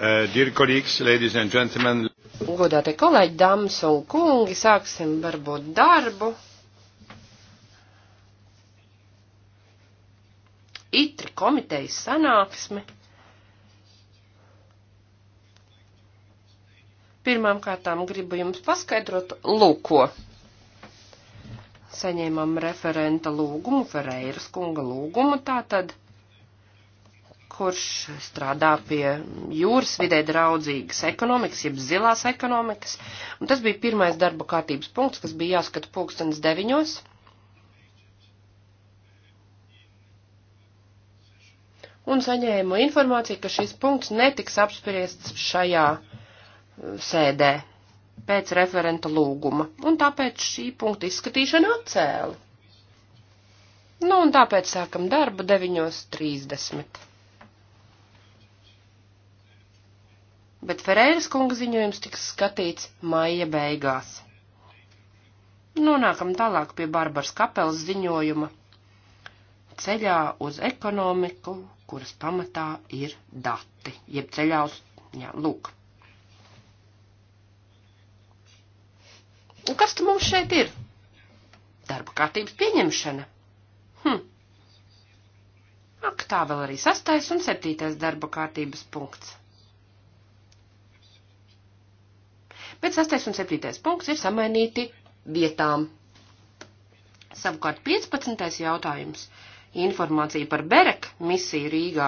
Uh, Godātie kolēģi, dāmas un kungi, sāksim varbūt darbu. Itri komitejas sanāksme. Pirmām kārtām gribu jums paskaidrot lūko. Saņēmām referenta lūgumu, Ferreiras kunga lūgumu, tātad. tad kurš strādā pie jūras vidē draudzīgas ekonomikas, jeb zilās ekonomikas, un tas bija pirmais darba kārtības punkts, kas bija jāskata pulkstens deviņos. Un saņēmu informāciju, ka šis punkts netiks apspriests šajā uh, sēdē pēc referenta lūguma, un tāpēc šī punkta izskatīšana atcēla. Nu, un tāpēc sākam darbu 9.30. bet Ferēras kunga ziņojums tiks skatīts maija beigās. Nonākam tālāk pie Barbaras kapelas ziņojuma - ceļā uz ekonomiku, kuras pamatā ir dati, jeb ceļā uz, jā, lūk. Un kas tu mums šeit ir? Darba kārtības pieņemšana. Hm. Ak, tā vēl arī sastais un septītais darba kārtības punkts. bet 6. un 7. punkts ir samainīti vietām. Savukārt 15. jautājums - informācija par Berek misiju Rīgā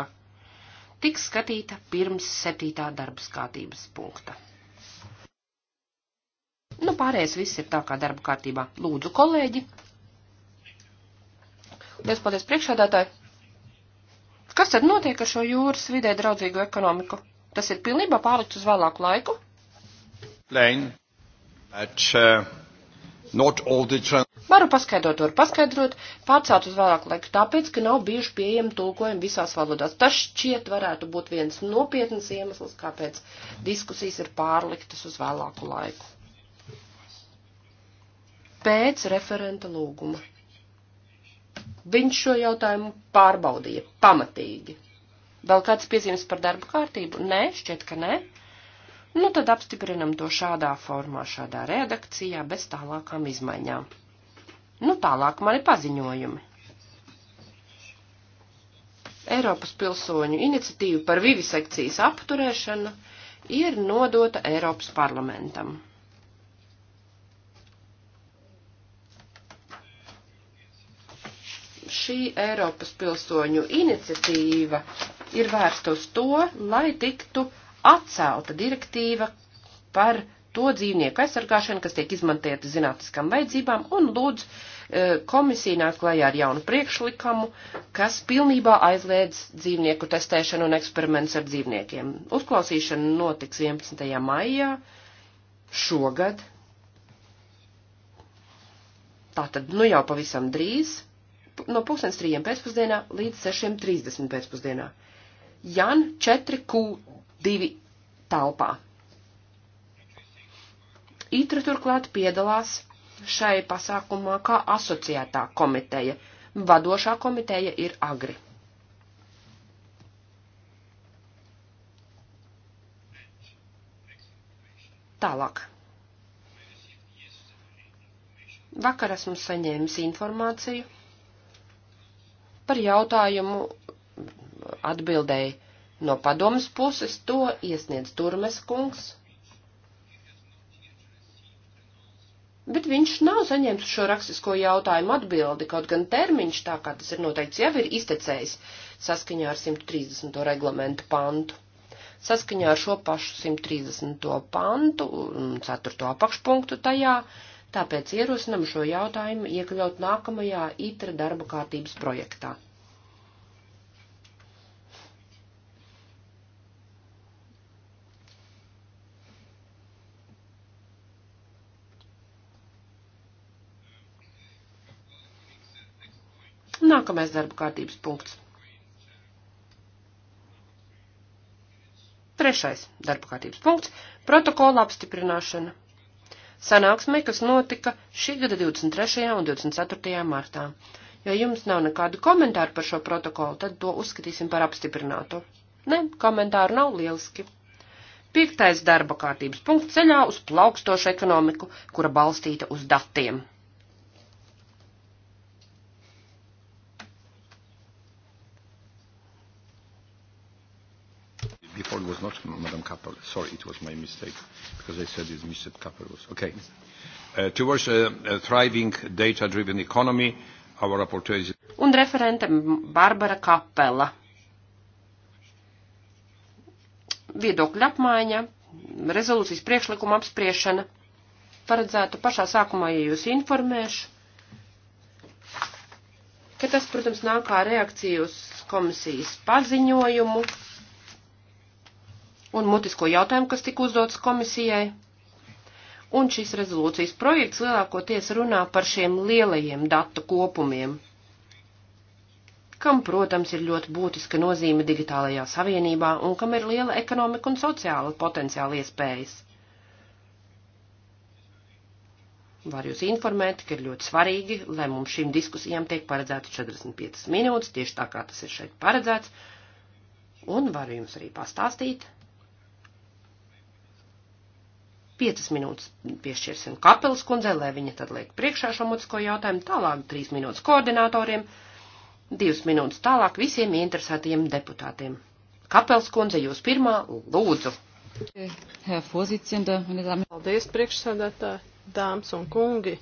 - tiks skatīta pirms 7. darbas kārtības punkta. Nu, pārējais viss ir tā kā darba kārtībā. Lūdzu, kolēģi. Liels paldies priekšādātāji. Kas tad notiek ar šo jūras vidē draudzīgu ekonomiku? Tas ir pilnībā pārlikt uz vēlāku laiku? explain that uh, not all the trans Varu paskaidrot, varu paskaidrot, pārcelt uz vēlāku laiku, tāpēc, ka nav bijuši pieejami tulkojumi visās valodās. Tas šķiet varētu būt viens nopietnas iemesls, kāpēc diskusijas ir pārliktas uz vēlāku laiku. Pēc referenta lūguma. Viņš šo jautājumu pārbaudīja pamatīgi. Vēl kāds piezīmes par darbu kārtību? Nē, šķiet, ka nē. Nu, tad apstiprinam to šādā formā, šādā redakcijā, bez tālākām izmaiņām. Nu, tālāk mani paziņojumi. Eiropas pilsoņu iniciatīva par vivisekcijas apturēšanu ir nodota Eiropas parlamentam. Šī Eiropas pilsoņu iniciatīva ir vērsta uz to, lai tiktu atcelta direktīva par to dzīvnieku aizsargāšanu, kas tiek izmantieta zinātniskām vajadzībām, un lūdz e, komisija nāk klajā ar jaunu priekšlikumu, kas pilnībā aizliedz dzīvnieku testēšanu un eksperiments ar dzīvniekiem. Uzklausīšana notiks 11. maijā šogad. Tātad, nu jau pavisam drīz, no pusdienas trījiem pēcpusdienā līdz 6.30 pēcpusdienā. Jan 4Q divi telpā. Itra turklāt piedalās šai pasākumā kā asociētā komiteja. Vadošā komiteja ir agri. Tālāk. Vakar esmu saņēmis informāciju par jautājumu atbildēju No padomas puses to iesniedz Turmes kungs, bet viņš nav saņēmis šo rakstisko jautājumu atbildi, kaut gan termiņš, tā kā tas ir noteikts, jau ir iztecējis saskaņā ar 130. reglamentu pantu. Saskaņā ar šo pašu 130. pantu un 4. apakšpunktu tajā, tāpēc ierosinam šo jautājumu iekļaut nākamajā ITRA e darba kārtības projektā. Nākamais darba kārtības punkts. Trešais darba kārtības punkts - protokola apstiprināšana. Sanāksme, kas notika šī gada 23. un 24. martā. Ja jums nav nekādu komentāru par šo protokolu, tad to uzskatīsim par apstiprinātu. Ne, komentāru nav lieliski. Piektais darba kārtības punkts ceļā uz plaukstošu ekonomiku, kura balstīta uz datiem. not Madam Kappel. Sorry, it was my mistake because I said it's Mr. Kappel. Was. Okay. Uh, towards a, uh, a thriving data-driven economy, our rapporteur is... Un referente Barbara Kappela. Viedokļa apmaiņa, rezolūcijas priekšlikuma apspriešana paredzētu pašā sākumā, ja jūs informēšu, ka tas, protams, nāk kā reakcija uz komisijas paziņojumu un mutisko jautājumu, kas tika uzdots komisijai. Un šis rezolūcijas projekts lielākoties runā par šiem lielajiem datu kopumiem, kam, protams, ir ļoti būtiska nozīme digitālajā savienībā un kam ir liela ekonomika un sociāla potenciāla iespējas. Var jūs informēt, ka ir ļoti svarīgi, lai mums šīm diskusijām tiek paredzēta 45 minūtes, tieši tā kā tas ir šeit paredzēts, un varu jums arī pastāstīt, Piecas minūtes piešķirsim Kapels kundzei, lai viņa tad liek priekšā šo mutisko jautājumu, tālāk trīs minūtes koordinatoriem, divas minūtes tālāk visiem interesētajiem deputātiem. Kapels kundze, jūs pirmā, lūdzu. Paldies, priekšsēdētāji, dāmas un kungi.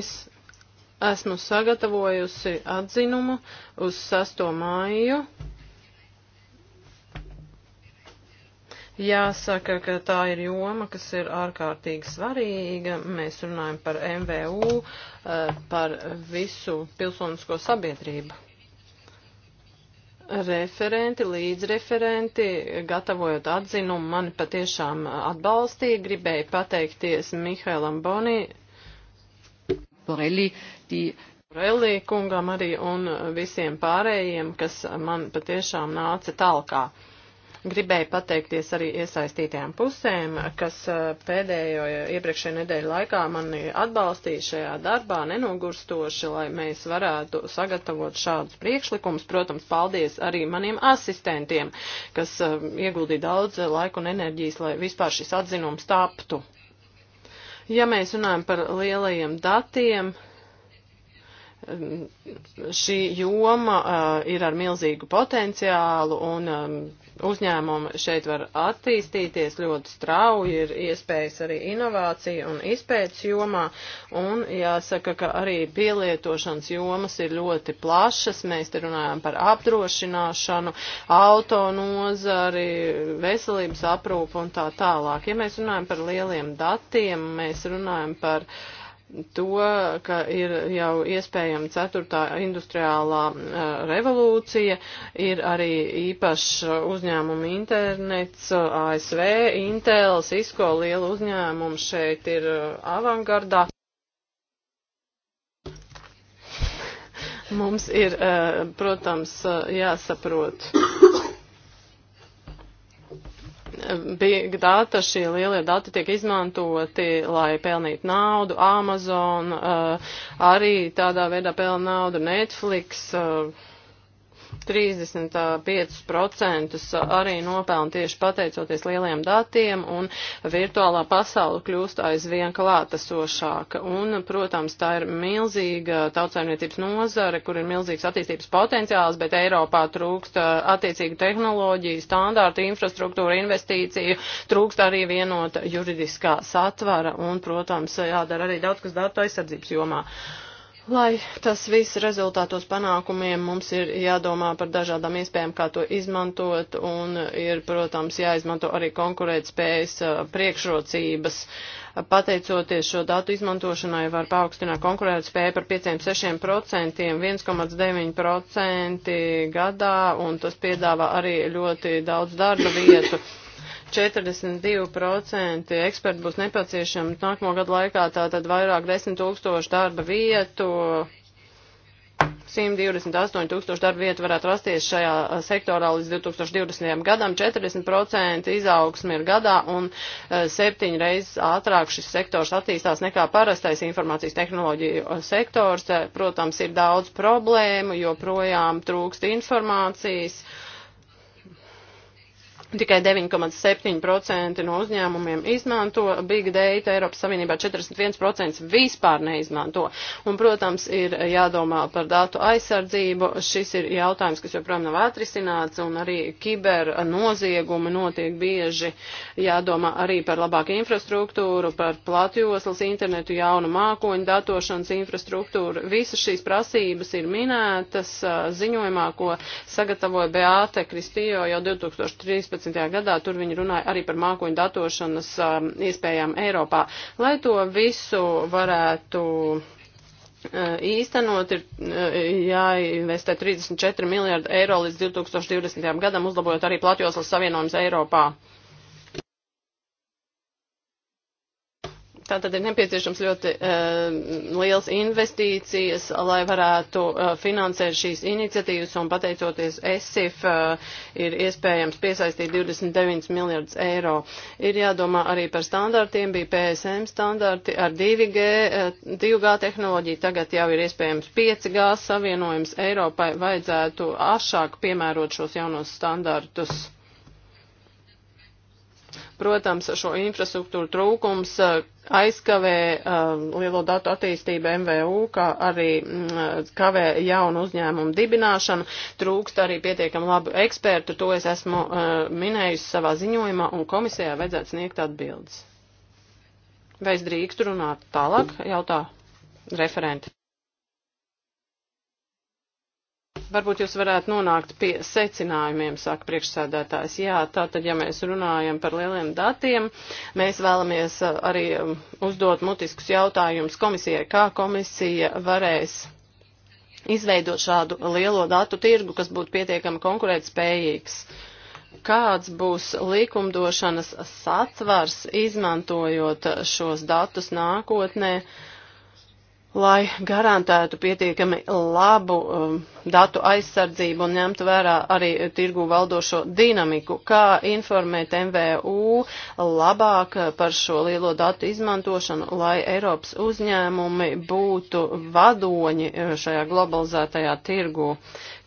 Es esmu sagatavojusi atzinumu uz 6. māju Jāsaka, ka tā ir joma, kas ir ārkārtīgi svarīga. Mēs runājam par MVU, eh, par visu pilsonisko sabiedrību. Referenti, līdzreferenti, gatavojot atzinumu, mani patiešām atbalstīja. Gribēju pateikties Mihailam Bonī. Borelli, die Relī kungam arī un visiem pārējiem, kas man patiešām nāca talkā. Gribēju pateikties arī iesaistītajām pusēm, kas eh, pēdējo iepriekšējā nedēļa laikā mani atbalstīja šajā darbā nenogurstoši, lai mēs varētu sagatavot šādus priekšlikumus. Protams, paldies arī maniem asistentiem, kas eh, ieguldīja daudz laiku un enerģijas, lai vispār šis atzinums taptu. Ja mēs runājam par lielajiem datiem, ehm, šī joma uh, ir ar milzīgu potenciālu un um, uzņēmumi šeit var attīstīties ļoti strauji, ir iespējas arī inovācija un izpētes jomā, un jāsaka, ka arī pielietošanas jomas ir ļoti plašas, mēs te runājam par apdrošināšanu, autonozari, veselības aprūpu un tā tālāk. Ja mēs runājam par lieliem datiem, mēs runājam par uh, to, ka ir jau iespējama ceturtā industriālā uh, revolūcija, ir arī īpašs uzņēmumu internets, uh, ASV, Intel, Cisco liela uzņēmuma šeit ir uh, avangardā. Mums ir, eh, protams, jāsaprot big data, šie lielie dati tiek izmantoti, lai pelnītu naudu. Amazon uh, arī tādā veidā pelna naudu, Netflix. Uh, 35% arī nopelna tieši pateicoties lieliem datiem, un virtuālā pasaule kļūst aizvien klātesošāka. Un, protams, tā ir milzīga tautsaimniecības nozare, kur ir milzīgs attīstības potenciāls, bet Eiropā trūkst uh, attiecīgu tehnoloģiju, standārtu, infrastruktūru, investīciju, trūkst arī vienota juridiskā satvara, un, protams, jādara arī daudz kas datu aizsardzības jomā. Uh, Lai tas viss rezultātos panākumiem, mums ir jādomā par dažādām iespējām, kā to izmantot, un ir, protams, jāizmanto arī konkurētspējas priekšrocības. Pateicoties šo datu izmantošanai, var paaugstināt konkurētspēju par 5-6%, 1,9% gadā, un tas piedāvā arī ļoti daudz darba vietu. 42% eksperti būs nepieciešami nākamo gadu laikā, tātad vairāk 10 tūkstoši darba vietu, 128 tūkstoši darba vietu varētu rasties šajā sektorā līdz 2020. gadam, 40% izaugsmi ir gadā un septiņu reizes ātrāk šis sektors attīstās nekā parastais informācijas tehnoloģiju sektors. Protams, ir daudz problēmu, joprojām trūkst informācijas. Uh, Tikai 9,7% no uzņēmumiem izmanto big data, Eiropas Savienībā 41% vispār neizmanto. Un, protams, ir jādomā par datu aizsardzību. Šis ir jautājums, kas joprojām nav atrisināts, un arī kiber noziegumi notiek bieži. Jādomā arī par labāku infrastruktūru, par platjoslas internetu, jaunu mākoņu datošanas infrastruktūru. Visas šīs prasības ir minētas ziņojumā, ko sagatavoja Beāte Kristijo jau 2013. 2012. gadā. Tur viņi runāja arī par mākoņu datošanas um, iespējām Eiropā. Lai to visu varētu uh, īstenot ir uh, jāinvestē 34 miljārdu eiro līdz 2020. gadam, uzlabojot arī platjoslas savienojums Eiropā. Tātad ir nepieciešams ļoti uh, liels investīcijas, lai varētu uh, finansēt šīs iniciatīvas, un pateicoties ESIF uh, ir iespējams piesaistīt 29 miljardus eiro. Ir jādomā arī par standartiem, bija PSM standarti ar 2G, uh, 2G tehnoloģiju, tagad jau ir iespējams 5G savienojums Eiropai, vajadzētu ašāk piemērot šos jaunos standartus. Protams, šo infrastruktūru trūkums uh, aizkavē um, lielo datu attīstību MVU, kā arī mm, kavē jaunu uzņēmumu dibināšanu, trūkst arī pietiekam labu ekspertu, to es esmu uh, minējusi savā ziņojumā, un komisijā vajadzētu sniegt atbildes. Vai es drīkstu runāt tālāk, jautā referenti. Varbūt jūs varētu nonākt pie secinājumiem, saka priekšsēdētājs. Jā, tātad, ja mēs runājam par lieliem datiem, mēs vēlamies uh, arī um, uzdot mutiskus jautājumus komisijai, kā komisija varēs izveidot šādu lielo datu tirgu, kas būtu pietiekami konkurētspējīgs. Kāds būs likumdošanas satvars, izmantojot šos datus nākotnē? Uh, lai garantētu pietiekami labu um, datu aizsardzību un ņemtu vērā arī tirgu valdošo dinamiku, kā informēt MVU labāk par šo lielo datu izmantošanu, lai Eiropas uzņēmumi būtu vadoņi uh, šajā globalizētajā tirgu.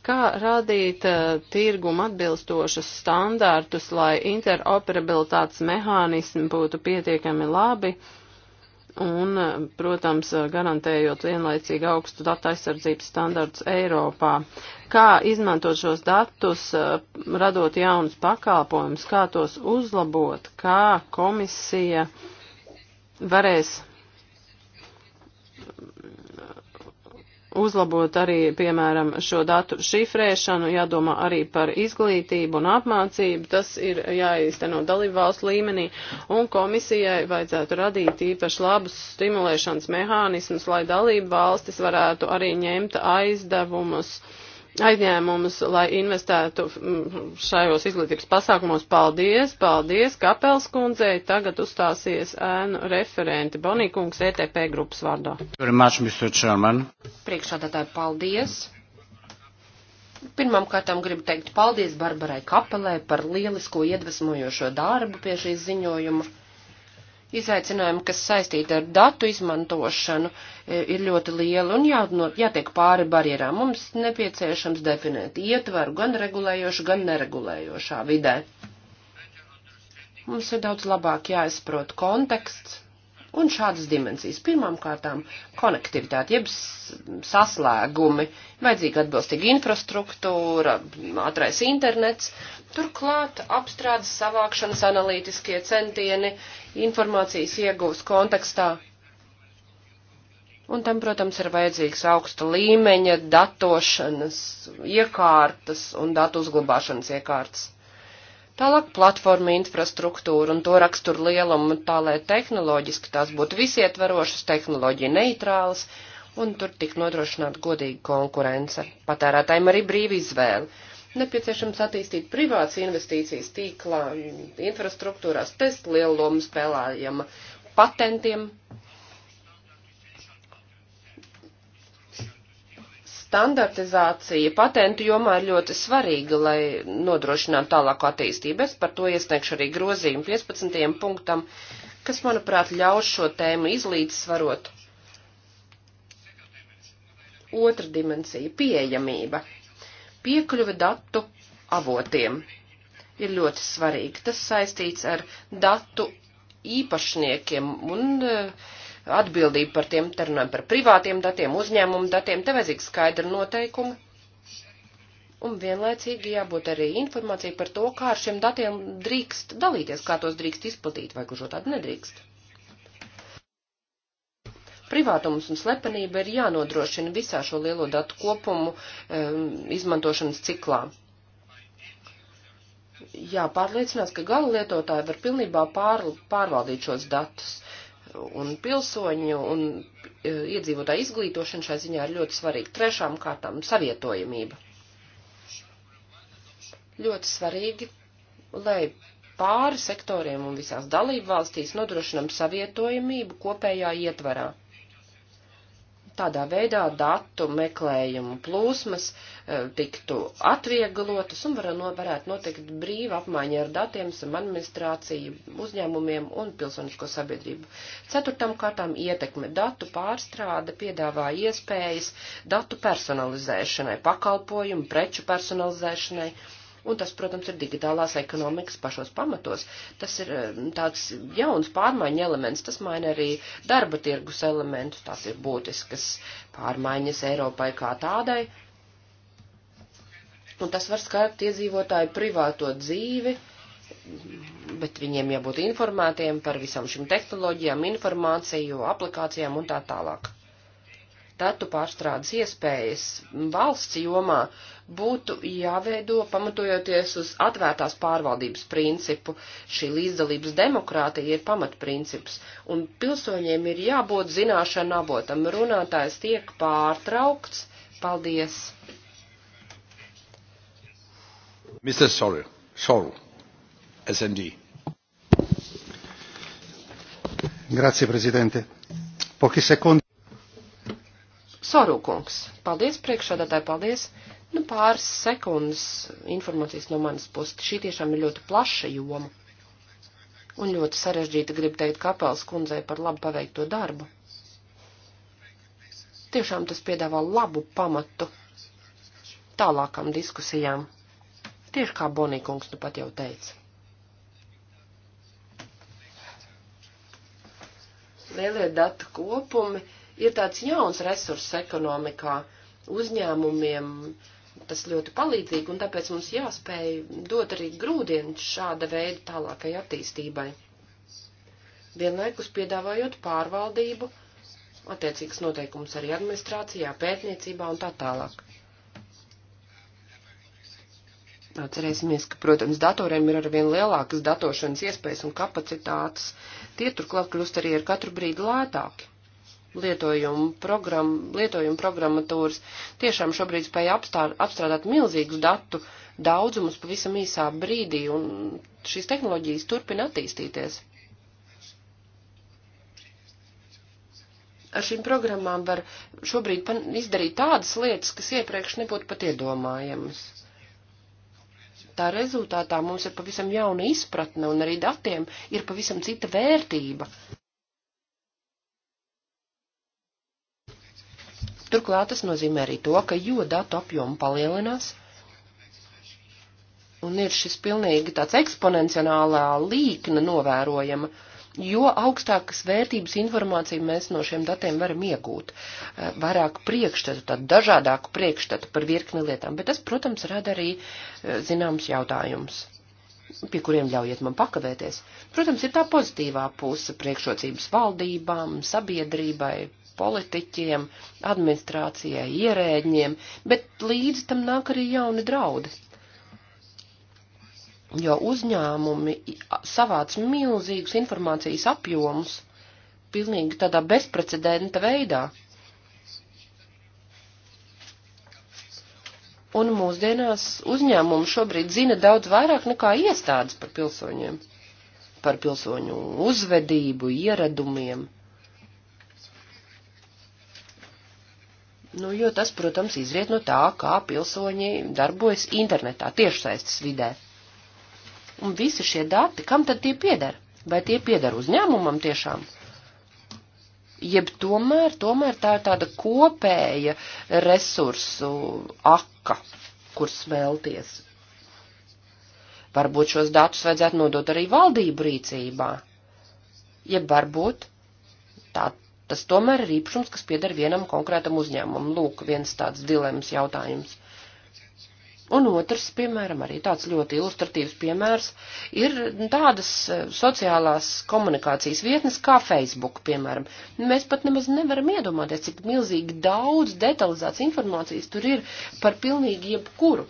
Kā radīt uh, tirgumu atbilstošus standārtus, lai interoperabilitātes mehānismi būtu pietiekami labi? Uh, un, protams, garantējot vienlaicīgi augstu datu aizsardzības standartus Eiropā. Kā izmantot šos datus, radot jaunus pakalpojumus, kā tos uzlabot, kā komisija varēs uzlabot arī, piemēram, šo datu šifrēšanu, jādomā arī par izglītību un apmācību, tas ir jāīsteno dalību valstu līmenī, un komisijai vajadzētu radīt īpaši labus stimulēšanas mehānismus, lai dalību valstis varētu arī ņemt aizdevumus. Uh, aizņēmumus, lai investētu mm, šajos izglītības pasākumos. Paldies, paldies Kapels kundzei. Tagad uzstāsies ēnu referenti Bonīkungs ETP grupas vārdā. Priekšādātāji, paldies. Pirmām kārtām gribu teikt paldies Barbarai Kapelē par lielisko iedvesmojošo darbu pie šīs ziņojuma Izaicinājumi, kas saistīti ar datu izmantošanu, e, ir ļoti liela un jā, no, jātiek pāri barjerām. Mums nepieciešams definēt ietvaru gan regulējošu, gan neregulējošā vidē. Mums ir daudz labāk jāizprot konteksts un šādas dimensijas. Pirmām kārtām konektivitāte, jeb saslēgumi, vajadzīga atbilstīga infrastruktūra, ātrais internets, turklāt apstrādes savākšanas analītiskie centieni, informācijas iegūs kontekstā. Un tam, protams, ir vajadzīgs augsta līmeņa datošanas iekārtas un datu uzglabāšanas iekārtas. Tālāk platforma infrastruktūra un to raksturu lielumu tā, lai tehnoloģiski tās būtu visietvarošas, tehnoloģija neitrālas, un tur tik nodrošināta godīga konkurence. Patērētājiem arī brīva izvēle. Nepieciešams attīstīt privāts investīcijas tīklā, infrastruktūrās, test lielu lomu spēlējama patentiem, standartizācija patentu jomā ir ļoti svarīga, lai nodrošinātu tālāku attīstību. Es par to iesniegšu arī grozījumu 15. punktam, kas, manuprāt, ļaus šo tēmu izlīdzsvarot. Otra dimensija - pieejamība. Piekļuve datu avotiem ir ļoti svarīga. Tas saistīts ar datu īpašniekiem un uh, atbildību par tiem, te runājam par privātiem datiem, uzņēmumu datiem, te vajadzīgi skaidri noteikumi. Un vienlaicīgi jābūt arī informācija par to, kā ar šiem datiem drīkst dalīties, kā tos drīkst izplatīt, vai kurš tādu nedrīkst. Privātums un slepenība ir jānodrošina visā šo lielo datu kopumu um, izmantošanas ciklā jāpārliecinās, ka gala lietotāji var pilnībā pār, pārvaldīt šos datus un pilsoņu un e, iedzīvotāju izglītošana šai ziņā ir ļoti svarīga. Trešām kārtām savietojamība. Ļoti svarīgi, lai pāri sektoriem un visās dalību valstīs nodrošinam savietojamību kopējā ietvarā. Tādā veidā datu meklējumu plūsmas eh, tiktu atvieglotas un varētu notikt brīva apmaiņa ar datiem ar administrāciju, uzņēmumiem un pilsonisko sabiedrību. Ceturtam kārtām ietekme datu pārstrāde piedāvā iespējas datu personalizēšanai, pakalpojumu, preču personalizēšanai Un tas, protams, ir digitālās ekonomikas pašos pamatos. Tas ir eh, tāds jauns pārmaiņu elements, tas maina arī darba tirgus elementus, tās ir būtiskas pārmaiņas Eiropai kā tādai. Un tas var skart iedzīvotāju privāto dzīvi, bet viņiem jābūt informētiem par visām šīm tehnoloģijām, informāciju, aplikācijām un tā tālāk datu pārstrādes iespējas valsts jomā būtu jāveido pamatojoties uz atvērtās pārvaldības principu. Šī līdzdalības demokrātija ir pamatprincips, un pilsoņiem ir jābūt zināšana abotam. Runātājs tiek pārtraukts. Paldies! Mr. Sorrell, Sorrell, SMD. Grazie, Presidente. Pochi secondi. Sorukungs. Paldies priekšādātāji, paldies. Nu, pāris sekundes informācijas no manas puses. Šī tiešām ir ļoti plaša joma. Un ļoti sarežģīta, gribu teikt, kapels kundzei par labu paveikto darbu. Tiešām tas piedāvā labu pamatu tālākām diskusijām. Tieši kā Bonīkungs nu pat jau teica. Lielie datu kopumi ir tāds jauns resurss ekonomikā uzņēmumiem. Tas ļoti palīdzīgi, un tāpēc mums jāspēj dot arī grūdienu šāda veida tālākai attīstībai. Vienlaikus piedāvājot pārvaldību, attiecīgas noteikumus arī administrācijā, pētniecībā un tā tālāk. Atcerēsimies, ka, protams, datoriem ir arvien lielākas datošanas iespējas un kapacitātes. Tie turklāt kļūst arī ar katru brīdi lētāki lietojumu, program, lietojumu programmatūras tiešām šobrīd spēja apstār, apstrādāt milzīgus datu daudzumus pavisam īsā brīdī, un šīs tehnoloģijas turpina attīstīties. Ar šīm programmām var šobrīd izdarīt tādas lietas, kas iepriekš nebūtu pat iedomājamas. Tā rezultātā mums ir pavisam jauna izpratne, un arī datiem ir pavisam cita vērtība. Turklāt tas nozīmē arī to, ka jo datu apjomu palielinās, un ir šis pilnīgi tāds eksponenciālā līkna novērojama, jo augstākas vērtības informāciju mēs no šiem datiem varam iegūt, eh, vairāk priekšstatu, tādu dažādāku priekšstatu par virkni lietām, bet tas, protams, rada arī eh, zināms jautājums pie kuriem ļaujiet man pakavēties. Protams, ir tā pozitīvā puse priekšrocības valdībām, sabiedrībai, politiķiem, administrācijai, ierēģiem, bet līdz tam nāk arī jauni draudi. Jo uzņēmumi savāc milzīgus informācijas apjomus pilnīgi tādā bezprecedenta veidā. Un mūsdienās uzņēmumi šobrīd zina daudz vairāk nekā iestādes par pilsoņiem, par pilsoņu uzvedību, ieradumiem. Nu, jo tas, protams, izriet no tā, kā pilsoņi darbojas internetā, tiešsaistes vidē. Un visi šie dati, kam tad tie pieder? Vai tie pieder uzņēmumam tiešām? Jeb tomēr, tomēr tā ir tāda kopēja resursu aka, kur smelties. Varbūt šos datus vajadzētu nodot arī valdību rīcībā. Jeb varbūt tā Tas tomēr ir īpašums, kas pieder vienam konkrētam uzņēmumam. Lūk, viens tāds dilemmas jautājums. Un otrs, piemēram, arī tāds ļoti ilustratīvs piemērs, ir tādas e, sociālās komunikācijas vietnes kā Facebook, piemēram. Mēs pat nemaz nevaram iedomāties, cik milzīgi daudz detalizētas informācijas tur ir par pilnīgi jebkuru.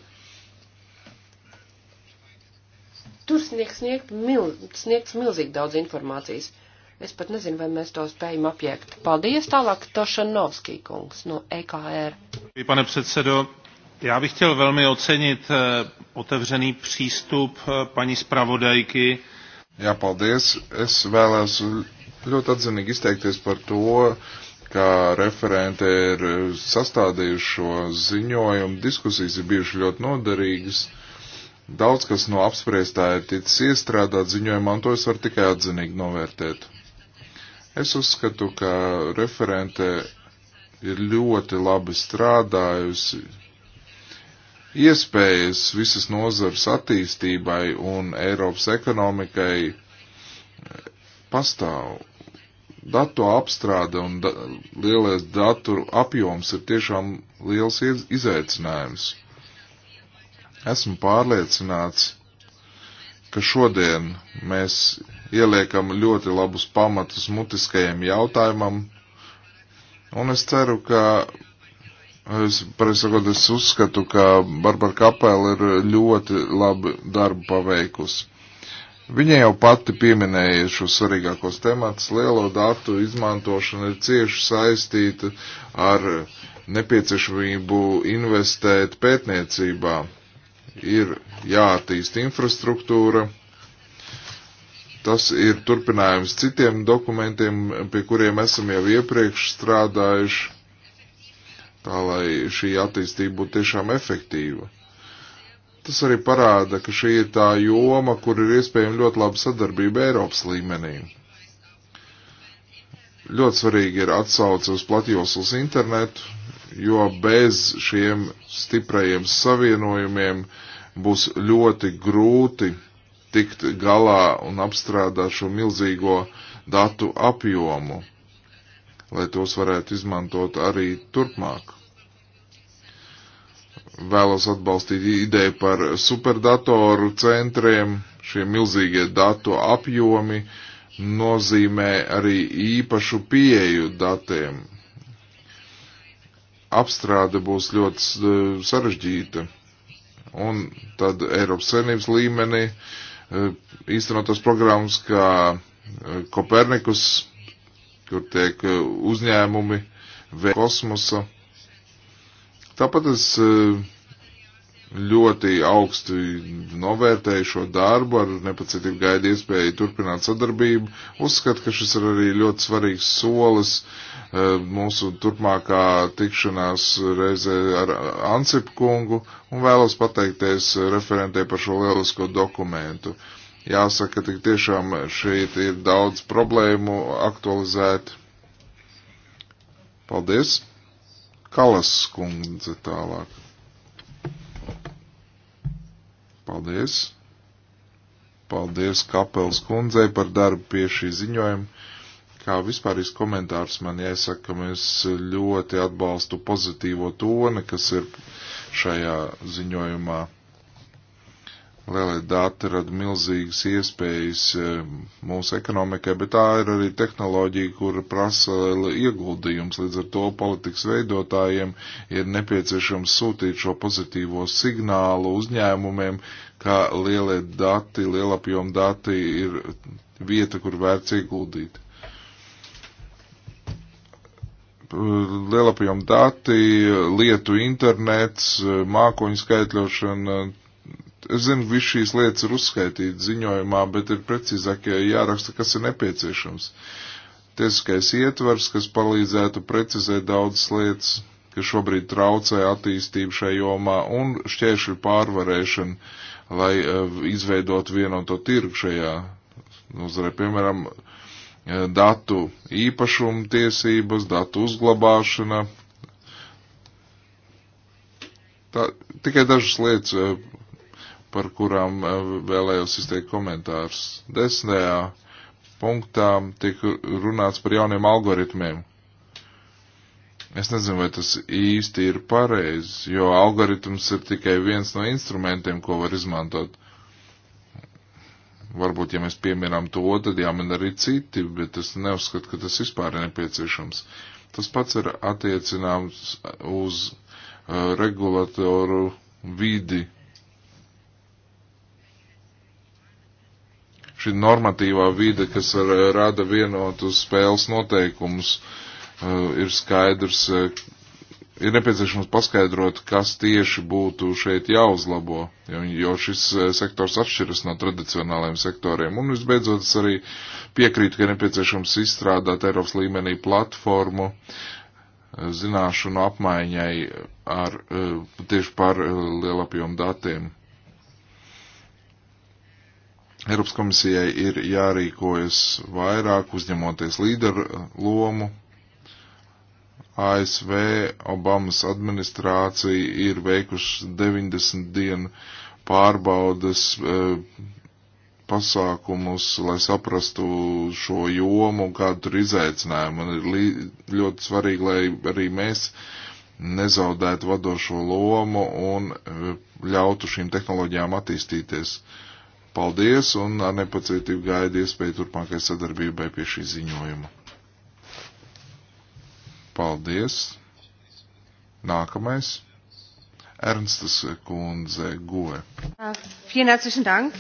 Tur sniegs, sniegt mil, sniegs milzīgi daudz informācijas. Es pat nezinu, vai mēs to spējam apiekt. Paldies tālāk, Tošanovskī kungs no EKR. Pane předsedo, já bych chtěl velmi ocenit eh, otevřený přístup eh, paní zpravodajky. Jā, paldies. Es vēlos ļoti atzinīgi izteikties par to, kā referente ir sastādījuši šo ziņojumu. Diskusijas ir bijušas ļoti noderīgas. Daudz kas no apspriestā ir ticis iestrādāt ziņojumā, un to es varu tikai atzinīgi novērtēt. Es uzskatu, ka referente ir ļoti labi strādājusi. Iespējas visas nozars attīstībai un Eiropas ekonomikai eh, pastāv. Datu apstrāde un da lielais datu apjoms ir tiešām liels izaicinājums. Esmu pārliecināts, ka šodien mēs ieliekam ļoti labus pamatus mutiskajam jautājumam, un es ceru, ka, es, sakot, es uzskatu, ka Barbara Kapela ir ļoti labi darbu paveikusi. Viņa jau pati pieminēja šos svarīgākos tematus. Lielo datu izmantošana ir cieši saistīta ar nepieciešamību investēt pētniecībā ir jāattīst infrastruktūra. Tas ir turpinājums citiem dokumentiem, pie kuriem esam jau iepriekš strādājuši, tā lai šī attīstība būtu tiešām efektīva. Tas arī parāda, ka šī ir tā joma, kur ir iespējama ļoti laba sadarbība Eiropas līmenī. Ļoti svarīgi ir atsauce uz platjoslas internetu, jo bez šiem stiprajiem savienojumiem būs ļoti grūti tikt galā un apstrādāt šo milzīgo datu apjomu, lai tos varētu izmantot arī turpmāk. Vēlos atbalstīt ideju par superdatoru centriem. Šie milzīgie datu apjomi nozīmē arī īpašu pieeju datiem, apstrāde būs ļoti eh, sarežģīta. Un tad Eiropas saimnības līmenī eh, īstenotas programmas kā eh, Kopernikus, kur tiek uzņēmumi vēl kosmosa. Tāpat es uh, ļoti augstu novērtēju šo darbu, ar nepacietību gaidu iespēju turpināt sadarbību. Uzskatu, ka šis ir arī ļoti svarīgs solis eh, mūsu turpmākā tikšanās reizē ar Ancipu kungu un vēlos pateikties referentē par šo lielisko dokumentu. Jāsaka, tik tiešām šeit ir daudz problēmu aktualizēt. Paldies! Kalas kundze tālāk. Paldies! Paldies Kapels kundzei par darbu pie šī ziņojuma. Kā vispārīgs komentārs man jāsaka, ka mēs ļoti atbalstu pozitīvo toni, kas ir šajā ziņojumā. Lielie dati rada milzīgas iespējas e, mūsu ekonomikai, bet tā ir arī tehnoloģija, kur prasa ieguldījums. Līdz ar to politikas veidotājiem ir nepieciešams sūtīt šo pozitīvo signālu uzņēmumiem, ka lielie dati, lielapjoma dati ir vieta, kur vērts ieguldīt lielapjoma dati, lietu internets, mākoņu skaitļošana, Es zinu, visu šīs lietas ir uzskaitītas ziņojumā, bet ir precīzāk ja jāraksta, kas ir nepieciešams. Tiesiskais ietvars, kas palīdzētu precizēt daudzas lietas, kas šobrīd traucē attīstību šajā jomā un šķēršļu pārvarēšanu, lai eh, izveidot vienoto tirgu šajā nozarē. Piemēram, eh, datu īpašuma tiesības, datu uzglabāšana. Tā, tikai dažas lietas eh, par kurām eh, vēlējos izteikt komentārus. Desmitajā punktā tiek runāts par jauniem algoritmiem. Es nezinu, vai tas īsti ir pareizi, jo algoritms ir tikai viens no instrumentiem, ko var izmantot. Varbūt, ja mēs pieminām to, tad jāmin arī citi, bet es neuzskatu, ka tas vispār ir nepieciešams. Tas pats ir attiecināms uz uh, regulatoru vidi šī normatīvā vide, kas eh, rada vienotus spēles noteikumus, eh, ir skaidrs, eh, ir nepieciešams paskaidrot, kas tieši būtu šeit jāuzlabo, jo šis sektors atšķiras no tradicionālajiem sektoriem. Un visbeidzot, es arī piekrītu, ka ir nepieciešams izstrādāt Eiropas līmenī platformu zināšanu apmaiņai ar, tieši par lielapjomu datiem. Eiropas komisijai ir jārīkojas vairāk, uzņemoties līderu eh, lomu. ASV Obamas administrācija ir veikuši 90 dienu pārbaudas e, eh, pasākumus, lai saprastu šo jomu un kādu tur izaicinājumu. Man ir ļoti svarīgi, lai arī mēs nezaudētu vadošo lomu un e, ļautu šīm tehnoloģijām attīstīties. Uh, Paldies un ar nepacietību gaidu iespēju turpmākai sadarbībai pie šī ziņojuma. Paldies. Nākamais. Ernstas kundze Goe. Vielen herzlichen Dank.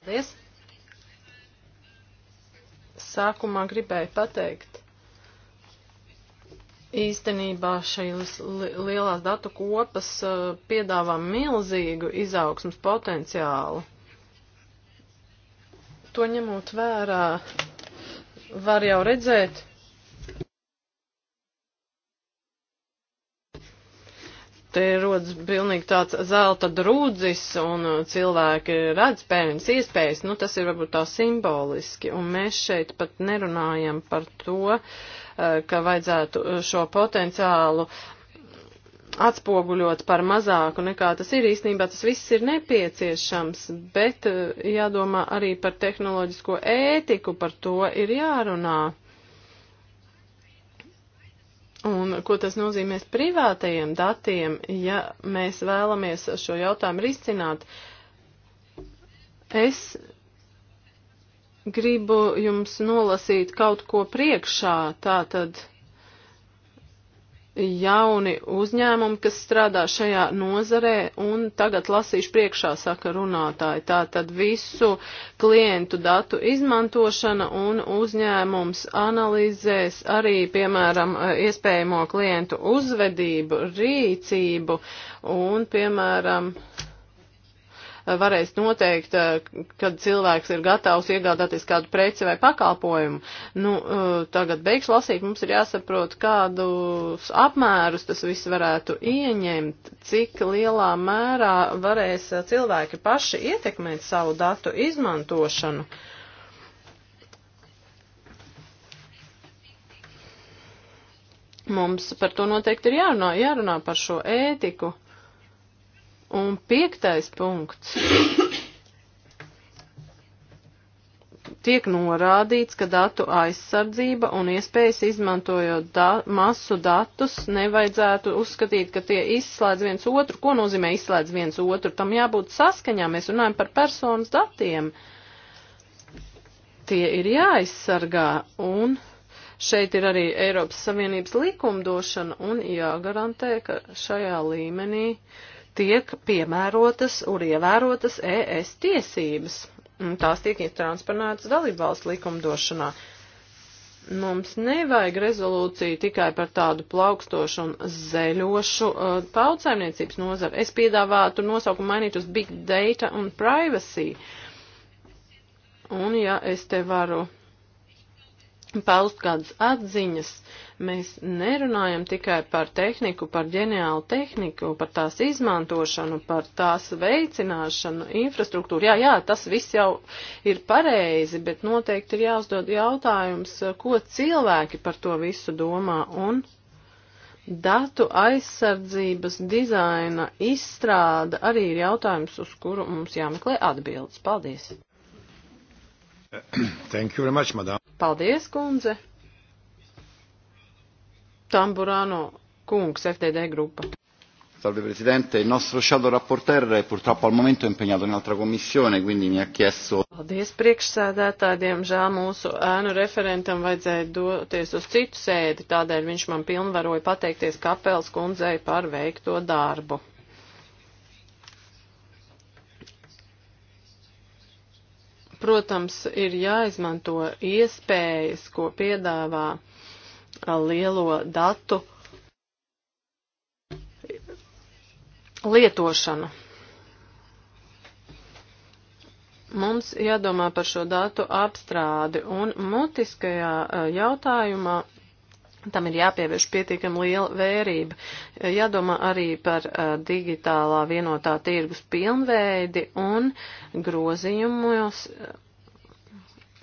Paldies. Sākumā gribēju pateikt. Īstenībā šīs li lielās datu kopas uh, piedāvā milzīgu izaugsmas potenciālu. To ņemot vērā, var jau redzēt, te rodas pilnīgi tāds zelta drūdzis un cilvēki redz pēļņas iespējas, nu tas ir varbūt tā simboliski, un mēs šeit pat nerunājam par to, eh, ka vajadzētu šo potenciālu atspoguļots par mazāku nekā tas ir. Īstenībā tas viss ir nepieciešams, bet eh, jādomā arī par tehnoloģisko ētiku, par to ir jārunā. Un ko tas nozīmēs privātajiem datiem, ja mēs vēlamies šo jautājumu risināt? Es gribu jums nolasīt kaut ko priekšā, tā tad jauni uzņēmumi, kas strādā šajā nozarē, un tagad lasīšu priekšā saka runātāji. Tā tad visu klientu datu izmantošana un uzņēmums analizēs arī, piemēram, iespējamo klientu uzvedību, rīcību un, piemēram, varēs noteikt, eh, kad cilvēks ir gatavs iegādāties kādu preci vai pakalpojumu. Nu, eh, tagad beigs lasīt, mums ir jāsaprot, kādus apmērus tas viss varētu ieņemt, cik lielā mērā varēs eh, cilvēki paši ietekmēt savu datu izmantošanu. mums par to noteikti ir jārunā, jārunā par šo ētiku. Un piektais punkts. Tiek norādīts, ka datu aizsardzība un iespējas izmantojot da masu datus nevajadzētu uzskatīt, ka tie izslēdz viens otru. Ko nozīmē izslēdz viens otru? Tam jābūt saskaņā. Mēs runājam par personas datiem. Tie ir jāaizsargā un šeit ir arī Eiropas Savienības likumdošana un jāgarantē, ka šajā līmenī uh, tiek piemērotas un ievērotas ES tiesības. Tās tiek transponētas dalību valsts likumdošanā. Mums nevajag rezolūciju tikai par tādu plaukstošu un zeļošu uh, tautsaimniecības nozaru. Es piedāvātu nosaukumu mainīt uz big data un privacy. Un ja es te varu paust kādas atziņas, uh, Mēs nerunājam tikai par tehniku, par ģeniālu tehniku, par tās izmantošanu, par tās veicināšanu, infrastruktūru. Jā, jā, tas viss jau ir pareizi, bet noteikti ir jāuzdod jautājums, ko cilvēki par to visu domā un Datu aizsardzības dizaina izstrāda arī ir jautājums, uz kuru mums jāmeklē atbildes. Paldies! Thank you very much, madam. Paldies, kundze! Tamburano Kungs, FTD Gruppa. Salve Presidente, il nostro shadow rapporteur purtroppo al momento è impegnato in un'altra commissione, quindi mi ha chiesto. Paldies priekšsēdētāji, diemžēl mūsu ēnu referentam vajadzēja doties uz citu sēdi, tādēļ viņš man pilnvaroja pateikties Kapels kundzei par veikto darbu. Protams, ir jāizmanto iespējas, ko piedāvā lielo datu lietošanu. Mums jādomā par šo datu apstrādi un mutiskajā e, jautājumā tam ir jāpievērš pietiekami liela vērība. Jādomā arī par e, digitālā vienotā tirgus pilnveidi un grozījumos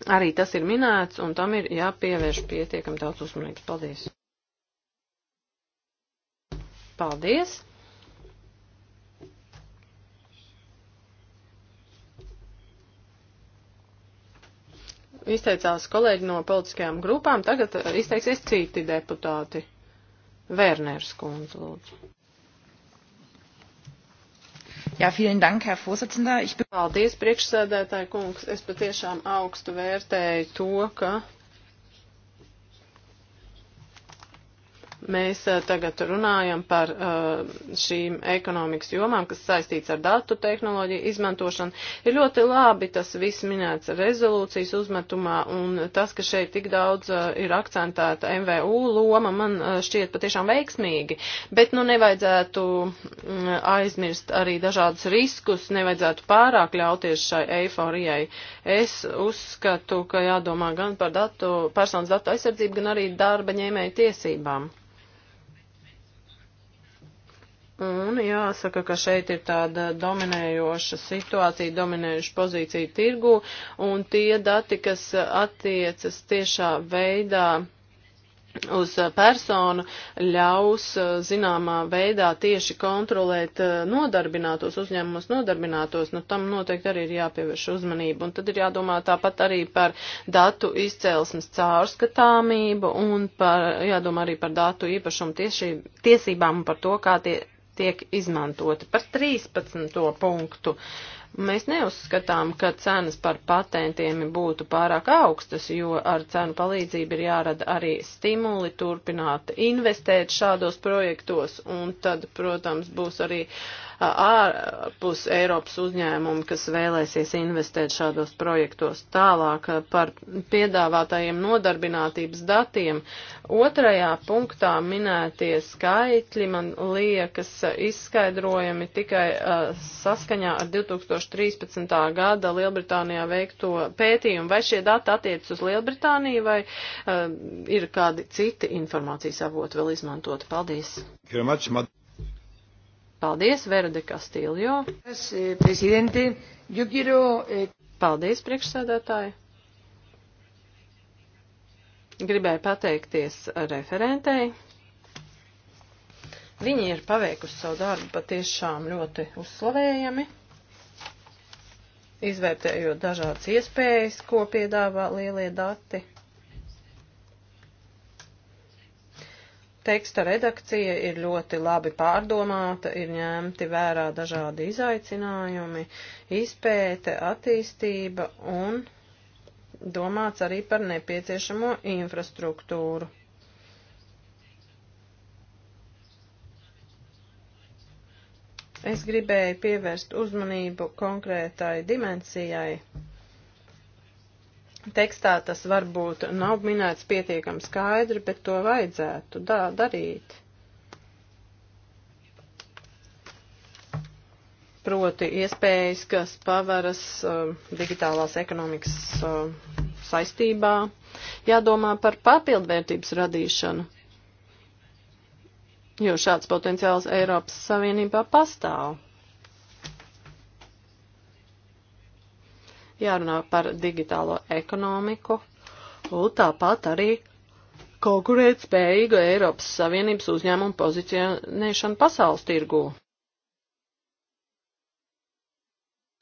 Arī tas ir minēts, un tam ir jāpievērš pietiekam daudz uzmanības. Paldies! Paldies! Izteicās kolēģi no politiskajām grupām, tagad izteiksies citi deputāti. Vērnērs kundze, lūdzu. Jā, vielen dank, Herr Vorsitzender. Ich... Paldies, priekšsēdētāji kungs. Es patiešām augstu vērtēju to, ka Mēs eh, tagad runājam par eh, šīm ekonomikas jomām, kas saistīts ar datu tehnoloģiju izmantošanu. Ir ļoti labi tas viss minēts rezolūcijas uzmetumā, un tas, ka šeit tik daudz eh, ir akcentēta MVU loma, man šķiet patiešām veiksmīgi. Bet, nu, nevajadzētu mm, aizmirst arī dažādus riskus, nevajadzētu pārāk ļauties šai eiforijai. Es uzskatu, ka jādomā gan par datu, personas datu aizsardzību, gan arī darba ņēmēju tiesībām. Un jāsaka, ka šeit ir tāda dominējoša situācija, dominējoša pozīcija tirgu, un tie dati, kas attiecas tiešā veidā uz personu, ļaus zināmā veidā tieši kontrolēt eh, nodarbinātos uzņēmumus, nodarbinātos, nu tam noteikti arī ir jāpievērš uzmanība. Un tad ir jādomā tāpat arī par datu izcelsmes caurskatāmību un par, jādomā arī par datu īpašumu tiesībām un par to, kā tie tiek izmantoti. Par 13. punktu mēs neuzskatām, ka cenas par patentiem būtu pārāk augstas, jo ar cenu palīdzību ir jārada arī stimuli turpināt investēt šādos projektos, un tad, protams, būs arī uh, ārpus Eiropas uzņēmumu, kas vēlēsies investēt šādos projektos. Tālāk par piedāvātajiem nodarbinātības datiem. Otrajā punktā minētie skaitļi man liekas izskaidrojami tikai uh, saskaņā ar 2013. gada Lielbritānijā veikto pētījumu. Vai šie dati attiec uz Lielbritāniju vai uh, ir kādi citi informācijas avoti vēl izmantoti? Paldies! Much, Paldies, Vera de Kastīljo. Eh, eh, Paldies, priekšsēdētāji. Gribēju pateikties referentei. Viņi ir paveikusi savu darbu patiešām ļoti uzslavējami, izvērtējot dažādas iespējas, ko piedāvā lielie dati. Teksta redakcija ir ļoti labi pārdomāta, ir ņemti vērā dažādi izaicinājumi, izpēte, attīstība un domāts arī par nepieciešamo infrastruktūru. Es gribēju pievērst uzmanību konkrētai dimensijai, tekstā tas varbūt nav minēts pietiekami skaidri, bet to vajadzētu da darīt. Proti iespējas, kas pavaras uh, digitālās ekonomikas uh, saistībā, jādomā par papildvērtības radīšanu, jo šāds potenciāls Eiropas Savienībā pastāv. jārunā par digitālo ekonomiku un tāpat arī konkurētspējīgu Eiropas Savienības uzņēmumu pozicionēšanu pasaules tirgū.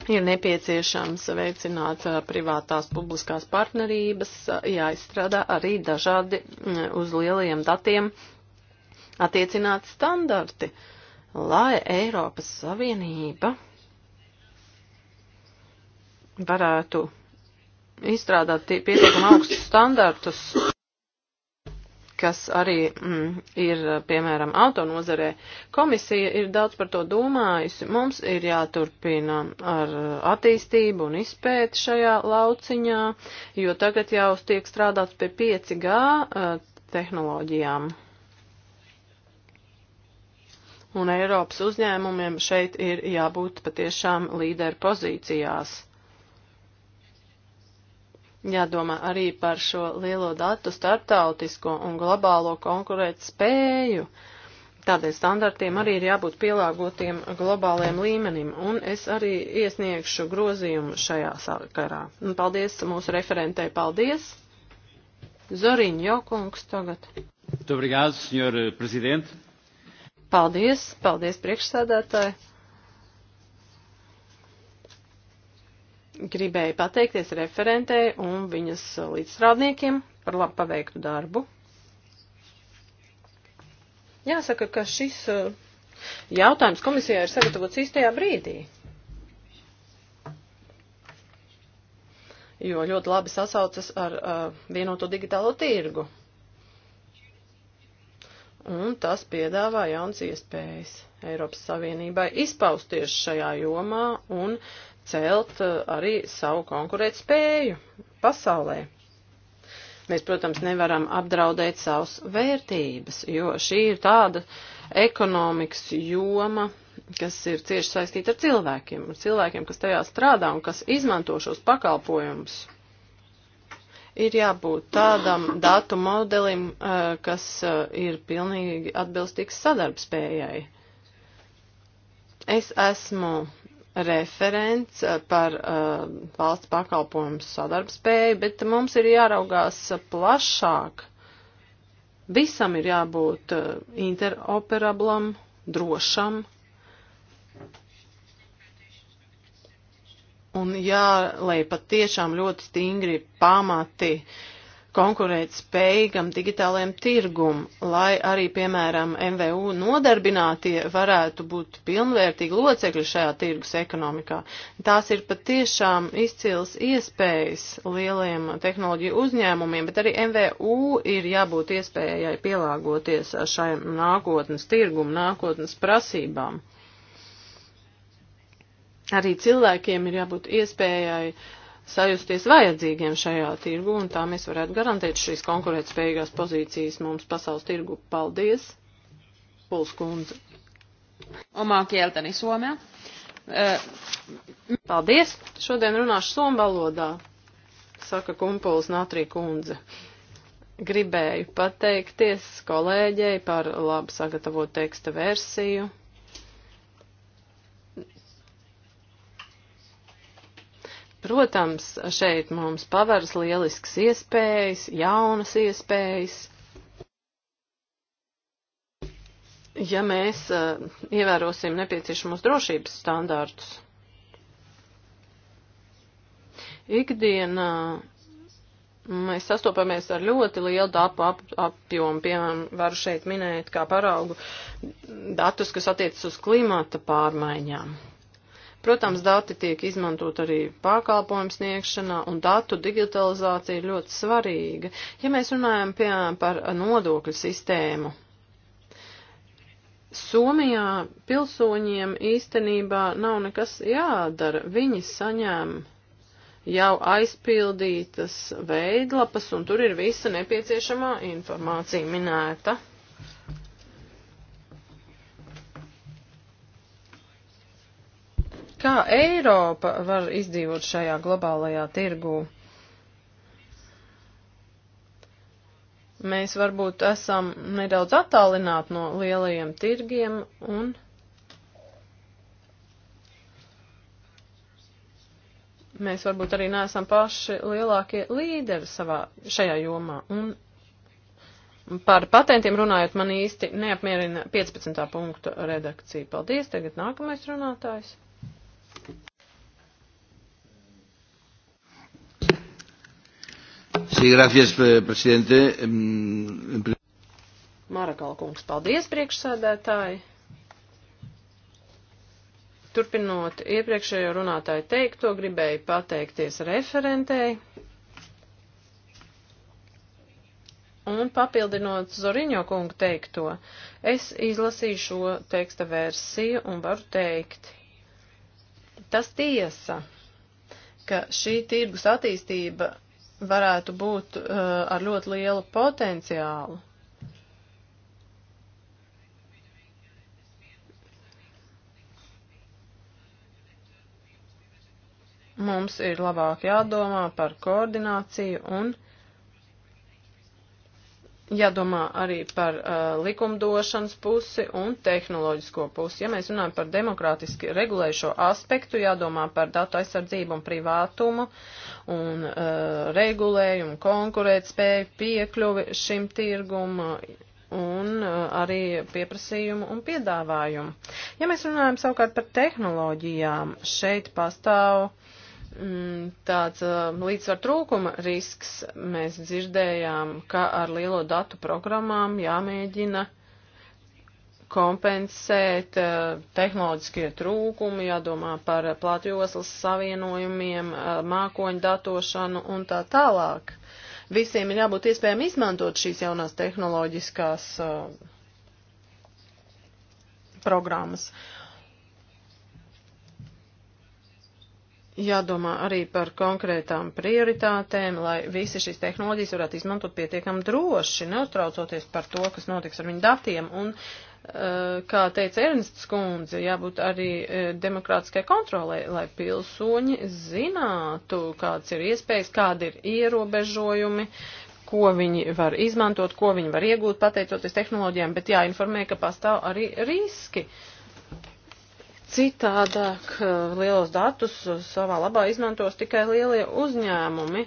ir nepieciešams veicināt privātās publiskās partnerības, jāizstrādā arī dažādi uz lielajiem datiem attiecināti standarti, lai Eiropas Savienība varētu izstrādāt pietiekami augstus standartus, kas arī mm, ir, piemēram, autonozarē. Komisija ir daudz par to domājusi. Mums ir jāturpina ar attīstību un izpēt šajā lauciņā, jo tagad jau tiek strādāts pie 5G eh, tehnoloģijām. Un Eiropas uzņēmumiem šeit ir jābūt patiešām līderu pozīcijās. Jādomā arī par šo lielo datu startautisko un globālo konkurēt spēju. Tādēļ standartiem arī ir jābūt pielāgotiem globāliem līmenim, un es arī iesniegšu grozījumu šajā sakarā. Un paldies mūsu referentei, paldies! Zoriņ Jokungs tagad. Dobrigāds, senjor prezident. Paldies, paldies priekšsēdētāji. gribēju pateikties referentē un viņas līdzstrādniekiem par labu paveiktu darbu. Jāsaka, ka šis uh, jautājums komisijā ir sagatavots īstajā brīdī. Jo ļoti labi sasaucas ar uh, vienoto digitālo tirgu. Un tas piedāvā jauns iespējas Eiropas Savienībai izpausties šajā jomā un uh, celt eh, arī savu konkurēt spēju pasaulē. Mēs, protams, nevaram apdraudēt savus vērtības, jo šī ir tāda ekonomikas joma, kas ir cieši saistīta ar cilvēkiem, ar cilvēkiem, kas tajā strādā un kas izmanto šos pakalpojumus. Ir jābūt tādam datu modelim, eh, kas eh, ir pilnīgi atbilstīgs sadarbspējai. Es esmu referents eh, par uh, valsts pakalpojumu sadarbspēju, bet mums ir jāraugās plašāk. Visam ir jābūt eh, interoperablam, drošam, un jā, lai pat tiešām ļoti stingri pamati konkurēt spējīgam digitālajam tirgum, lai arī, piemēram, MVU nodarbinātie varētu būt pilnvērtīgi locekļi šajā tirgus ekonomikā. Tās ir patiešām izcils iespējas lieliem tehnoloģiju uzņēmumiem, bet arī MVU ir jābūt iespējai pielāgoties šai nākotnes tirgumu, nākotnes prasībām. Arī cilvēkiem ir jābūt iespējai uh, sajusties vajadzīgiem šajā tirgu, un tā mēs varētu garantēt šīs konkurētspējīgās pozīcijas mums pasaules tirgu. Paldies, Pulskundze. Omā kielteni Somijā. Paldies, šodien runāšu somu valodā, saka kumpuls Natrī kundze. Gribēju pateikties kolēģei par labi sagatavotu teksta versiju Protams, šeit mums paveras lielisks iespējas, jaunas iespējas. Ja mēs uh, ievērosim nepieciešamos drošības standārtus, ikdienā mm, mēs sastopamies ar ļoti lielu datu ap, apjomu. Piemēram, varu šeit minēt kā paraugu datus, kas attiecas uz klimata pārmaiņām. Protams, dati tiek izmantot arī pakalpojumu sniegšanā, un datu digitalizācija ir ļoti svarīga. Ja mēs runājam, piemēram, par nodokļu sistēmu, Somijā pilsoņiem īstenībā nav nekas jādara. Viņi saņem jau aizpildītas veidlapas, un tur ir visa nepieciešamā informācija minēta. Kā Eiropa var izdzīvot šajā globālajā tirgū? Mēs varbūt esam nedaudz attālināti no lielajiem tirgiem un. Mēs varbūt arī neesam paši lielākie līderi savā šajā jomā. Un Par patentiem runājot, man īsti neapmierina 15. punktu redakcija. Paldies, tagad nākamais runātājs. Sí, gracias, eh, presidente. Marakal kungs, paldies priekšsēdētāji. Turpinot iepriekšējo runātāju teikto, gribēju pateikties referentei. Un papildinot Zoriņo kungu teikto, es izlasīju šo teksta versiju un varu teikt, tas tiesa, ka šī tirgus attīstība varētu būt uh, ar ļoti lielu potenciālu. Mums ir labāk jādomā par koordināciju un jādomā arī par uh, likumdošanas pusi un tehnoloģisko pusi. Ja mēs runājam par demokrātiski regulējušo aspektu, jādomā par datu aizsardzību un privātumu un uh, regulējumu, konkurētspēju, piekļuvi šim tirgumu uh, un uh, arī pieprasījumu un piedāvājumu. Ja mēs runājam savukārt par tehnoloģijām, šeit pastāv uh, Mm, tāds uh, līdzsvar trūkuma risks. Mēs dzirdējām, ka ar lielo datu programmām jāmēģina kompensēt uh, tehnoloģiskie trūkumi, jādomā par platjoslas savienojumiem, uh, mākoņu datošanu un tā tālāk. Visiem ir jābūt iespējām izmantot šīs jaunās tehnoloģiskās programmas. Uh, jādomā arī par konkrētām prioritātēm, lai visi šīs tehnoloģijas varētu izmantot pietiekam droši, neuztraucoties par to, kas notiks ar viņu datiem. Un, eh, kā teica Ernsts Kundze, jābūt arī eh, demokrātiskai kontrolē, lai pilsoņi zinātu, kādas ir iespējas, kādi ir ierobežojumi, ko viņi var izmantot, ko viņi var iegūt pateicoties tehnoloģijām, bet jāinformē, ka pastāv arī riski. Uh, Citādāk eh, lielos datus savā labā izmantos tikai lielie uzņēmumi.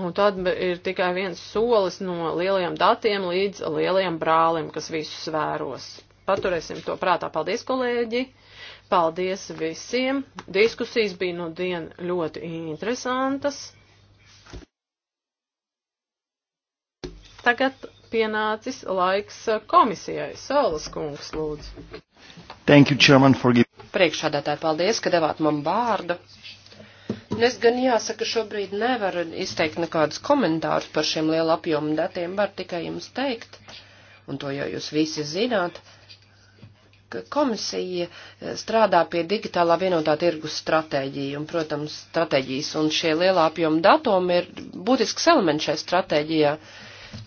Un tad ir tikai viens solis no lielajiem datiem līdz lielajiem brālim, kas visus svēros. Paturēsim to prātā. Paldies, kolēģi! Paldies visiem! Diskusijas bija no diena ļoti interesantas. Tagad pienācis laiks komisijai. Saules kungs, lūdzu. Thank you, Chairman, for giving. Priekšādātāji, paldies, ka devāt man vārdu. Nu, es gan jāsaka, šobrīd nevaru izteikt nekādus komentārus par šiem liela apjomu datiem, var tikai jums teikt, un to jau jūs visi zināt, ka komisija strādā pie digitālā vienotā tirgus stratēģija, un, protams, stratēģijas, un šie liela apjoma datumi ir būtisks elements šai stratēģijai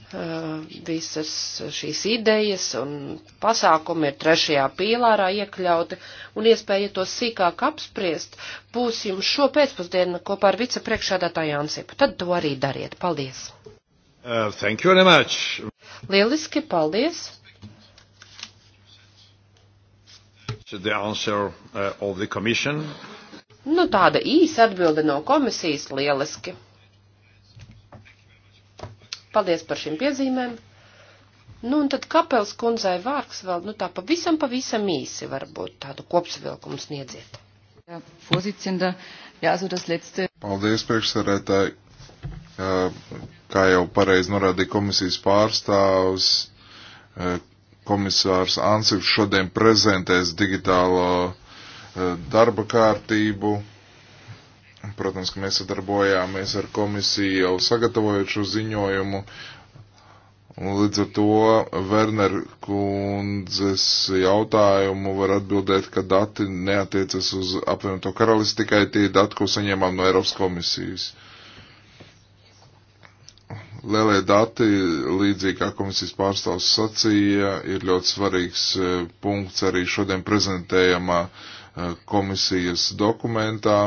Uh, visas šīs idejas un pasākumi ir trešajā pīlārā iekļauti un iespēja to sīkāk apspriest būs jums šo pēcpusdienu kopā ar vicepriekšādātāju Ansipu. Tad to arī dariet. Paldies! Uh, thank you very much! Lieliski, paldies! The answer uh, of the commission. Nu, tāda īsa atbilde no komisijas lieliski. Paldies par šīm piezīmēm. Nu, un tad kapels kundzei vārks vēl, nu tā pavisam, pavisam īsi varbūt tādu kopsavilkumu sniedziet. Jā, pozicinda, jā, so tas letzte. Paldies, priekšsarētāji. Kā jau pareizi norādīja komisijas pārstāvs, eh, komisārs Ansips šodien prezentēs digitālo eh, darba kārtību Protams, ka mēs sadarbojāmies ar komisiju jau sagatavojot šo ziņojumu. Un līdz ar to Werner kundzes jautājumu var atbildēt, ka dati neatiecas uz apvienoto karalisti, tikai tie dati, ko saņēmām no Eiropas komisijas. Lielie dati, līdzīgi kā komisijas pārstāvs sacīja, ir ļoti svarīgs e, punkts arī šodien prezentējamā e, komisijas dokumentā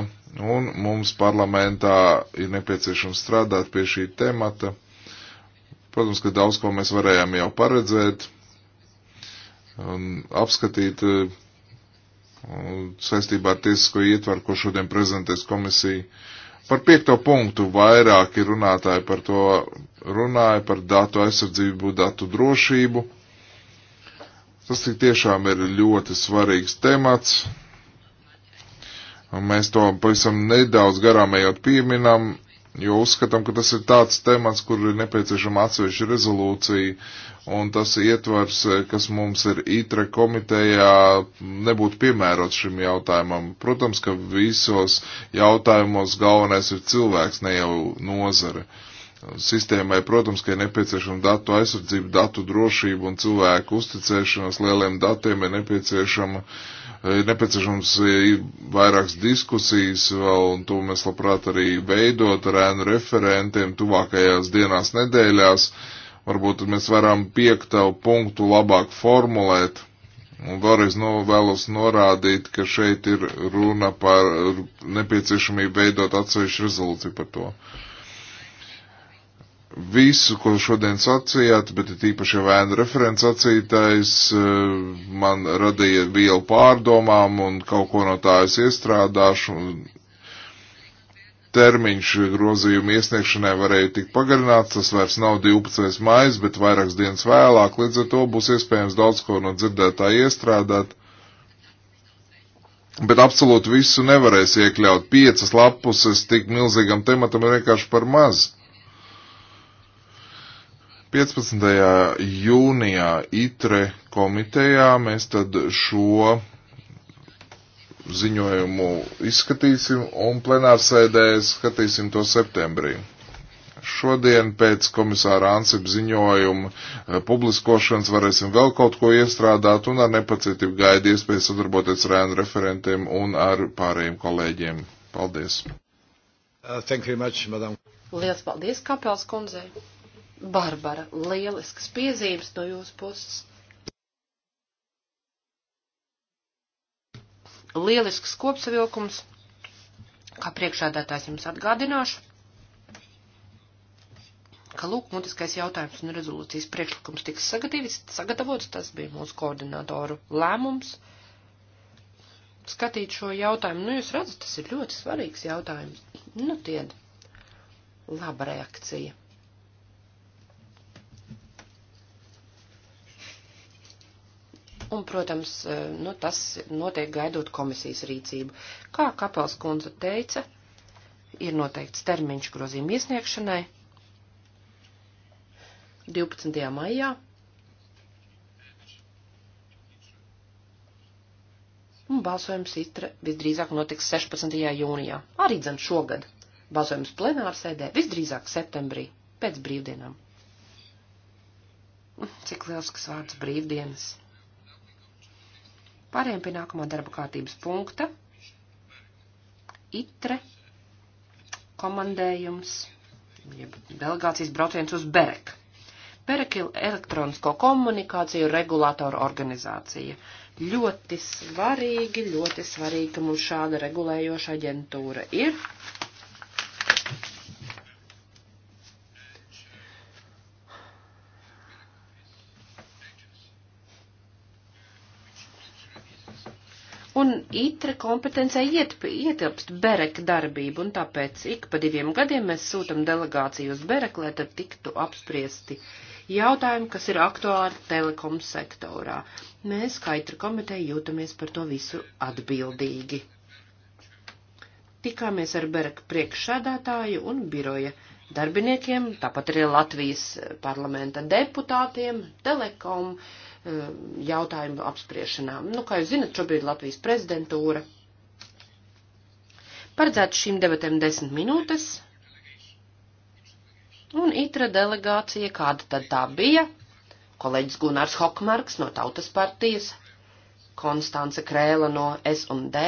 Un mums parlamentā ir nepieciešams strādāt pie šī temata. Protams, ka daudz ko mēs varējām jau paredzēt un apskatīt un saistībā ar tiesisko ietvaru, ko šodien prezentēs komisija. Par piekto punktu vairāki runātāji par to runāja, par datu aizsardzību, datu drošību. Tas tik tiešām ir ļoti svarīgs temats Un mēs to pavisam nedaudz garām ejot pieminam, jo uzskatām, ka tas ir tāds temats, kur ir nepieciešama atsevišķa rezolūcija, un tas ietvars, eh, kas mums ir ITRE komitejā, nebūtu piemērots šim jautājumam. Protams, ka visos jautājumos galvenais ir cilvēks, ne jau nozare. Uh, sistēmai, protams, ka ir nepieciešama datu aizsardzība, datu drošība un cilvēku uzticēšanās lieliem datiem ir nepieciešama, ir nepieciešams eh, vairākas diskusijas vēl, un to mēs labprāt arī veidot ar ēnu referentiem tuvākajās dienās nedēļās. Varbūt mēs varam piektavu punktu labāk formulēt. Un vēlreiz no, vēlos norādīt, ka šeit ir runa par nepieciešamību veidot atsevišķu rezolūciju par to. Uh, visu, ko šodien sacījāt, bet tīpaši jau vēnu referents sacītais, eh, man radīja vielu pārdomām un kaut ko no tā es iestrādāšu. Termiņš grozījuma iesniegšanai varēja tikt pagarināts, tas vairs nav 12. maijs, bet vairākas dienas vēlāk, līdz ar to būs iespējams daudz ko no dzirdētā iestrādāt. Bet absolūti visu nevarēs iekļaut. Piecas lapuses tik milzīgam tematam ir vienkārši par mazu. 15. jūnijā ITRE komitejā mēs tad šo ziņojumu izskatīsim un plenārsēdē skatīsim to septembrī. Šodien pēc komisāra Ansip ziņojuma eh, publiskošanas varēsim vēl kaut ko iestrādāt un ar nepacietību gaidu iespēju sadarboties ar ēnu referentiem un ar pārējiem kolēģiem. Paldies! Uh, much, madam. Lielas paldies, Kapels kundzei! Barbara, lielisks piezīmes no jūsu puses. Lielisks kopsavilkums, kā priekšādātājs jums atgādināšu, ka lūk, mutiskais jautājums un rezolūcijas priekšlikums tiks sagatavots, tas bija mūsu koordinatoru lēmums skatīt šo jautājumu. Nu, jūs redzat, tas ir ļoti svarīgs jautājums. Nu, tied, laba reakcija. un, protams, e, nu, tas notiek gaidot komisijas rīcību. Kā Kapels kundze teica, ir noteikts termiņš grozījuma iesniegšanai 12. maijā. Un balsojums itra visdrīzāk notiks 16. jūnijā, arī dzen šogad. Balsojums plenārsēdē visdrīzāk septembrī, pēc brīvdienām. Cik liels, kas vārds brīvdienas. Pārējiem pie nākamā darba kārtības punkta. ITRE komandējums, jeb delegācijas brauciens uz Berek. Berek ir elektronisko komunikāciju regulātoru organizācija. Ļoti svarīgi, ļoti svarīgi, ka mums šāda regulējoša aģentūra ir. ITRA kompetencē ietilpst Bereka darbība, un tāpēc ik pa diviem gadiem mēs sūtam delegāciju uz Bereku, lai tad tiktu apspriesti jautājumi, kas ir aktuāli telekom sektorā. Mēs, kā ITRA komiteja, jūtamies par to visu atbildīgi. Tikāmies ar Bereka priekšsēdētāju un biroja darbiniekiem, tāpat arī Latvijas parlamenta deputātiem, telekom, uh, Eh, jautājumu apspriešanā. Nu, kā jūs zinat, šobrīd Latvijas prezidentūra paredzētu šīm debatēm desmit minūtes, un itra delegācija, kāda tad tā bija, kolēģis Gunārs Hokmarks no Tautas partijas, Konstance Krēla no S&D,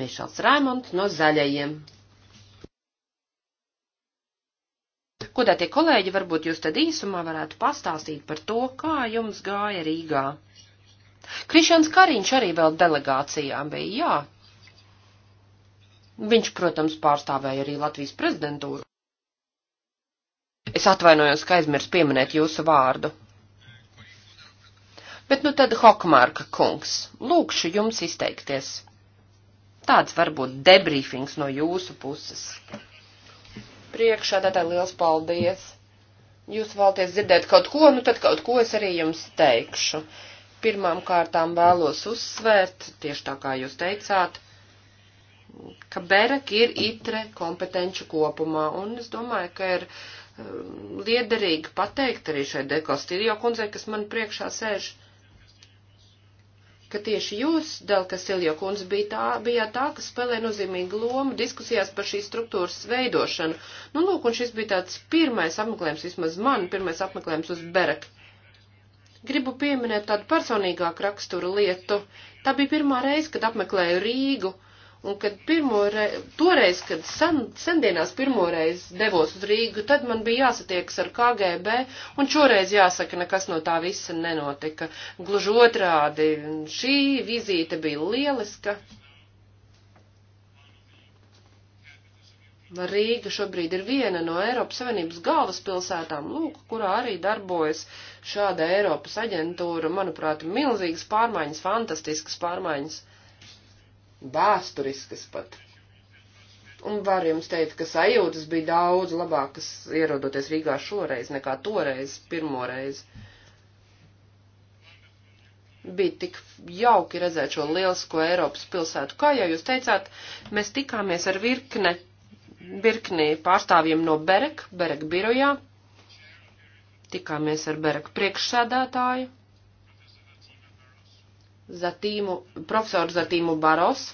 Mišels Raimonds no Zaļajiem, Kodētie kolēģi, varbūt jūs tad īsumā varētu pastāstīt par to, kā jums gāja Rīgā. Krišans Kariņš arī vēl delegācijā bija, jā. Viņš, protams, pārstāvēja arī Latvijas prezidentūru. Es atvainojos, ka aizmirs pieminēt jūsu vārdu. Bet nu tad, Hokmārka kungs, lūkšu jums izteikties. Tāds varbūt debriefings no jūsu puses priekšā, tātad liels paldies. Jūs vēlaties dzirdēt kaut ko, nu tad kaut ko es arī jums teikšu. Pirmām kārtām vēlos uzsvērt, tieši tā kā jūs teicāt, ka Berek ir itre kompetenču kopumā, un es domāju, ka ir um, liederīgi pateikt arī šai dekostīrijā kundzei, kas man priekšā sēž. Uh, ka tieši jūs, Delka Siljo kundze, bija tā, bijāt tā, kas spēlē nozīmīgu lomu diskusijās par šīs struktūras veidošanu. Nu, lūk, un šis bija tāds pirmais apmeklējums, vismaz man, pirmais apmeklējums uz Berek. Gribu pieminēt tādu personīgāku raksturu lietu. Tā bija pirmā reize, kad apmeklēju Rīgu Un kad pirmo reizi, toreiz, kad san, sendienās pirmoreiz devos uz Rīgu, tad man bija jāsatiekas ar KGB, un šoreiz jāsaka, nekas no tā visa nenotika. Gluži otrādi, šī vizīte bija lieliska. Rīga šobrīd ir viena no Eiropas Savienības galvaspilsētām, lūk, kurā arī darbojas šāda Eiropas aģentūra, manuprāt, milzīgas pārmaiņas, fantastiskas pārmaiņas vēsturiskas pat. Un var jums teikt, ka sajūtas bija daudz labākas ierodoties Rīgā šoreiz nekā toreiz, pirmoreiz. Bija tik jauki redzēt šo lielisko Eiropas pilsētu. Kā jau jūs teicāt, mēs tikāmies ar virkne, virkni pārstāvjiem no Berek, Berek birojā. Tikāmies ar Berek priekšsēdētāju, Zatīmu, profesoru Zatīmu Baros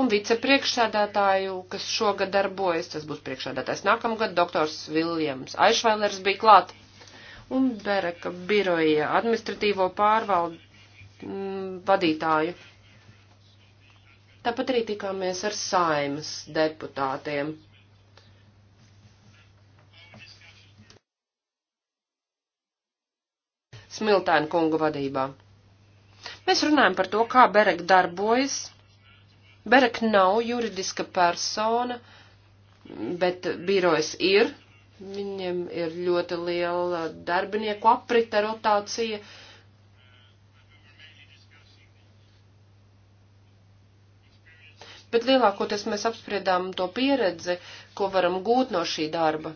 un vicepriekšsēdētāju, kas šogad darbojas, tas būs priekšsēdētājs nākamgad, doktors Viljams Aišvailers bija klāt, un Bereka biroja administratīvo pārvaldu m, mm, vadītāju. Tāpat arī tikāmies ar saimas deputātiem. Smiltēna kunga vadībā. Mēs runājam par to, kā Berek darbojas. Berek nav juridiska persona, bet birojas ir. Viņiem ir ļoti liela darbinieku aprita rotācija. Bet lielākoties mēs apspriedām to pieredzi, ko varam gūt no šī darba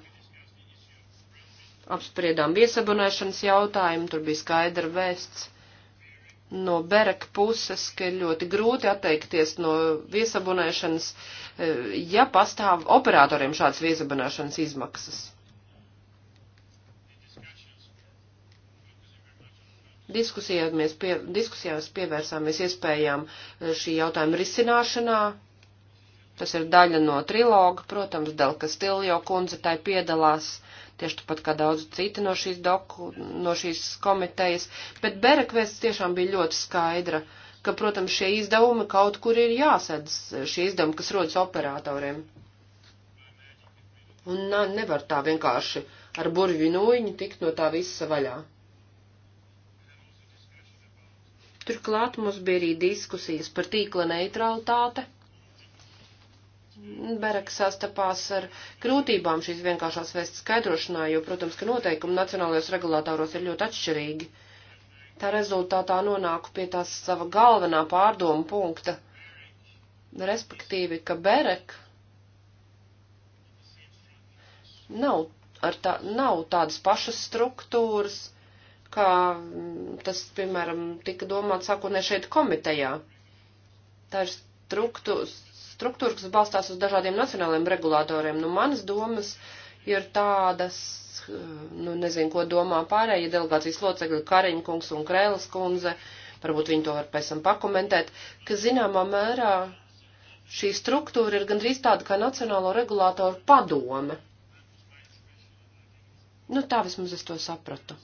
apspriedām viesabunēšanas jautājumu, tur bija skaidra vēsts no Bereka puses, ka ir ļoti grūti atteikties no viesabunēšanas, e, ja pastāv operatoriem šāds viesabunēšanas izmaksas. Diskusijā mēs, pie, diskusijās pievērsāmies iespējām e, šī jautājuma risināšanā. Tas ir daļa no triloga, protams, Delka Stiljo kundze tai piedalās tieši tāpat kā daudz citi no šīs, doku, no šīs komitejas, bet Berekvēsts tiešām bija ļoti skaidra, ka, protams, šie izdevumi kaut kur ir jāsedz, šie izdevumi, kas rodas operatoriem. Un nā, nevar tā vienkārši ar burvju nūjiņu tikt no tā visa vaļā. Turklāt mums bija arī diskusijas par tīkla neutralitāte Bereks sastapās ar grūtībām šīs vienkāršās vēsts skaidrošanā, jo, protams, ka noteikumi nacionālajos regulātoros ir ļoti atšķirīgi. Tā rezultātā nonāku pie tās sava galvenā pārdomu punkta, respektīvi, ka Berek nav, tā, nav tādas pašas struktūras, kā mm, tas, piemēram, tika domāts sākotnē šeit komitejā. Tā ir struktūras struktūra, kas balstās uz dažādiem nacionāliem regulātoriem. Nu, manas domas ir tādas, eh, nu, nezinu, ko domā pārējie delegācijas locekļi Kariņa kungs un Krēlas kundze, varbūt viņi to var pēc tam pakomentēt, ka zināmā mērā šī struktūra ir gandrīz tāda kā nacionālo regulātoru padome. Nu, tā vismaz es to sapratu.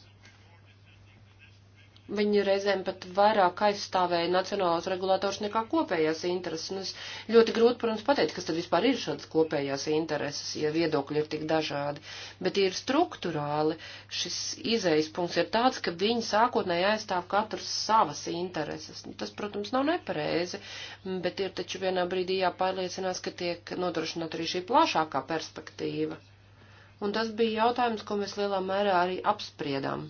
Viņi reizēm pat vairāk aizstāvēja nacionālos regulātors nekā kopējās intereses. Un es ļoti grūti, protams, pateikt, kas tad vispār ir šādas kopējās intereses, ja viedokļi ir tik dažādi. Bet ir struktūrāli šis izejas punkts ir tāds, ka viņi sākotnēji aizstāv katrs savas intereses. Nu, tas, protams, nav nepareizi, bet ir taču vienā brīdī jāpārliecinās, ka tiek nodrošināta arī šī plašākā perspektīva. Un tas bija jautājums, ko mēs lielā mērā arī apspriedām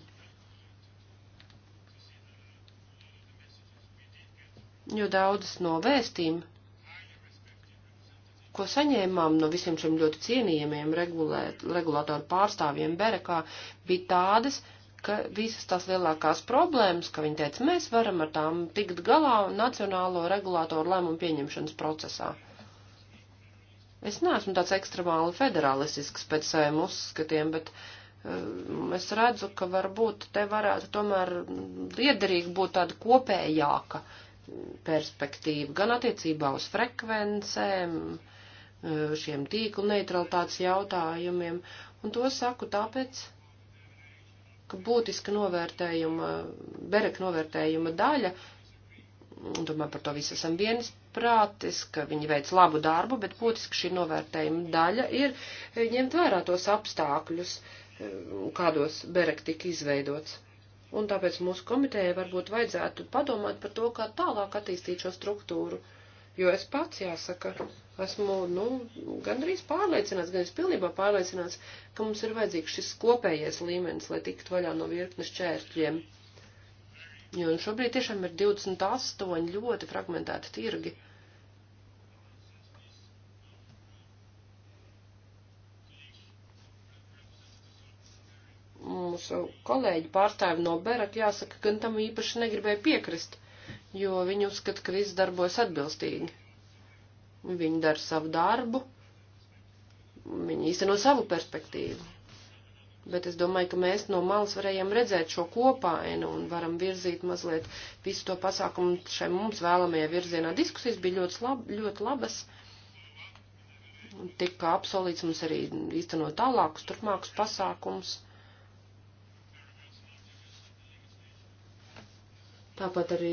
jo daudzas no vēstīm, ko saņēmām no visiem šiem ļoti cienījamiem regulēt, regulātoru pārstāvjiem Berekā, bija tādas, ka visas tās lielākās problēmas, ka viņi teica, mēs varam ar tām tikt galā nacionālo regulātoru lēmumu pieņemšanas procesā. Es neesmu tāds ekstremāli federālistisks pēc saviem uzskatiem, bet uh, es redzu, ka varbūt te varētu tomēr liederīgi būt tāda kopējāka perspektīvu, gan attiecībā uz frekvencēm, eh, šiem tīklu neutralitātes jautājumiem, un to saku tāpēc, ka būtiska novērtējuma, bereka novērtējuma daļa, un domāju par to visu esam vienas prātis, ka viņi veic labu darbu, bet būtiski šī novērtējuma daļa ir eh, ņemt vērā tos apstākļus, eh, kādos bereka tika izveidots un tāpēc mūsu komitējai varbūt vajadzētu padomāt par to, kā tālāk attīstīt šo struktūru. Jo es pats jāsaka, esmu, nu, gandrīz pārliecināts, gan es pilnībā pārliecināts, ka mums ir vajadzīgs šis kopējais līmenis, lai tiktu vaļā no virknes čērtļiem. Jo šobrīd tiešām ir 28 ļoti fragmentēti tirgi. Uh, mūsu kolēģi pārstāvi no Berak, jāsaka, gan tam īpaši negribēja piekrist, jo viņi uzskata, ka viss darbojas atbilstīgi. Viņi dara savu darbu, viņi īsteno savu perspektīvu. Bet es domāju, ka mēs no malas varējām redzēt šo kopainu un varam virzīt mazliet visu to pasākumu šai mums vēlamajā virzienā. Diskusijas bija ļoti, lab, ļoti labas tika apsolīts mums arī īstenot tālākus, turpmākus pasākums. Tāpat arī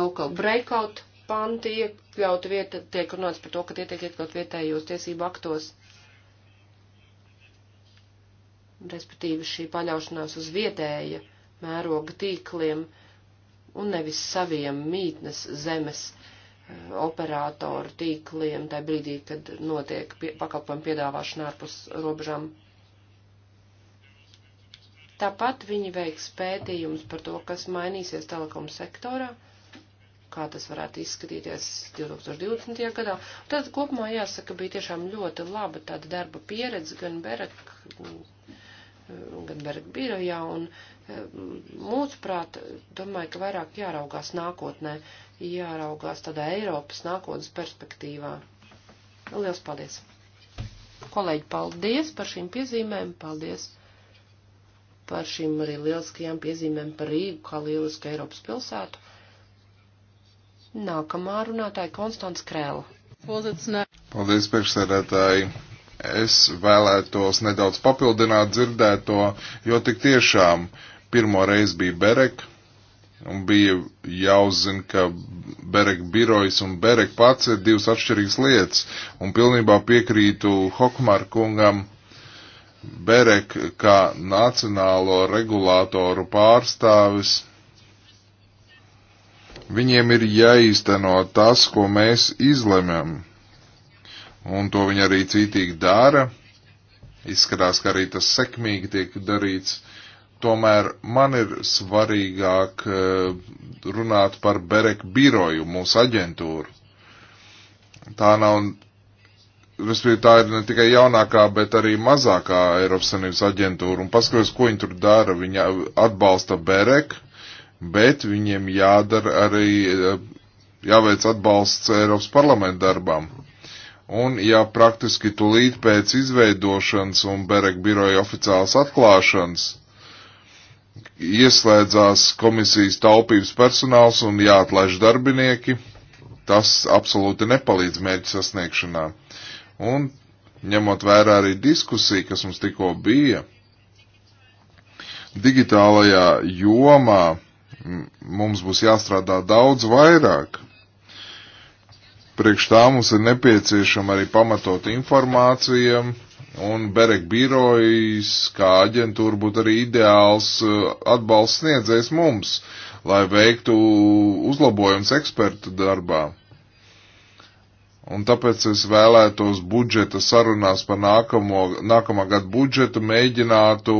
local breakout panti iekļaut vieta, tiek runāts par to, ka tie tiek iekļaut vietējos tiesību aktos. Respektīvi šī paļaušanās uz vietēja mēroga tīkliem un nevis saviem mītnes zemes eh, operātoru tīkliem, tajā brīdī, kad notiek pie, pakalpojumu piedāvāšana ārpus robežām Tāpat viņi veiks pētījumus par to, kas mainīsies telekomu sektorā, kā tas varētu izskatīties 2020. gadā. Tad kopumā jāsaka, bija tiešām ļoti laba tāda darba pieredze gan Berek, gan Berek birojā, un eh, mūsuprāt, domāju, ka vairāk jāraugās nākotnē, jāraugās tādā Eiropas nākotnes perspektīvā. Liels paldies! Kolēģi, paldies par šīm piezīmēm, paldies! par šīm arī lieliskajām piezīmēm par Rīgu kā lielisku Eiropas pilsētu. Nākamā runātāja Konstants Krēla. Paldies, priekšsēdētāji! Es vēlētos nedaudz papildināt dzirdēto, jo tik tiešām pirmo reizi bija Berek, un bija jāuzzina, ka Berek birojas un Berek pats ir divas atšķirīgas lietas, un pilnībā piekrītu Hokmar kungam Berek kā nacionālo regulātoru pārstāvis. Viņiem ir jāīsteno tas, ko mēs izlemjam, un to viņi arī cītīgi dara. Izskatās, ka arī tas sekmīgi tiek darīts. Tomēr man ir svarīgāk eh, runāt par Berek biroju, mūsu aģentūru. Tā nav Respektīvi, tā ir ne tikai jaunākā, bet arī mazākā Eiropas Savienības aģentūra. Un paskatās, ko viņi tur dara. Viņi atbalsta BEREK, bet viņiem jādara arī, eh, jāveic atbalsts Eiropas parlamenta darbām. Un ja praktiski tulīt pēc izveidošanas un BEREK biroja oficiālas atklāšanas ieslēdzās komisijas taupības personāls un jāatlaiž darbinieki, tas absolūti nepalīdz mērķu sasniegšanā. Un ņemot vērā arī diskusiju, kas mums tikko bija, digitālajā jomā mums būs jāstrādā daudz vairāk. Priekš tā mums ir nepieciešama arī pamatot informācija, un Berek birojas kā aģentūra būtu arī ideāls e, atbalsts sniedzējs mums, lai veiktu uzlabojums ekspertu darbā. Un tāpēc es vēlētos budžeta sarunās par nākamo, nākamā gada budžetu mēģinātu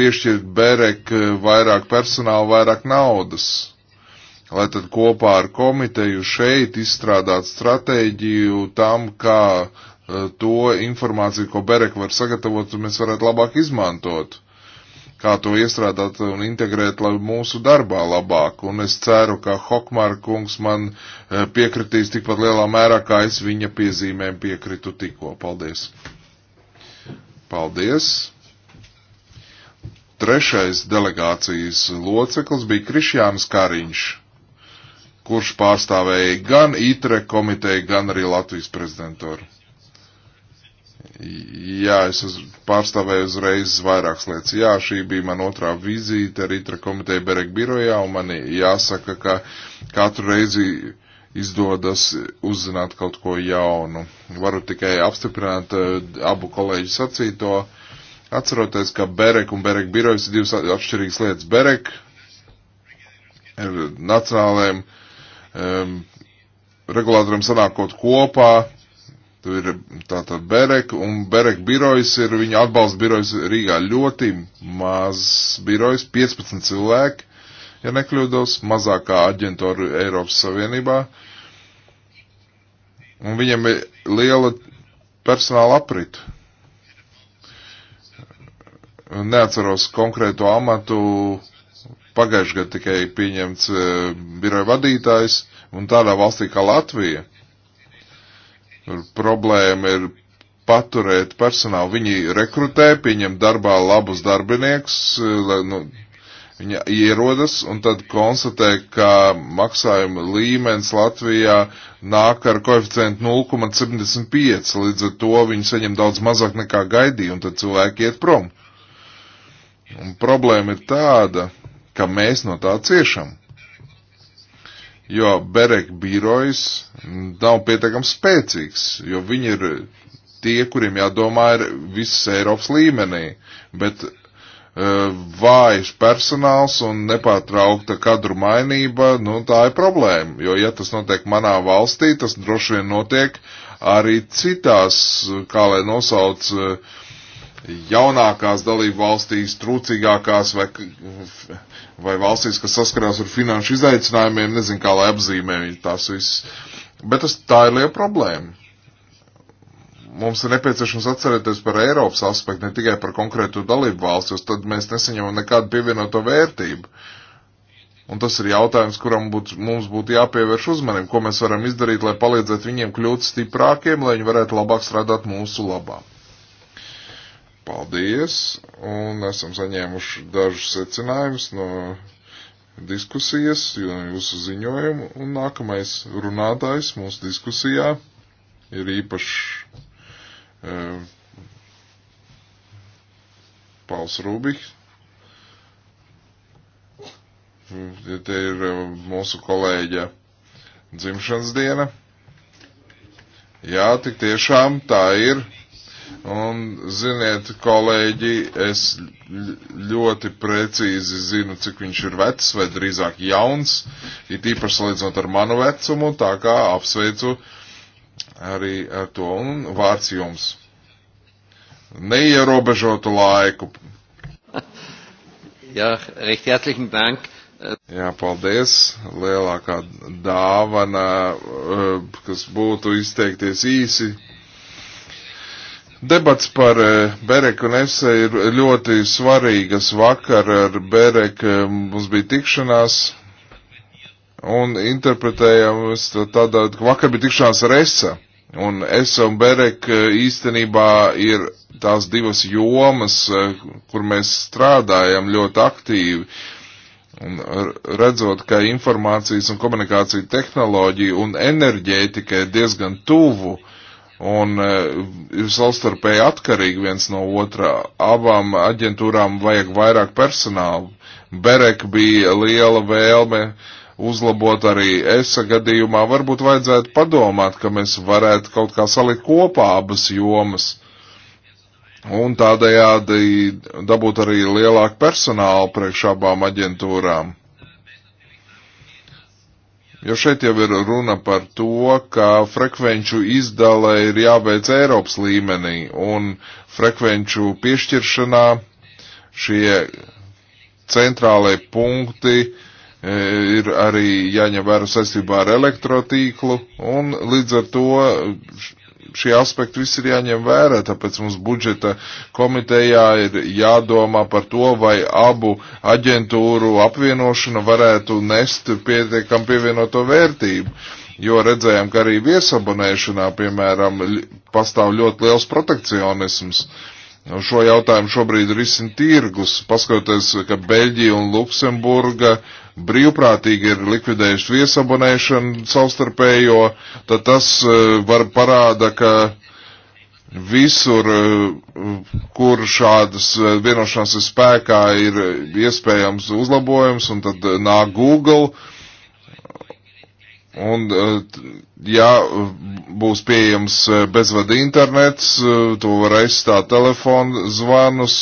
piešķirt Berek vairāk personāla, vairāk naudas, lai tad kopā ar komiteju šeit izstrādāt stratēģiju tam, kā eh, to informāciju, ko Berek var sagatavot, mēs varētu labāk izmantot kā to iestrādāt un integrēt mūsu darbā labāk. Un es ceru, ka Hokmāra kungs man e, piekritīs tikpat lielā mērā, kā es viņa piezīmēm piekritu tikko. Paldies! Paldies! Trešais delegācijas loceklis bija Krišjāns Kariņš, kurš pārstāvēja gan ITRE komiteju, gan arī Latvijas prezidentūru. Jā, es uz, pārstāvēju uzreiz vairākas lietas. Jā, šī bija man otrā vizīte ar Itra komiteju Berek birojā, un man jāsaka, ka katru reizi izdodas uzzināt kaut ko jaunu. Varu tikai apstiprināt eh, abu kolēģu sacīto, atceroties, ka Berek un Berek birojas ir divas atšķirīgas lietas. Berek ir nacionālajiem um, regulātoriem sanākot kopā Tu ir tātad Berek, un Berek birojas ir viņa atbalsta birojas Rīgā. Ļoti mazs birojas, 15 cilvēki, ja nekļūdos, mazākā aģentūra Eiropas Savienībā. Un viņam ir liela personāla aprita. Neatceros konkrēto amatu, pagājušajā gadā tikai pieņemts eh, biroja vadītājs, un tādā valstī kā Latvija Tur problēma ir paturēt personālu. Viņi rekrutē, pieņem darbā labus darbiniekus, eh, nu, viņi ierodas un tad konstatē, ka maksājuma līmenis Latvijā nāk ar koeficientu 0,75, līdz ar to viņi saņem daudz mazāk nekā gaidīja, un tad cilvēki iet prom. Un problēma ir tāda, ka mēs no tā ciešam jo Bereka birojs nav pietiekami spēcīgs, jo viņi ir tie, kuriem jādomā ir viss Eiropas līmenī, bet uh, vājš personāls un nepārtraukta kadru mainība, nu tā ir problēma, jo ja tas notiek manā valstī, tas droši vien notiek arī citās, kā lai nosauc, uh, jaunākās dalību valstīs, trūcīgākās vai, vai valstīs, kas saskarās ar finanšu izaicinājumiem, nezinu, kā lai apzīmē tās viss. Bet tas, tā ir liela problēma. Mums ir nepieciešams atcerēties par Eiropas aspektu, ne tikai par konkrētu dalību valsti, jo tad mēs nesaņemam nekādu pievienoto vērtību. Un tas ir jautājums, kuram būt, mums būtu jāpievērš uzmanību, ko mēs varam izdarīt, lai palīdzētu viņiem kļūt stiprākiem, lai viņi varētu labāk strādāt mūsu labāk. Paldies, un esam saņēmuši dažus secinājumus no diskusijas, jo jūsu ziņojumu, un nākamais runātājs mūsu diskusijā ir īpaši e, Pauls Rūbih. Te ir e, mūsu kolēģa dzimšanas diena. Jā, tik tiešām tā ir. Un, ziniet, kolēģi, es ļoti precīzi zinu, cik viņš ir vecs, vai drīzāk jauns, it īpaši salīdzinot ar manu vecumu, tā kā apsveicu arī ar to. Un vārds jums. Neierobežotu laiku. Jā, recht herzlichen Dank. Jā, paldies. Lielākā dāvana, eh, kas būtu izteikties īsi, Debats par eh, Bereku un EFSA ir ļoti svarīgas. Vakar ar Bereku eh, mums bija tikšanās un interpretējām tādā, ka vakar bija tikšanās ar ESA. Un ESA un Berek eh, īstenībā ir tās divas jomas, kur mēs strādājam ļoti aktīvi. Un redzot, ka informācijas un komunikācija tehnoloģija un enerģētika ir diezgan tuvu uh, un e, ir savstarpēji atkarīgi viens no otrā. Abām aģentūrām vajag vairāk personālu. Berek bija liela vēlme uzlabot arī ESA gadījumā. Varbūt vajadzētu padomāt, ka mēs varētu kaut kā salikt kopā abas jomas. Un tādējādi dabūt arī lielāku personālu priekš abām aģentūrām. Jo šeit jau ir runa par to, ka frekvenču izdala ir jāveic Eiropas līmenī, un frekvenču piešķiršanā šie centrālai punkti e, ir arī jāņem vērā saistībā ar elektrotīklu, un līdz ar to šie aspekti visi ir jāņem vērā, tāpēc mums budžeta komitejā ir jādomā par to, vai abu aģentūru apvienošana varētu nest pietiekam pievienoto vērtību. Jo redzējām, ka arī viesabonēšanā, piemēram, pastāv ļoti liels protekcionisms. Nu, šo jautājumu šobrīd risina tirgus, paskatoties, ka Beļģija un Luksemburga uh, brīvprātīgi ir likvidējuši viesabonēšanu savstarpējo, tad tas e, var parāda, ka visur, e, kur šādas e, vienošanās ir spēkā, ir iespējams uzlabojums, un tad nāk Google. Un, ja būs pieejams bezvada internets, to var aizstāt telefonu zvanus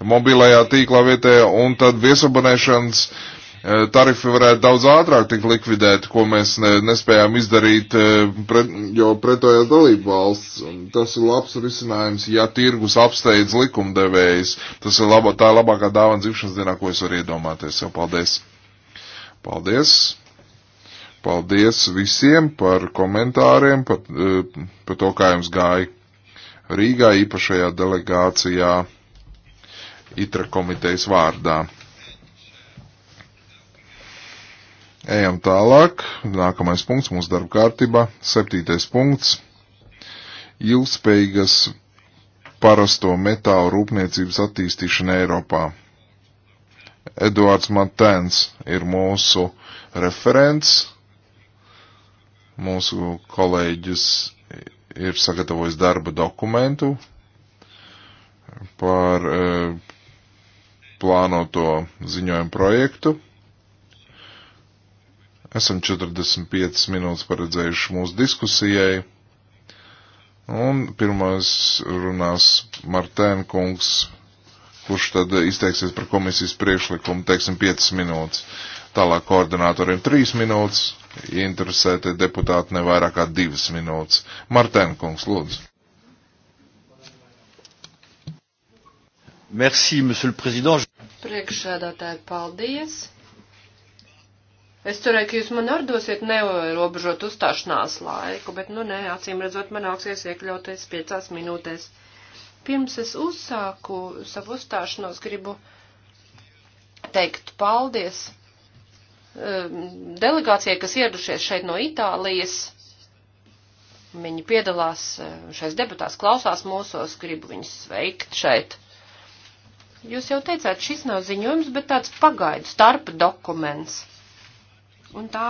mobilajā tīklā vietējā, un tad viesabonēšanas uh, Eh, tarifi varētu daudz ātrāk tikt likvidēti, ko mēs ne, nespējām izdarīt, eh, pret, jo pretojās dalību valsts. Tas ir labs risinājums, ja tirgus apsteidz likumdevējs. Tas ir laba, tā ir labākā dāvana dzimšanas dienā, ko es varu iedomāties. Jau paldies! Paldies! Paldies visiem par komentāriem, par, eh, par to, kā jums gāja Rīgā īpašajā delegācijā ITRA komitejas vārdā. Ejam tālāk. Nākamais punkts mūsu darba kārtībā. Septītais punkts. Ilgspējīgas parasto metālu rūpniecības attīstīšana Eiropā. Eduards Matēns ir mūsu referents. Mūsu kolēģis ir sagatavojis darba dokumentu par e, plānoto ziņojumu projektu. Esam 45 minūtes paredzējuši mūsu diskusijai. Un pirmais runās Martēna kungs, kurš tad izteiksies par komisijas priekšlikumu, teiksim, 5 minūtes. Tālāk koordinatoriem 3 minūtes, interesētie deputāti ne vairāk kā 2 minūtes. Martēna kungs, lūdzu. Merci, monsieur le président. Priekšsēdētāji, paldies. Es cerēju, ka jūs man ordosiet neierobežot uzstāšanās laiku, bet, nu, nē, acīm redzot, man nāksies iekļauties piecās minūtēs. Pirms es uzsāku savu uzstāšanos, gribu teikt paldies um, delegācijai, kas ieradušies šeit no Itālijas. Viņi piedalās um, šais debatās, klausās mūsos, gribu viņus sveikt šeit. Jūs jau teicāt, šis nav ziņojums, bet tāds pagaidu starp dokuments. Un tā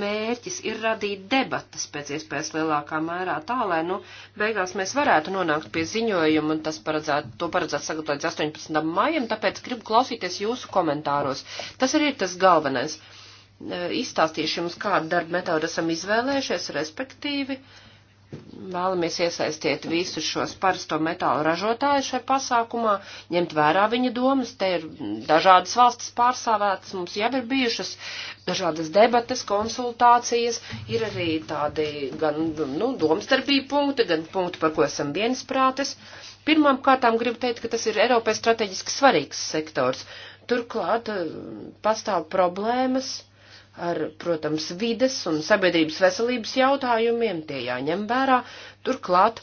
mērķis ir radīt debatas pēc iespējas lielākā mērā tā, lai, nu, beigās mēs varētu nonākt pie ziņojuma, un tas paredzēt, to paredzēt sagatavot 18. maijam, tāpēc gribu klausīties jūsu komentāros. Tas arī ir tas galvenais. E, izstāstīšu jums, kādu darbu metodu esam izvēlējušies, respektīvi. Uh, vēlamies iesaistīt visus šos parasto metālu ražotāju šajā pasākumā, ņemt vērā viņa domas. Te ir dažādas valstis pārstāvētas, mums jau ir bijušas dažādas debates, konsultācijas, ir arī tādi gan nu, domstarpība punkti, gan punkti, par ko esam viensprātes. Pirmām kārtām gribu teikt, ka tas ir Eiropai strateģiski svarīgs sektors. Turklāt eh, pastāv problēmas ar, protams, vides un sabiedrības veselības jautājumiem, tie jāņem vērā. Turklāt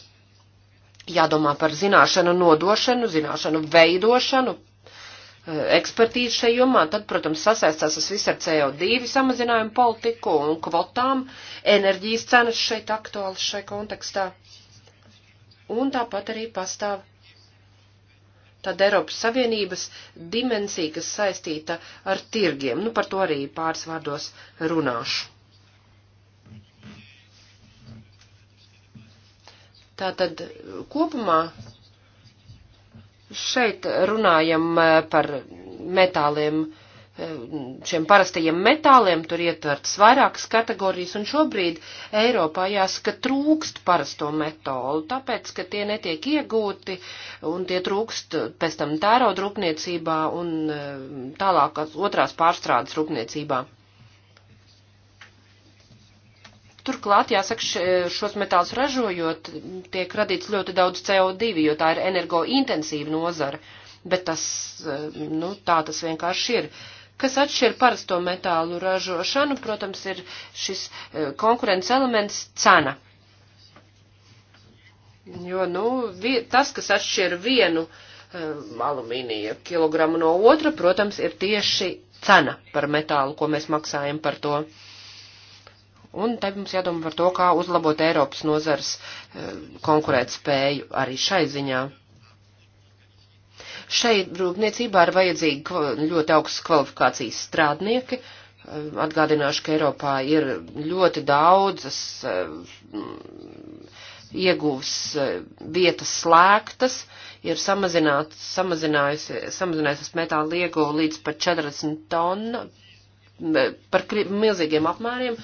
jādomā par zināšanu nodošanu, zināšanu veidošanu, eh, ekspertīzi šajā jomā, tad, protams, sasaistās tas viss ar CO2 samazinājumu politiku un kvotām, enerģijas cenas šeit aktuāls šai kontekstā. Un tāpat arī pastāv tāda Eiropas Savienības dimensija, kas saistīta ar tirgiem. Nu, par to arī pāris vārdos runāšu. Tātad kopumā šeit runājam eh, par metāliem, uh, šiem parastajiem metāliem, tur ietverts vairākas kategorijas, un šobrīd Eiropā jāsaka trūkst parasto metolu, tāpēc, ka tie netiek iegūti, un tie trūkst pēc tam tērauda rūpniecībā un e, tālākās otrās pārstrādes rūpniecībā. Turklāt, jāsaka, šos metālus ražojot, tiek radīts ļoti daudz CO2, jo tā ir energointensīva nozara, bet tas, e, nu, tā tas vienkārši ir. Uh, Kas atšķir parasto metālu ražošanu, protams, ir šis e, konkurences elements cena. Jo, nu, tas, kas atšķir vienu e, alumīnija kilogramu no otra, protams, ir tieši cena par metālu, ko mēs maksājam par to. Un te mums jādomā par to, kā uzlabot Eiropas nozars e, konkurēt spēju arī šai ziņā. Šeit rūpniecībā ir vajadzīgi ļoti augstas kvalifikācijas strādnieki. Ehm, atgādināšu, ka Eiropā ir ļoti daudzas ehm, ieguvs ehm, vietas slēgtas, ir samazinājusies metāla ieguva līdz pat 40 tonna par milzīgiem apmēriem.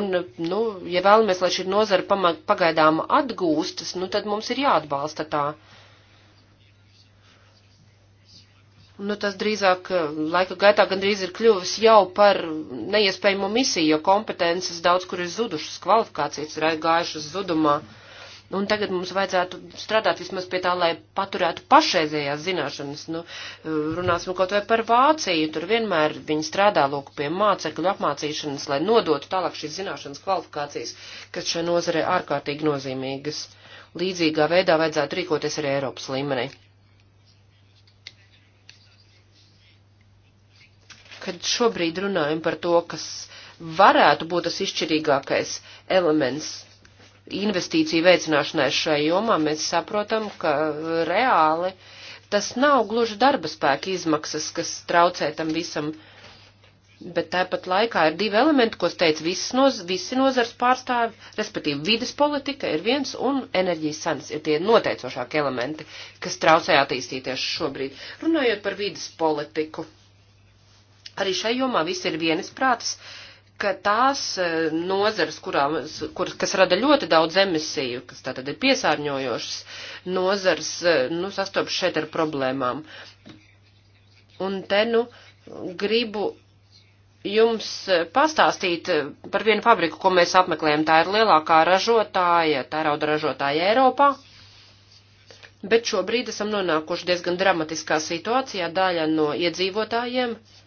Un, nu, ja vēlamies, lai šī nozara pagaidām atgūstas, nu, tad mums ir jāatbalsta tā. Uh, Nu, tas drīzāk eh, laika gaitā gandrīz ir kļuvis jau par neiespējamo misiju, jo kompetences daudz kur ir zudušas, kvalifikācijas ir aizgājušas zudumā. Un tagad mums vajadzētu strādāt vismaz pie tā, lai paturētu pašreizējās zināšanas. Nu, eh, runāsim kaut vai par Vāciju, tur vienmēr viņi strādā lūk pie mācekļu apmācīšanas, lai nodotu tālāk šīs zināšanas kvalifikācijas, kas šai nozarei ārkārtīgi nozīmīgas. Līdzīgā veidā vajadzētu rīkoties arī Eiropas līmenī. kad šobrīd runājam par to, kas varētu būt tas izšķirīgākais elements investīciju veicināšanai šai jomā, mēs saprotam, ka reāli tas nav gluži darba spēka izmaksas, kas traucē tam visam. Bet tāpat laikā ir divi elementi, ko es teicu, noz, visi nozars pārstāvi, respektīvi vides politika ir viens un enerģijas sanas ir tie noteicošākie elementi, kas traucē attīstīties šobrīd. Runājot par vides politiku. Arī šai jomā viss ir vienas prātas, ka tās e, nozares, kurām, kur, kas rada ļoti daudz emisiju, kas tātad ir piesārņojošas nozars, e, nu, sastopas šeit ar problēmām. Un te, nu, gribu jums e, pastāstīt par vienu fabriku, ko mēs apmeklējam. Tā ir lielākā ražotāja, tērauda ražotāja Eiropā. Bet šobrīd esam nonākuši diezgan dramatiskā situācijā. Daļa no iedzīvotājiem uh,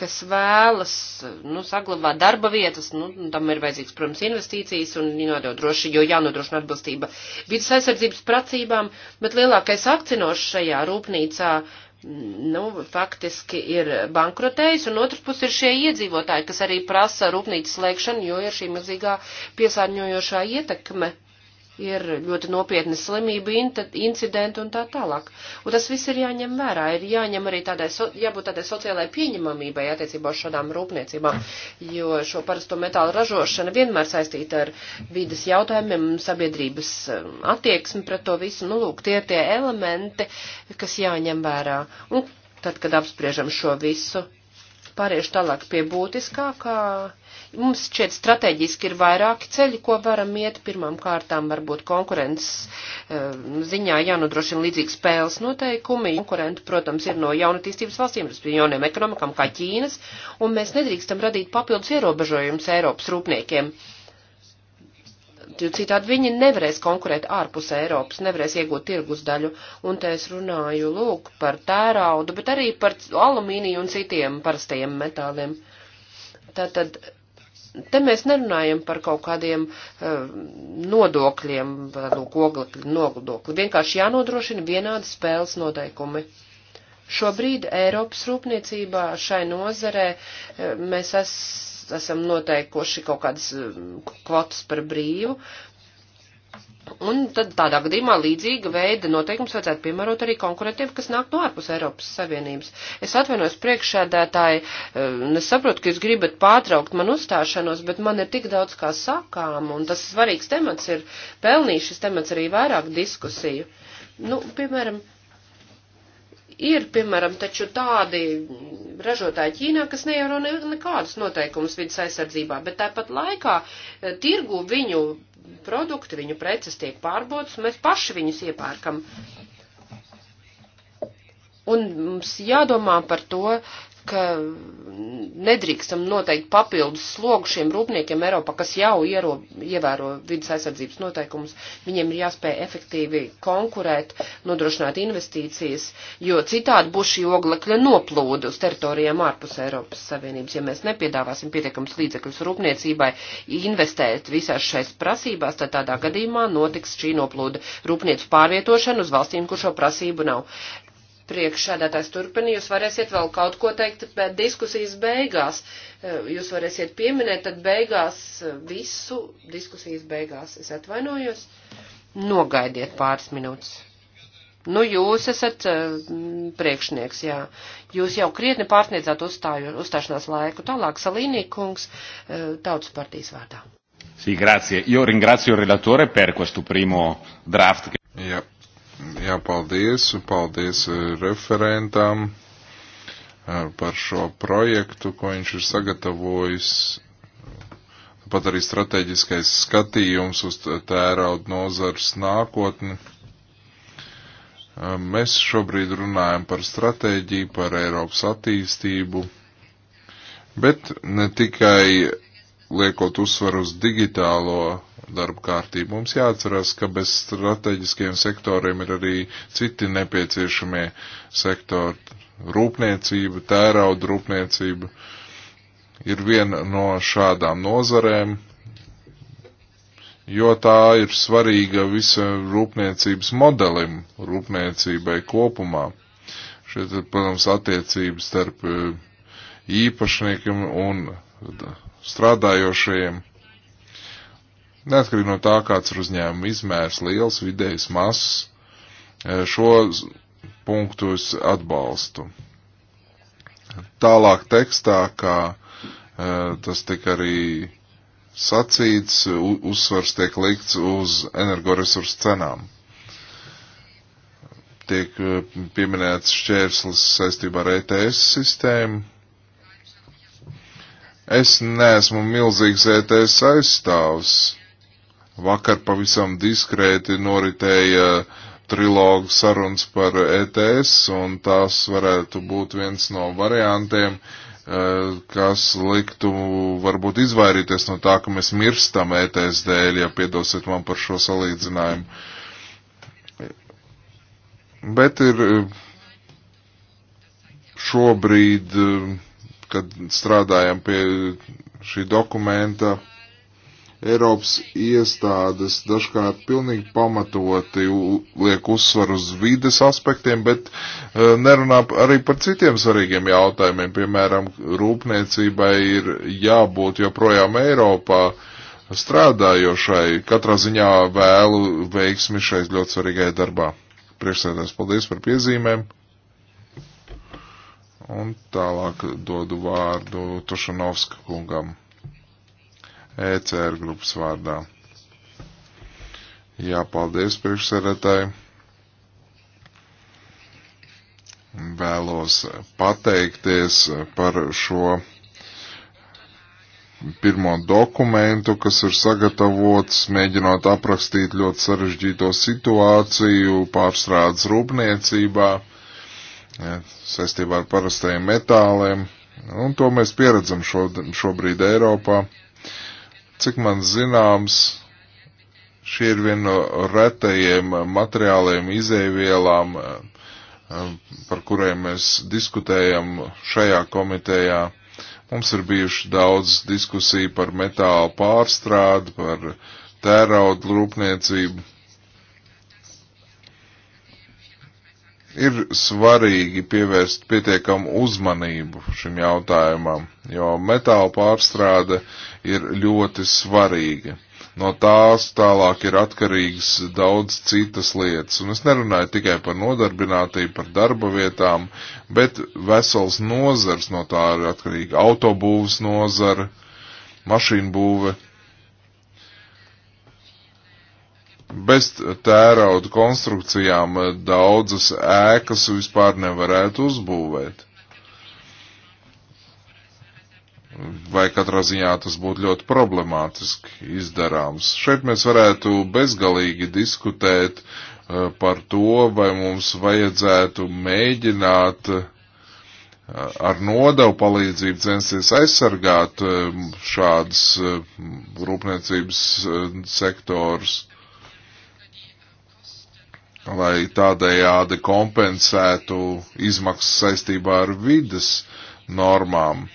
kas vēlas, nu, saglabāt darba vietas, nu, tam ir vajadzīgs, protams, investīcijas un jānodroši, jo jānodrošina atbilstība vidas aizsardzības pracībām, bet lielākais akcinošs šajā rūpnīcā, nu, faktiski ir bankrotējis, un otrs pus ir šie iedzīvotāji, kas arī prasa rūpnīcas slēgšanu, jo ir šī mazīgā piesārņojošā ietekme ir ļoti nopietni slimību incidenti un tā tālāk. Un tas viss ir jāņem vērā, ir jāņem arī tādai, so, jābūt tādai sociālai pieņemamībai attiecībā uz šādām rūpniecībām, jo šo parasto metālu ražošana vienmēr saistīta ar vidas jautājumiem, sabiedrības um, attieksmi pret to visu. Nu, lūk, tie ir tie elementi, kas jāņem vērā. Un tad, kad apspriežam šo visu, pāriešu tālāk pie būtiskākā. Kā mums šeit strateģiski ir vairāki ceļi, ko varam iet. Pirmām kārtām varbūt konkurences eh, ziņā jānodrošina līdzīgi spēles noteikumi. Konkurenti, protams, ir no jaunatīstības valstīm, respektīvi jauniem ekonomikām kā Ķīnas, un mēs nedrīkstam radīt papildus ierobežojumus Eiropas rūpniekiem. Jo citādi viņi nevarēs konkurēt ārpus Eiropas, nevarēs iegūt tirgus daļu. Un te es runāju, lūk, par tēraudu, bet arī par alumīniju un citiem parastajiem metāliem. Tātad te mēs nerunājam par kaut kādiem uh, nodokļiem, lūk, oglekļu nodokli. Vienkārši jānodrošina vienādi spēles noteikumi. Šobrīd Eiropas rūpniecībā šai nozarē uh, mēs es, esam noteikuši kaut kādas eh, kvotas par brīvu, Un tad tādā gadījumā līdzīga veida noteikums vajadzētu piemērot arī konkurentiem, kas nāk no ārpus Eiropas Savienības. Es atvainojos priekšsēdētāji, eh, es saprotu, ka jūs gribat pārtraukt man uzstāšanos, bet man ir tik daudz kā sakām, un tas svarīgs temats ir pelnījis šis temats arī vairāk diskusiju. Nu, piemēram, ir, piemēram, taču tādi ražotāji Ķīnā, kas neievēro nekādus noteikumus vidas aizsardzībā, bet tāpat laikā eh, tirgu viņu produkti, viņu preces tiek pārbaudas, mēs paši viņus iepērkam. Un mums jādomā par to, ka nedrīkstam noteikt papildus slogu šiem rūpniekiem Eiropā, kas jau iero, ievēro vidas aizsardzības noteikumus. Viņiem ir jāspēj efektīvi konkurēt, nodrošināt investīcijas, jo citādi būs šī oglekļa noplūda uz teritorijām ārpus Eiropas Savienības. Ja mēs nepiedāvāsim pietiekams līdzekļus rūpniecībai investēt visās šais prasībās, tad tādā gadījumā notiks šī noplūda rūpniecu pārvietošana uz valstīm, kur šo prasību nav priekšsēdētājs turpina, jūs varēsiet vēl kaut ko teikt, bet diskusijas beigās, e, jūs varēsiet pieminēt, tad beigās e, visu diskusijas beigās. Es atvainojos, nogaidiet pāris minūtes. Nu, jūs esat uh, priekšnieks, jā. Jūs jau krietni pārsniedzāt uzstāju, uzstāšanās laiku. Tālāk Salīnī kungs, uh, tautas partijas vārdā. Sī, grazie. Jo ringrazio relatore per questo primo draft. Jā, Jā, paldies, paldies eh, referentam eh, par šo projektu, ko viņš ir sagatavojis. Pat arī strateģiskais skatījums uz tērauda nozars nākotni. Eh, mēs šobrīd runājam par stratēģiju, par Eiropas attīstību, bet ne tikai liekot uzsvaru uz digitālo darba kārtību. Mums jāatcerās, ka bez strateģiskiem sektoriem ir arī citi nepieciešamie sektori. Rūpniecība, tērauda rūpniecība ir viena no šādām nozarēm, jo tā ir svarīga visam rūpniecības modelim, rūpniecībai kopumā. Šeit ir, protams, attiecības starp e, īpašniekiem un strādājošajiem Neatkarīgi no tā, kāds ir uzņēmuma izmērs, liels, vidējs, mazs, e, šo punktu es atbalstu. Tālāk tekstā, kā e, tas tika arī sacīts, uzsvars tiek likts uz energoresursu cenām. Tiek e, pieminēts šķērslis saistībā ar ETS sistēmu. Es neesmu milzīgs ETS aizstāvs Vakar pavisam diskrēti noritēja trilogu sarunas par ETS, un tās varētu būt viens no variantiem, eh, kas liktu varbūt izvairīties no tā, ka mēs mirstam ETS dēļ, ja piedosiet man par šo salīdzinājumu. Bet ir eh, šobrīd, eh, kad strādājam pie šī dokumenta, Eiropas iestādes dažkārt pilnīgi pamatoti liek uzsvaru uz vides aspektiem, bet e, nerunā arī par citiem svarīgiem jautājumiem. Piemēram, rūpniecībai ir jābūt joprojām Eiropā strādājošai. Katrā ziņā vēlu veiksmi šai ļoti svarīgai darbā. Priekšsēdēs, paldies par piezīmēm. Un tālāk dodu vārdu Tošanovska kungam. ECR grupas vārdā. Jā, paldies priekšsēdētāji. Vēlos pateikties par šo pirmo dokumentu, kas ir sagatavots, mēģinot aprakstīt ļoti sarežģīto situāciju pārstrādes rūpniecībā e, saistībā ar parastajiem metāliem. Un to mēs pieredzam šo, šobrīd Eiropā. Cik man zināms, šie ir viena no retajiem materiāliem, izēvielām, eh, par kuriem mēs diskutējam šajā komitejā. Mums ir bijuši daudz diskusiju par metālu pārstrādi, par tērauda rūpniecību. ir svarīgi pievērst pietiekamu uzmanību šim jautājumam, jo metāla pārstrāde ir ļoti svarīga. No tās tālāk ir atkarīgs daudz citas lietas, un es nerunāju tikai par nodarbinātību, par darba vietām, bet vesels nozars no tā ir atkarīga - autobūvs nozara, mašīnu būve bez tērauda konstrukcijām eh, daudzas ēkas vispār nevarētu uzbūvēt. Vai katrā ziņā tas būtu ļoti problemātiski izdarāms. Šeit mēs varētu bezgalīgi diskutēt eh, par to, vai mums vajadzētu mēģināt eh, ar nodevu palīdzību censties aizsargāt šādas rūpniecības sektors lai tādējādi kompensētu izmaksas saistībā ar vidas normām.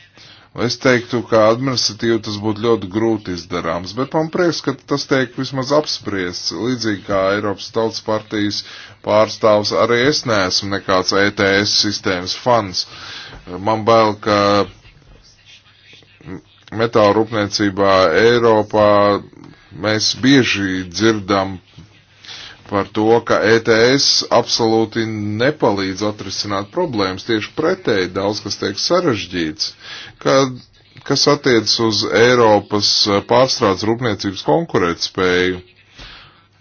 Es teiktu, ka administratīvi tas būtu ļoti grūti izdarāms, bet man prieks, ka tas tiek vismaz apspriests. Līdzīgi kā Eiropas Tautas partijas pārstāvs, arī es neesmu nekāds ETS sistēmas fans. Man bail, ka metāla rūpniecībā Eiropā mēs bieži dzirdam par to, ka ETS absolūti nepalīdz atrisināt problēmas. Tieši pretēji daudz kas tiek sarežģīts. Kad, kas attiecas uz Eiropas pārstrādes rūpniecības konkurētspēju,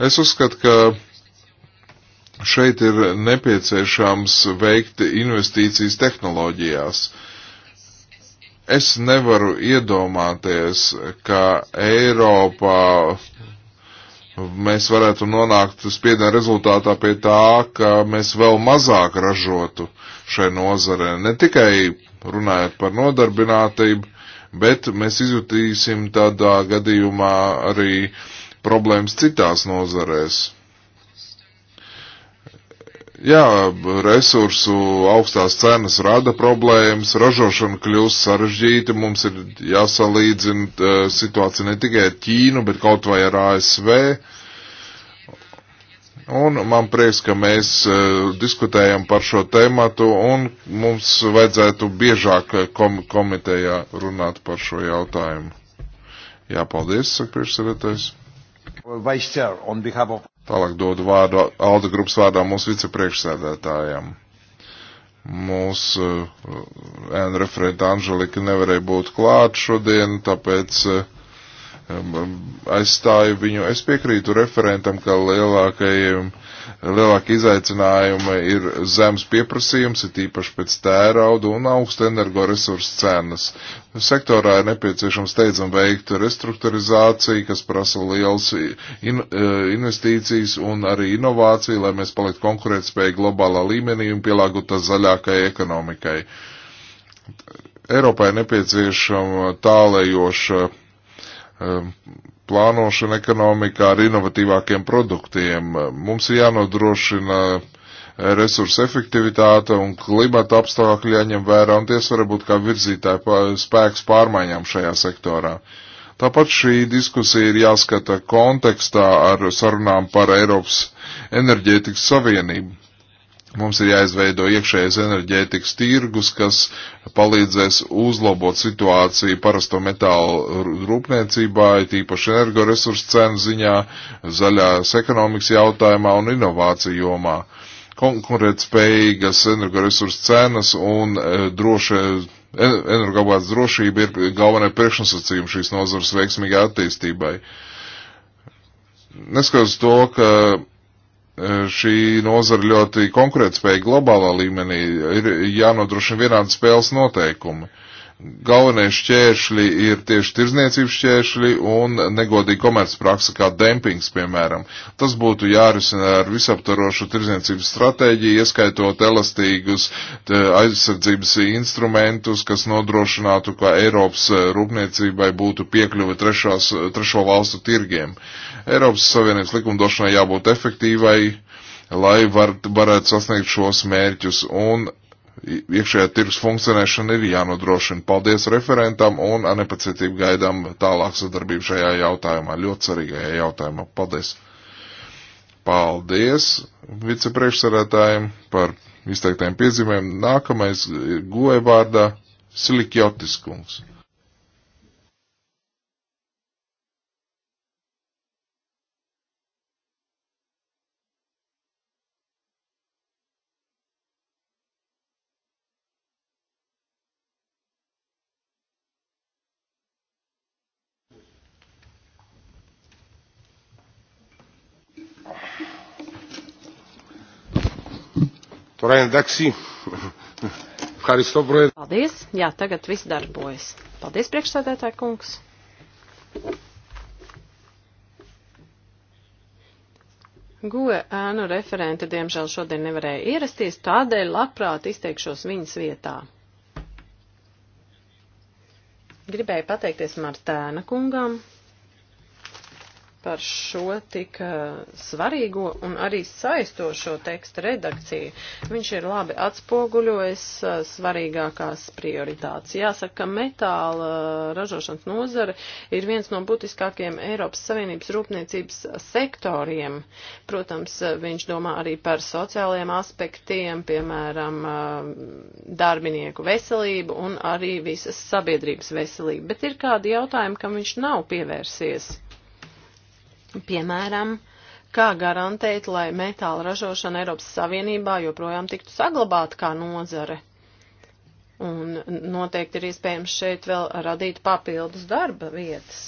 es uzskatu, ka šeit ir nepieciešams veikt investīcijas tehnoloģijās. Es nevaru iedomāties, ka Eiropā uh, mēs varētu nonākt spiediena rezultātā pie tā, ka mēs vēl mazāk ražotu šai nozarē. Ne tikai runājot par nodarbinātību, bet mēs izjutīsim tādā gadījumā arī problēmas citās nozarēs. Jā, resursu augstās cenas rada problēmas, ražošana kļūst sarežģīta, mums ir jāsalīdzina eh, situācija ne tikai ar Ķīnu, bet kaut vai ar ASV. Un man prieks, ka mēs eh, diskutējam par šo tēmatu un mums vajadzētu biežāk eh, kom komitejā runāt par šo jautājumu. Jā, paldies, saka priekšsēdētājs. Vice Chair, on behalf of Tālāk dodu vārdu Alda grupas vārdā mūsu vicepriekšsēdētājiem. Mūsu eh, ēna uh, referenta Anželika nevarēja būt klāt šodien, tāpēc uh, aizstāju viņu. Es piekrītu referentam, ka lielākajiem uh, lielākie izaicinājumi ir zemes pieprasījums, ir tīpaši pēc tērauda un augsta energoresursu cenas. Sektorā ir nepieciešams steidzam veikt restruktūrizāciju, kas prasa liels in, e, investīcijas un arī inovāciju, lai mēs paliktu konkurētspēji globālā līmenī un pielāgotas zaļākai ekonomikai. Eiropai nepieciešama tālējoša e, plānošana ekonomikā ar inovatīvākiem produktiem. Mums ir jānodrošina eh, resursu efektivitāte un klimata apstākļi jāņem vērā, un tie var būt kā virzītāji spēks pārmaiņām šajā sektorā. Tāpat šī diskusija ir jāskata kontekstā ar sarunām par Eiropas enerģētikas savienību. Mums ir jāizveido iekšējais enerģētikas tirgus, kas palīdzēs uzlabot situāciju parasto metālu rūpniecībā, tīpaši energoresursu cenu ziņā, zaļās ekonomikas jautājumā un inovāciju jomā. Konkurētspējīgas energoresursu cenas un e, droši e, energoapgādes drošība ir galvenai priekšnosacījumi šīs nozars veiksmīgai attīstībai. Neskatoties to, ka šī nozara ļoti konkurētspēja globālā līmenī, ir jānodrošina vienādi spēles noteikumi. Uh, galvenie šķēršļi ir tieši tirzniecības šķēršļi un negodīga komercpraksa kā dempings, piemēram. Tas būtu jārisina ar visaptarošu tirzniecības stratēģiju, ieskaitot elastīgus aizsardzības instrumentus, kas nodrošinātu, ka Eiropas eh, rūpniecībai būtu piekļuve trešās, eh, trešo valstu tirgiem. Eiropas Savienības likumdošanai jābūt efektīvai lai var, varētu sasniegt šos mērķus. Un iekšējā tirgus funkcionēšana ir jānodrošina. Paldies referentam un ar nepacietību gaidām tālāk sadarbību šajā jautājumā, ļoti svarīgajā jautājumā. Paldies! Paldies vicepriekšsarētājiem par izteiktajiem piezīmēm. Nākamais goja vārdā Silikjotis kungs. Τώρα εντάξει. Ευχαριστώ, Πρόεδρε. Paldies. Jā, tagad viss darbojas. Paldies, priekšsēdētāj kungs. Goe ēnu referente, diemžēl, šodien nevarēja ierasties, tādēļ labprāt izteikšos viņas vietā. Gribēju pateikties Martēna kungam par šo tik eh, svarīgo un arī saistošo tekstu redakciju. Viņš ir labi atspoguļojis eh, svarīgākās prioritātes. Jāsaka, ka metāla eh, ražošanas nozare ir viens no būtiskākajiem Eiropas Savienības rūpniecības sektoriem. Protams, viņš domā arī par sociālajiem aspektiem, piemēram, darbinieku veselību un arī visas sabiedrības veselību. Bet ir kādi jautājumi, kam viņš nav pievērsies Piemēram, kā garantēt, lai metāla ražošana Eiropas Savienībā joprojām tiktu saglabāta kā nozare? Un noteikti ir iespējams šeit vēl radīt papildus darba vietas.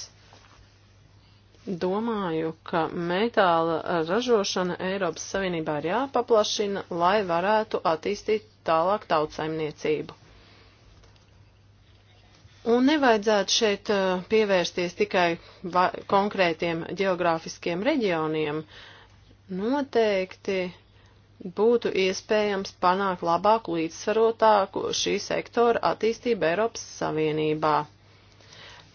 Domāju, ka metāla ražošana Eiropas Savienībā ir jāpaplašina, lai varētu attīstīt tālāk tautsaimniecību. Un nevajadzētu šeit uh, pievērsties tikai konkrētiem geogrāfiskiem reģioniem. Noteikti būtu iespējams panākt labāku līdzsvarotāku šī sektora attīstību Eiropas Savienībā.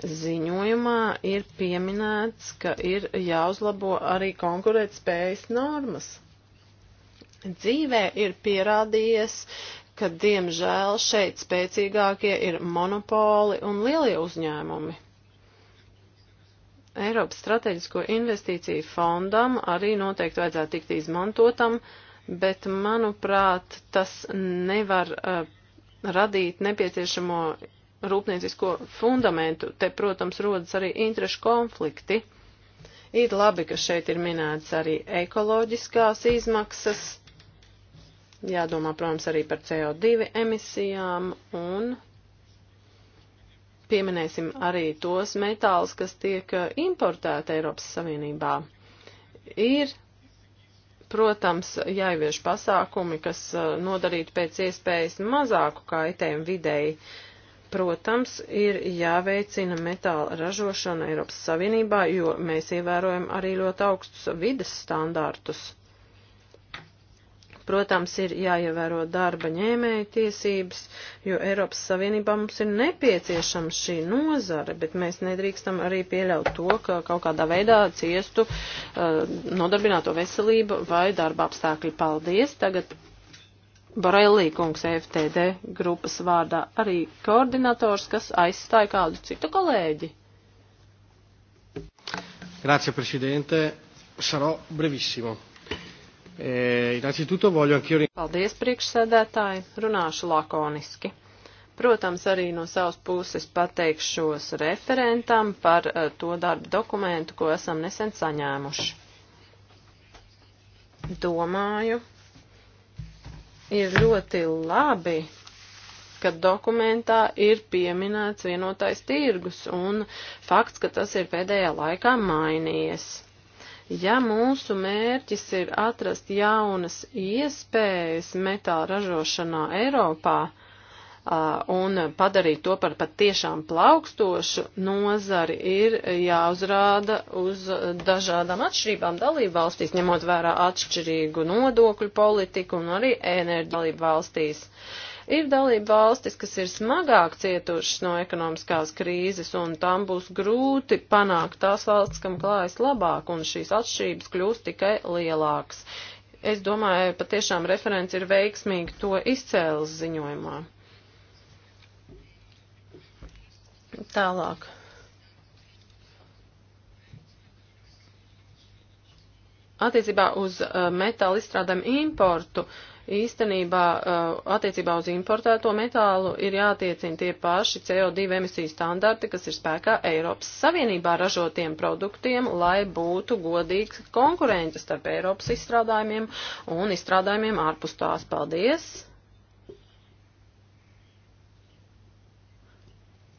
Ziņojumā ir pieminēts, ka ir jāuzlabo arī konkurētspējas normas. Dzīvē ir pierādījies, uh, ka diemžēl šeit spēcīgākie ir monopoli un lielie uzņēmumi. Eiropas strateģisko investīciju fondam arī noteikti vajadzētu tikt izmantotam, bet, manuprāt, tas nevar uh, radīt nepieciešamo rūpniecisko fundamentu. Te, protams, rodas arī interešu konflikti. Ir labi, ka šeit ir minēts arī ekoloģiskās izmaksas, Jādomā, protams, arī par CO2 emisijām un pieminēsim arī tos metālus, kas tiek eh, importēti Eiropas Savienībā. Ir, protams, jāievieš pasākumi, kas eh, nodarītu pēc iespējas mazāku kaitējumu videi. Protams, ir jāveicina metāla ražošana Eiropas Savienībā, jo mēs ievērojam arī ļoti augstus vides standārtus. Protams, ir jāievēro darba ņēmēja tiesības, jo Eiropas Savienībā mums ir nepieciešama šī nozara, bet mēs nedrīkstam arī pieļaut to, ka kaut kādā veidā ciestu uh, nodarbināto veselību vai darba apstākļi. Paldies! Tagad Borelī kungs FTD grupas vārdā arī koordinators, kas aizstāja kādu citu kolēģi. Grazie, Presidente. Sarò brevissimo. Eh, Paldies, priekšsēdētāji, runāšu lakoniski. Protams, arī no savas puses pateikšos referentam par eh, to darbu dokumentu, ko esam nesen saņēmuši. Domāju, ir ļoti labi, ka dokumentā ir pieminēts vienotais tirgus un fakts, ka tas ir pēdējā laikā mainījies. Ja mūsu mērķis ir atrast jaunas iespējas metāla ražošanā Eiropā un padarīt to par patiešām plaukstošu nozari, ir jāuzrāda uz dažādām atšķirībām dalību valstīs, ņemot vērā atšķirīgu nodokļu politiku un arī enerģiju dalību valstīs. Uh, Ir dalība valstis, kas ir smagāk cietušas no ekonomiskās krīzes, un tam būs grūti panākt tās valsts, kam klājas labāk, un šīs atšķirības kļūst tikai lielākas. Es domāju, patiešām referents ir veiksmīgi to izcēlis ziņojumā. Tālāk. Attiecībā uz uh, metāla izstrādājumu importu uh, īstenībā uh, attiecībā uz importēto metālu ir jātiecina tie paši CO2 emisiju standarti, kas ir spēkā Eiropas Savienībā ražotiem produktiem, lai būtu godīgs konkurence starp Eiropas izstrādājumiem un izstrādājumiem ārpus tās. Paldies!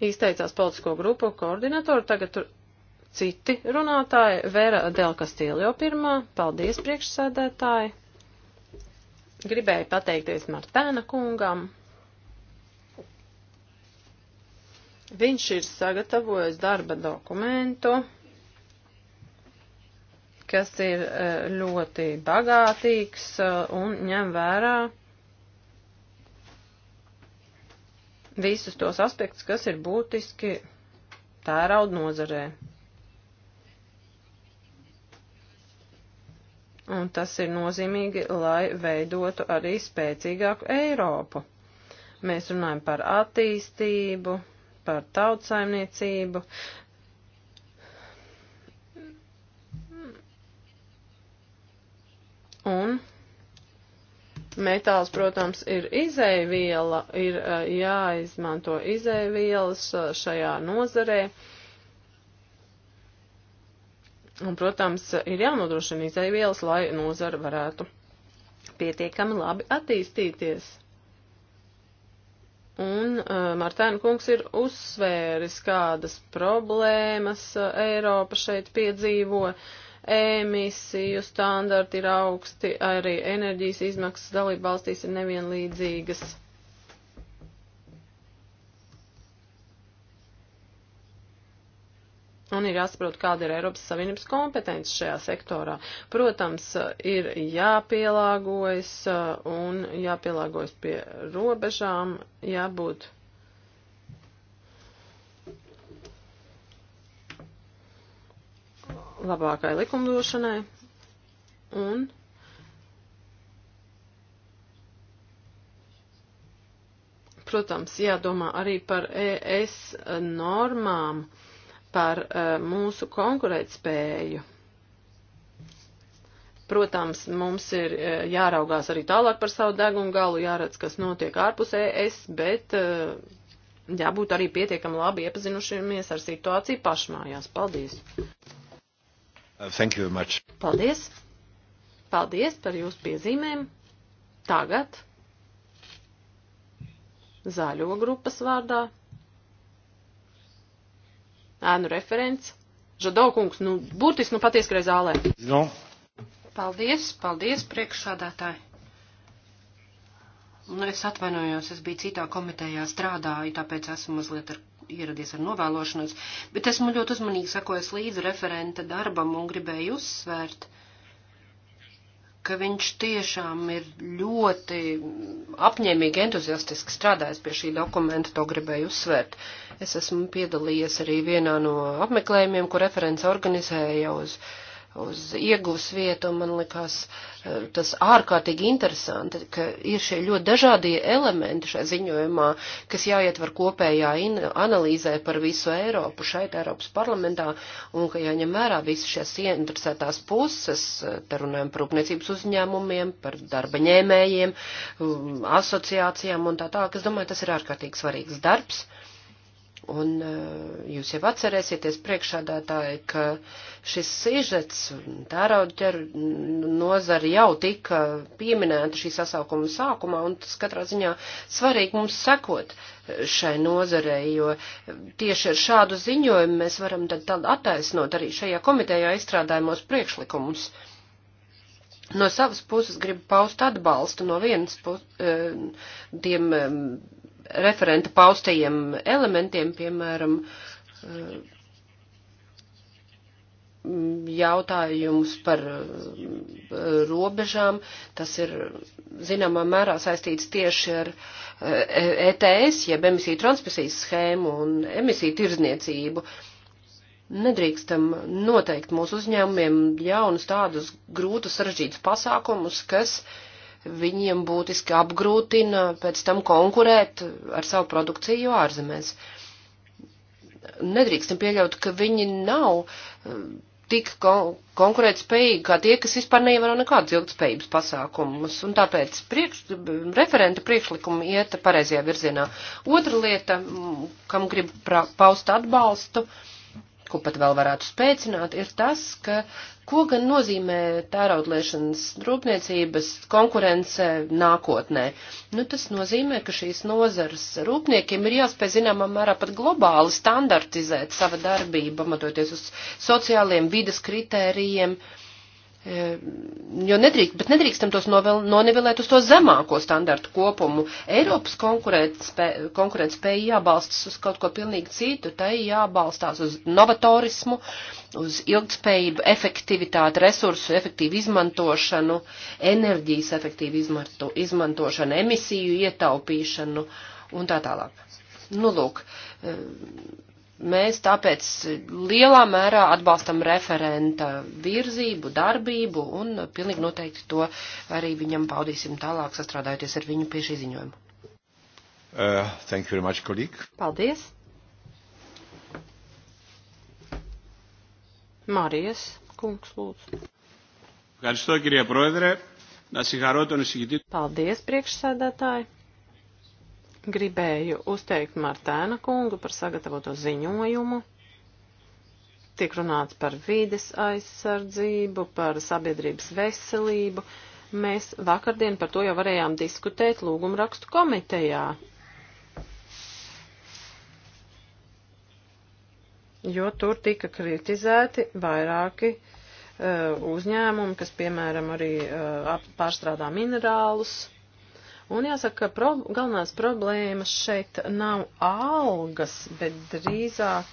Izteicās politisko grupu koordinatoru, tagad tur citi runātāji, Vera Delkastīlio pirmā, paldies priekšsēdētāji. Gribēju pateikties Martēna kungam. Viņš ir sagatavojis darba dokumentu, kas ir e, ļoti bagātīgs e, un ņem vērā visus tos aspektus, kas ir būtiski tērauda nozarē. un tas ir nozīmīgi, lai veidotu arī spēcīgāku Eiropu. Mēs runājam par attīstību, par tautsaimniecību. Un metāls, protams, ir izēviela, ir eh, jāizmanto izēvielas eh, šajā nozarē. Uh, Un, protams, ir jānodrošina izaivielas, lai nozara varētu pietiekami labi attīstīties. Un uh, Martēna kungs ir uzsvēris, kādas problēmas uh, Eiropa šeit piedzīvo. Emisiju standarti ir augsti, arī enerģijas izmaksas dalība valstīs ir nevienlīdzīgas. Un ir jāsaprot, kāda ir Eiropas Savienības kompetence šajā sektorā. Protams, ir jāpielāgojas uh, un jāpielāgojas pie robežām, jābūt. labākai likumdošanai un protams jādomā arī par ES normām. Uh, par uh, mūsu konkurētspēju. Protams, mums ir uh, jāraugās arī tālāk par savu degunu galu, jāredz, kas notiek ārpus ES, bet uh, jābūt arī pietiekami labi iepazinušamies ar situāciju pašmājās. Paldies! Uh, thank you very much. Paldies! Paldies par jūsu piezīmēm. Tagad zaļo grupas vārdā Ēnu referents. Žadaukungs, nu, būtiski, nu, patiesi, ka zālē. No. Paldies, paldies, priekšsādātāji. Nu, es atvainojos, es biju citā komitejā strādāju, tāpēc esmu mazliet ar, ieradies ar novēlošanos, bet esmu ļoti uzmanīgi sakojis līdzi referenta darbam un gribēju uzsvērt. Uh, ka viņš tiešām ir ļoti apņēmīgi, entuziastiski strādājis pie šī dokumenta, to gribēju uzsvērt. Es esmu piedalījies arī vienā no apmeklējumiem, ko referents organizēja uz uh, uz iegūs vietu, un man likās eh, tas ārkārtīgi interesanti, ka ir šie ļoti dažādie elementi šajā ziņojumā, kas jāietver kopējā analīzē par visu Eiropu šeit Eiropas parlamentā, un ka jāņem vērā visas šīs ieinteresētās puses, eh, te runājam par rūpniecības uzņēmumiem, par darba ņēmējiem, mm, asociācijām un tā tā, kas, domāju, tas ir ārkārtīgi svarīgs darbs Un eh, jūs jau atcerēsieties priekšādātāji, ka šis sižets tērauģeru nozari jau tika pieminēta šī sasaukuma sākumā, un tas katrā ziņā svarīgi mums sekot eh, šai nozarei, jo eh, tieši ar šādu ziņojumu mēs varam tad, tad attaisnot arī šajā komitejā izstrādājumos priekšlikumus. No savas puses gribu paust atbalstu no vienas puses tiem referenta paustajiem elementiem, piemēram, jautājums par eh, robežām. Tas ir zināmā mērā saistīts tieši ar ETS, eh, e jeb emisiju transmisijas schēmu un emisiju tirzniecību. Nedrīkstam noteikt mūsu uzņēmumiem jaunus tādus grūtus sarežģītus pasākumus, kas uh, viņiem būtiski apgrūtina pēc tam konkurēt ar savu produkciju ārzemēs. Nedrīkstam pieļaut, ka viņi nav eh, tik kon konkurētspējīgi kā tie, kas vispār neievēro nekādas ilgtspējības pasākumus, un tāpēc priekš, referenta priekšlikumi iet pareizajā virzienā. Otra lieta, kam gribu paust atbalstu, uh, ko pat vēl varētu spēcināt, ir tas, ka ko gan nozīmē tēraudliešanas rūpniecības konkurence nākotnē. Nu, tas nozīmē, ka šīs nozars rūpniekiem ir jāspēj zināmā mērā pat globāli standartizēt sava darbība, pamatoties uz sociāliem vides kritērijiem. Uh, E, jo nedrīkst, bet nedrīkstam tos novel, nonivelēt uz to zemāko standartu kopumu. Eiropas konkurētspēja jābalstas uz kaut ko pilnīgi citu, tai jābalstās uz novatorismu, uz ilgtspējību, efektivitāti, resursu efektīvu izmantošanu, enerģijas efektīvu izmanto, izmantošanu, emisiju ietaupīšanu un tā tālāk. Nu, lūk, e, mēs tāpēc lielā mērā atbalstam referenta virzību, darbību un pilnīgi noteikti to arī viņam paudīsim tālāk, sastrādājoties ar viņu pie šī ziņojuma. Uh, thank you very much, colleague. Paldies. Marijas kungs lūdzu. Ευχαριστώ κύριε Πρόεδρε. Να συγχαρώ τον εισηγητή. Paldies, priekšsēdētāji. Gribēju uzteikt Martēna kungu par sagatavoto ziņojumu. Tiek runāts par vides aizsardzību, par sabiedrības veselību. Mēs vakardien par to jau varējām diskutēt lūgumrakstu komitejā. jo tur tika kritizēti vairāki uh, uzņēmumi, kas, piemēram, arī uh, pārstrādā minerālus. Un jāsaka, ka pro, galvenās problēmas šeit nav algas, bet drīzāk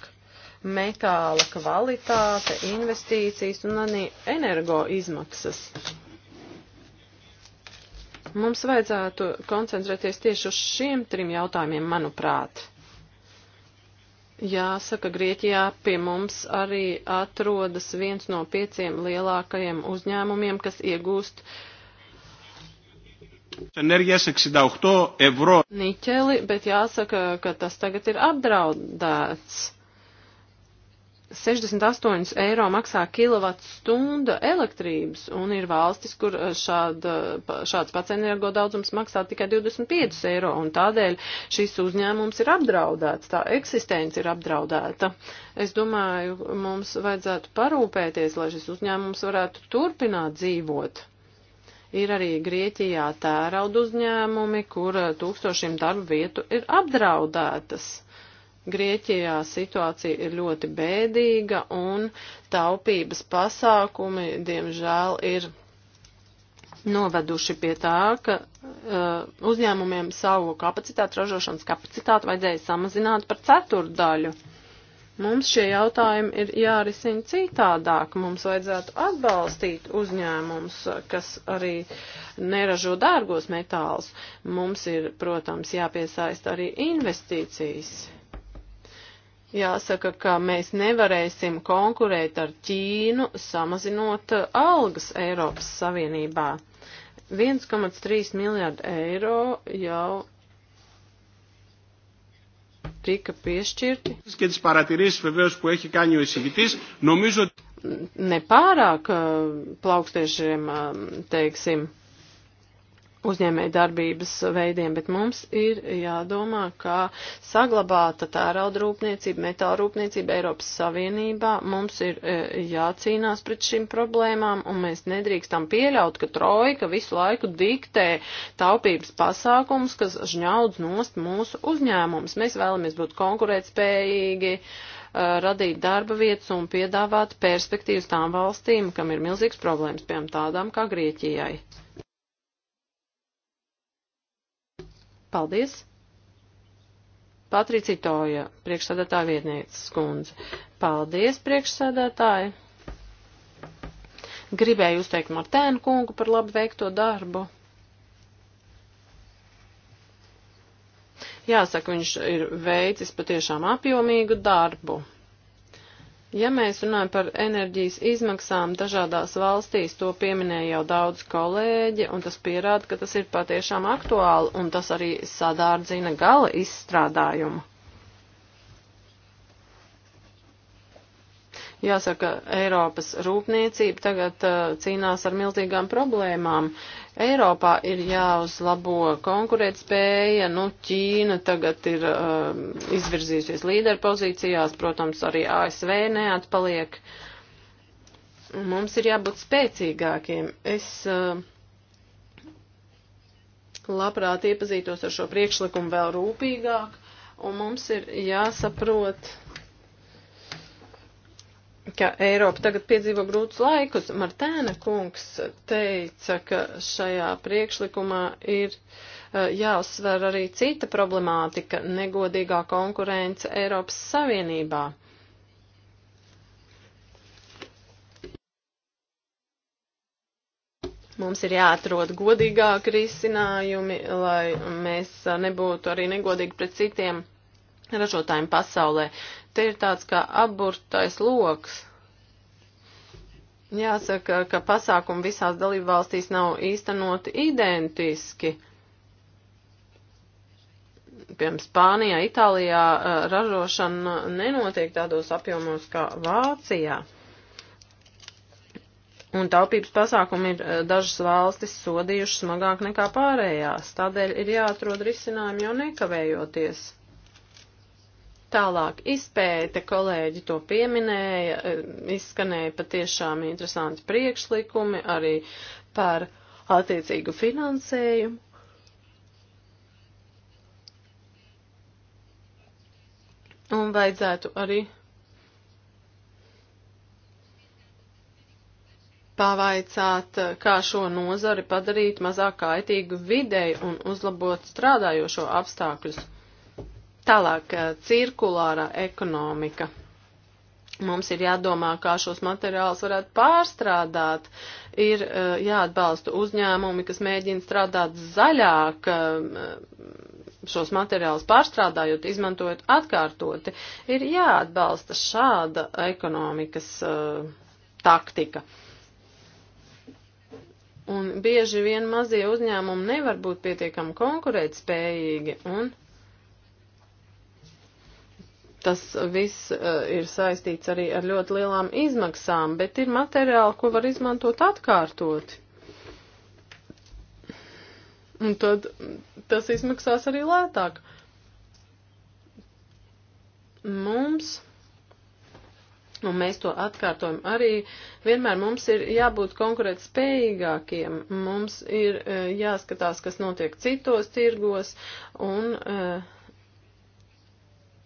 metāla kvalitāte, investīcijas un arī energo izmaksas. Mums vajadzētu koncentrēties tieši uz šiem trim jautājumiem, manuprāt. Jāsaka, Grieķijā pie mums arī atrodas viens no pieciem lielākajiem uzņēmumiem, kas iegūst uh, Enerģijas 68 eiro. Niķeli, bet jāsaka, ka tas tagad ir apdraudēts. 68 eiro maksā kilovatu stunda elektrības, un ir valstis, kur eh, šāda, šāds pats energo daudzums maksā tikai 25 eiro, un tādēļ šis uzņēmums ir apdraudēts, tā eksistence ir apdraudēta. Es domāju, mums vajadzētu parūpēties, lai šis uzņēmums varētu turpināt dzīvot. Ir arī Grieķijā tērauda uzņēmumi, kur eh, tūkstošiem darba vietu ir apdraudētas. Grieķijā situācija ir ļoti bēdīga un taupības pasākumi, diemžēl, ir noveduši pie tā, ka uh, uzņēmumiem savu kapacitāti, ražošanas kapacitāti vajadzēja samazināt par ceturdaļu. Mums šie jautājumi ir jārisina citādāk. Mums vajadzētu atbalstīt uzņēmums, kas arī neražo dārgos metālus. Mums ir, protams, jāpiesaista arī investīcijas. Jāsaka, ka mēs nevarēsim konkurēt ar Ķīnu, samazinot algas Eiropas Savienībā. 1,3 miljārdu eiro jau tika piešķirti. Nepārāk plaukstiešiem, teiksim, uzņēmēja darbības veidiem, bet mums ir jādomā, kā saglabāt tērauda rūpniecību, metāla rūpniecību Eiropas Savienībā. Mums ir e, jācīnās pret šīm problēmām, un mēs nedrīkstam pieļaut, ka trojka visu laiku diktē taupības pasākums, kas žņaudz nost mūsu uzņēmumus. Mēs vēlamies būt konkurētspējīgi e, radīt darba vietas un piedāvāt perspektīvas tām valstīm, kam ir milzīgs problēmas, piemēram, tādām kā Grieķijai. Paldies! Patricija Toja, priekšsādātāja vietnieces skundze. Paldies, priekšsādātāji! Gribēju uzteikt Martēnu kungu par labi veikto darbu. Jāsaka, viņš ir veicis patiešām apjomīgu darbu. Ja mēs runājam par enerģijas izmaksām dažādās valstīs, to pieminēja jau daudz kolēģi, un tas pierāda, ka tas ir patiešām aktuāli, un tas arī sadārdzina gala izstrādājumu. Jāsaka, Eiropas rūpniecība tagad uh, cīnās ar milzīgām problēmām. Eiropā ir jāuzlabo konkurētspēja, nu Ķīna tagad ir uh, izvirzījusies līderpozīcijās, protams, arī ASV neatpaliek. Mums ir jābūt spēcīgākiem. Es uh, labprāt iepazītos ar šo priekšlikumu vēl rūpīgāk, un mums ir jāsaprot ka Eiropa tagad piedzīvo grūtus laikus. Martēna kungs teica, ka šajā priekšlikumā ir eh, jāuzsver arī cita problemātika - negodīgā konkurence Eiropas Savienībā. Mums ir jāatrod godīgāki risinājumi, lai mēs eh, nebūtu arī negodīgi pret citiem ražotājiem pasaulē. Te ir tāds kā aburtais loks. Jāsaka, ka pasākumi visās dalībvalstīs nav īstenoti identiski. Piemēram, Spānijā, Itālijā eh, ražošana nenotiek tādos apjomos kā Vācijā. Un taupības pasākumi ir eh, dažas valstis sodījuši smagāk nekā pārējās. Tādēļ ir jāatrod risinājumi jau nekavējoties. Tālāk izpēte, kolēģi to pieminēja, e, izskanēja patiešām interesanti priekšlikumi arī par attiecīgu finansējumu. Un vajadzētu arī pavaicāt, e, kā šo nozari padarīt mazāk kaitīgu videi un uzlabot strādājošo apstākļus. Tālāk, eh, cirkulārā ekonomika. Mums ir jādomā, kā šos materiālus varētu pārstrādāt. Ir eh, jāatbalsta uzņēmumi, kas mēģina strādāt zaļāk, eh, šos materiālus pārstrādājot, izmantojot atkārtoti. Ir jāatbalsta šāda ekonomikas taktika. Un bieži vien mazie uzņēmumi nevar būt pietiekami konkurētspējīgi un tas viss e, ir saistīts arī ar ļoti lielām izmaksām, bet ir materiāli, ko var izmantot atkārtot. Un tad tas izmaksās arī lētāk. Mums. Un mēs to atkārtojam arī. Vienmēr mums ir jābūt konkurēt spējīgākiem, mums ir e, jāskatās, kas notiek citos tirgos, un uh,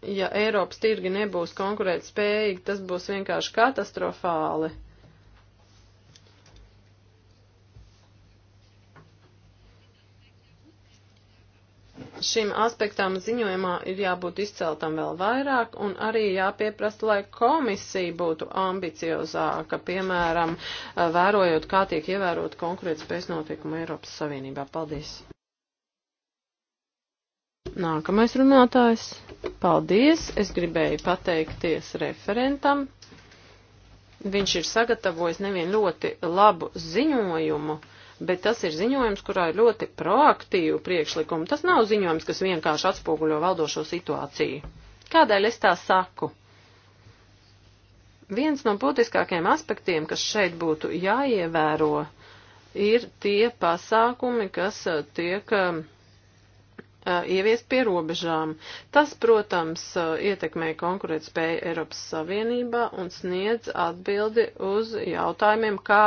ja Eiropas tirgi nebūs konkurēt spējīgi, tas būs vienkārši katastrofāli. Šim aspektam ziņojumā ir jābūt izceltam vēl vairāk un arī jāpieprasta, lai komisija būtu ambiciozāka, piemēram, vērojot, kā tiek ievērot konkurētspējas notiekuma Eiropas Savienībā. Paldies! Nākamais runātājs. Paldies! Es gribēju pateikties referentam. Viņš ir sagatavojis nevien ļoti labu ziņojumu, bet tas ir ziņojums, kurā ir ļoti proaktīvu priekšlikumu. Tas nav ziņojums, kas vienkārši atspoguļo valdošo situāciju. Kādēļ es tā saku? Viens no būtiskākajiem aspektiem, kas šeit būtu jāievēro, ir tie pasākumi, kas eh, tiek uh, ieviest pie robežām. Tas, protams, ietekmē konkurētspēju Eiropas Savienībā un sniedz atbildi uz jautājumiem, kā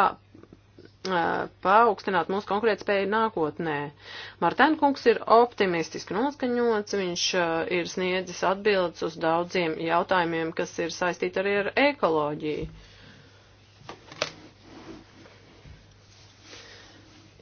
paaugstināt mūsu konkurētspēju nākotnē. Martēn kungs ir optimistiski noskaņots, viņš ir sniedzis atbildes uz daudziem jautājumiem, kas ir saistīti arī ar ekoloģiju.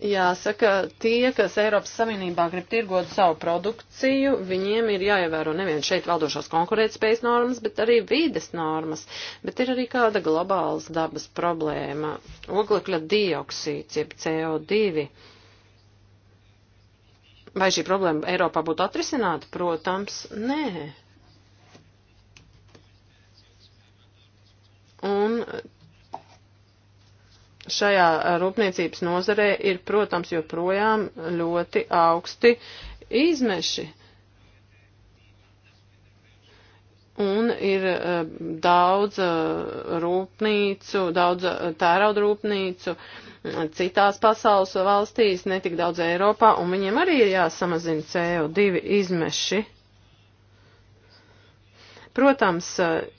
Jāsaka, tie, kas Eiropas Savienībā grib tirgot savu produkciju, viņiem ir jāievēro nevien šeit valdošās konkurētspējas normas, bet arī vīdes normas. Bet ir arī kāda globālas dabas problēma - oglekļa dioksīds, jeb CO2. Vai šī problēma Eiropā būtu atrisināta? Protams, nē. Un šajā eh, rūpniecības nozarē ir, protams, joprojām ļoti augsti izmeši. Un ir uh, daudz uh, rūpnīcu, daudz uh, tērauda rūpnīcu citās pasaules valstīs, netik daudz Eiropā, un viņiem arī ir jāsamazina CO2 izmeši. Protams,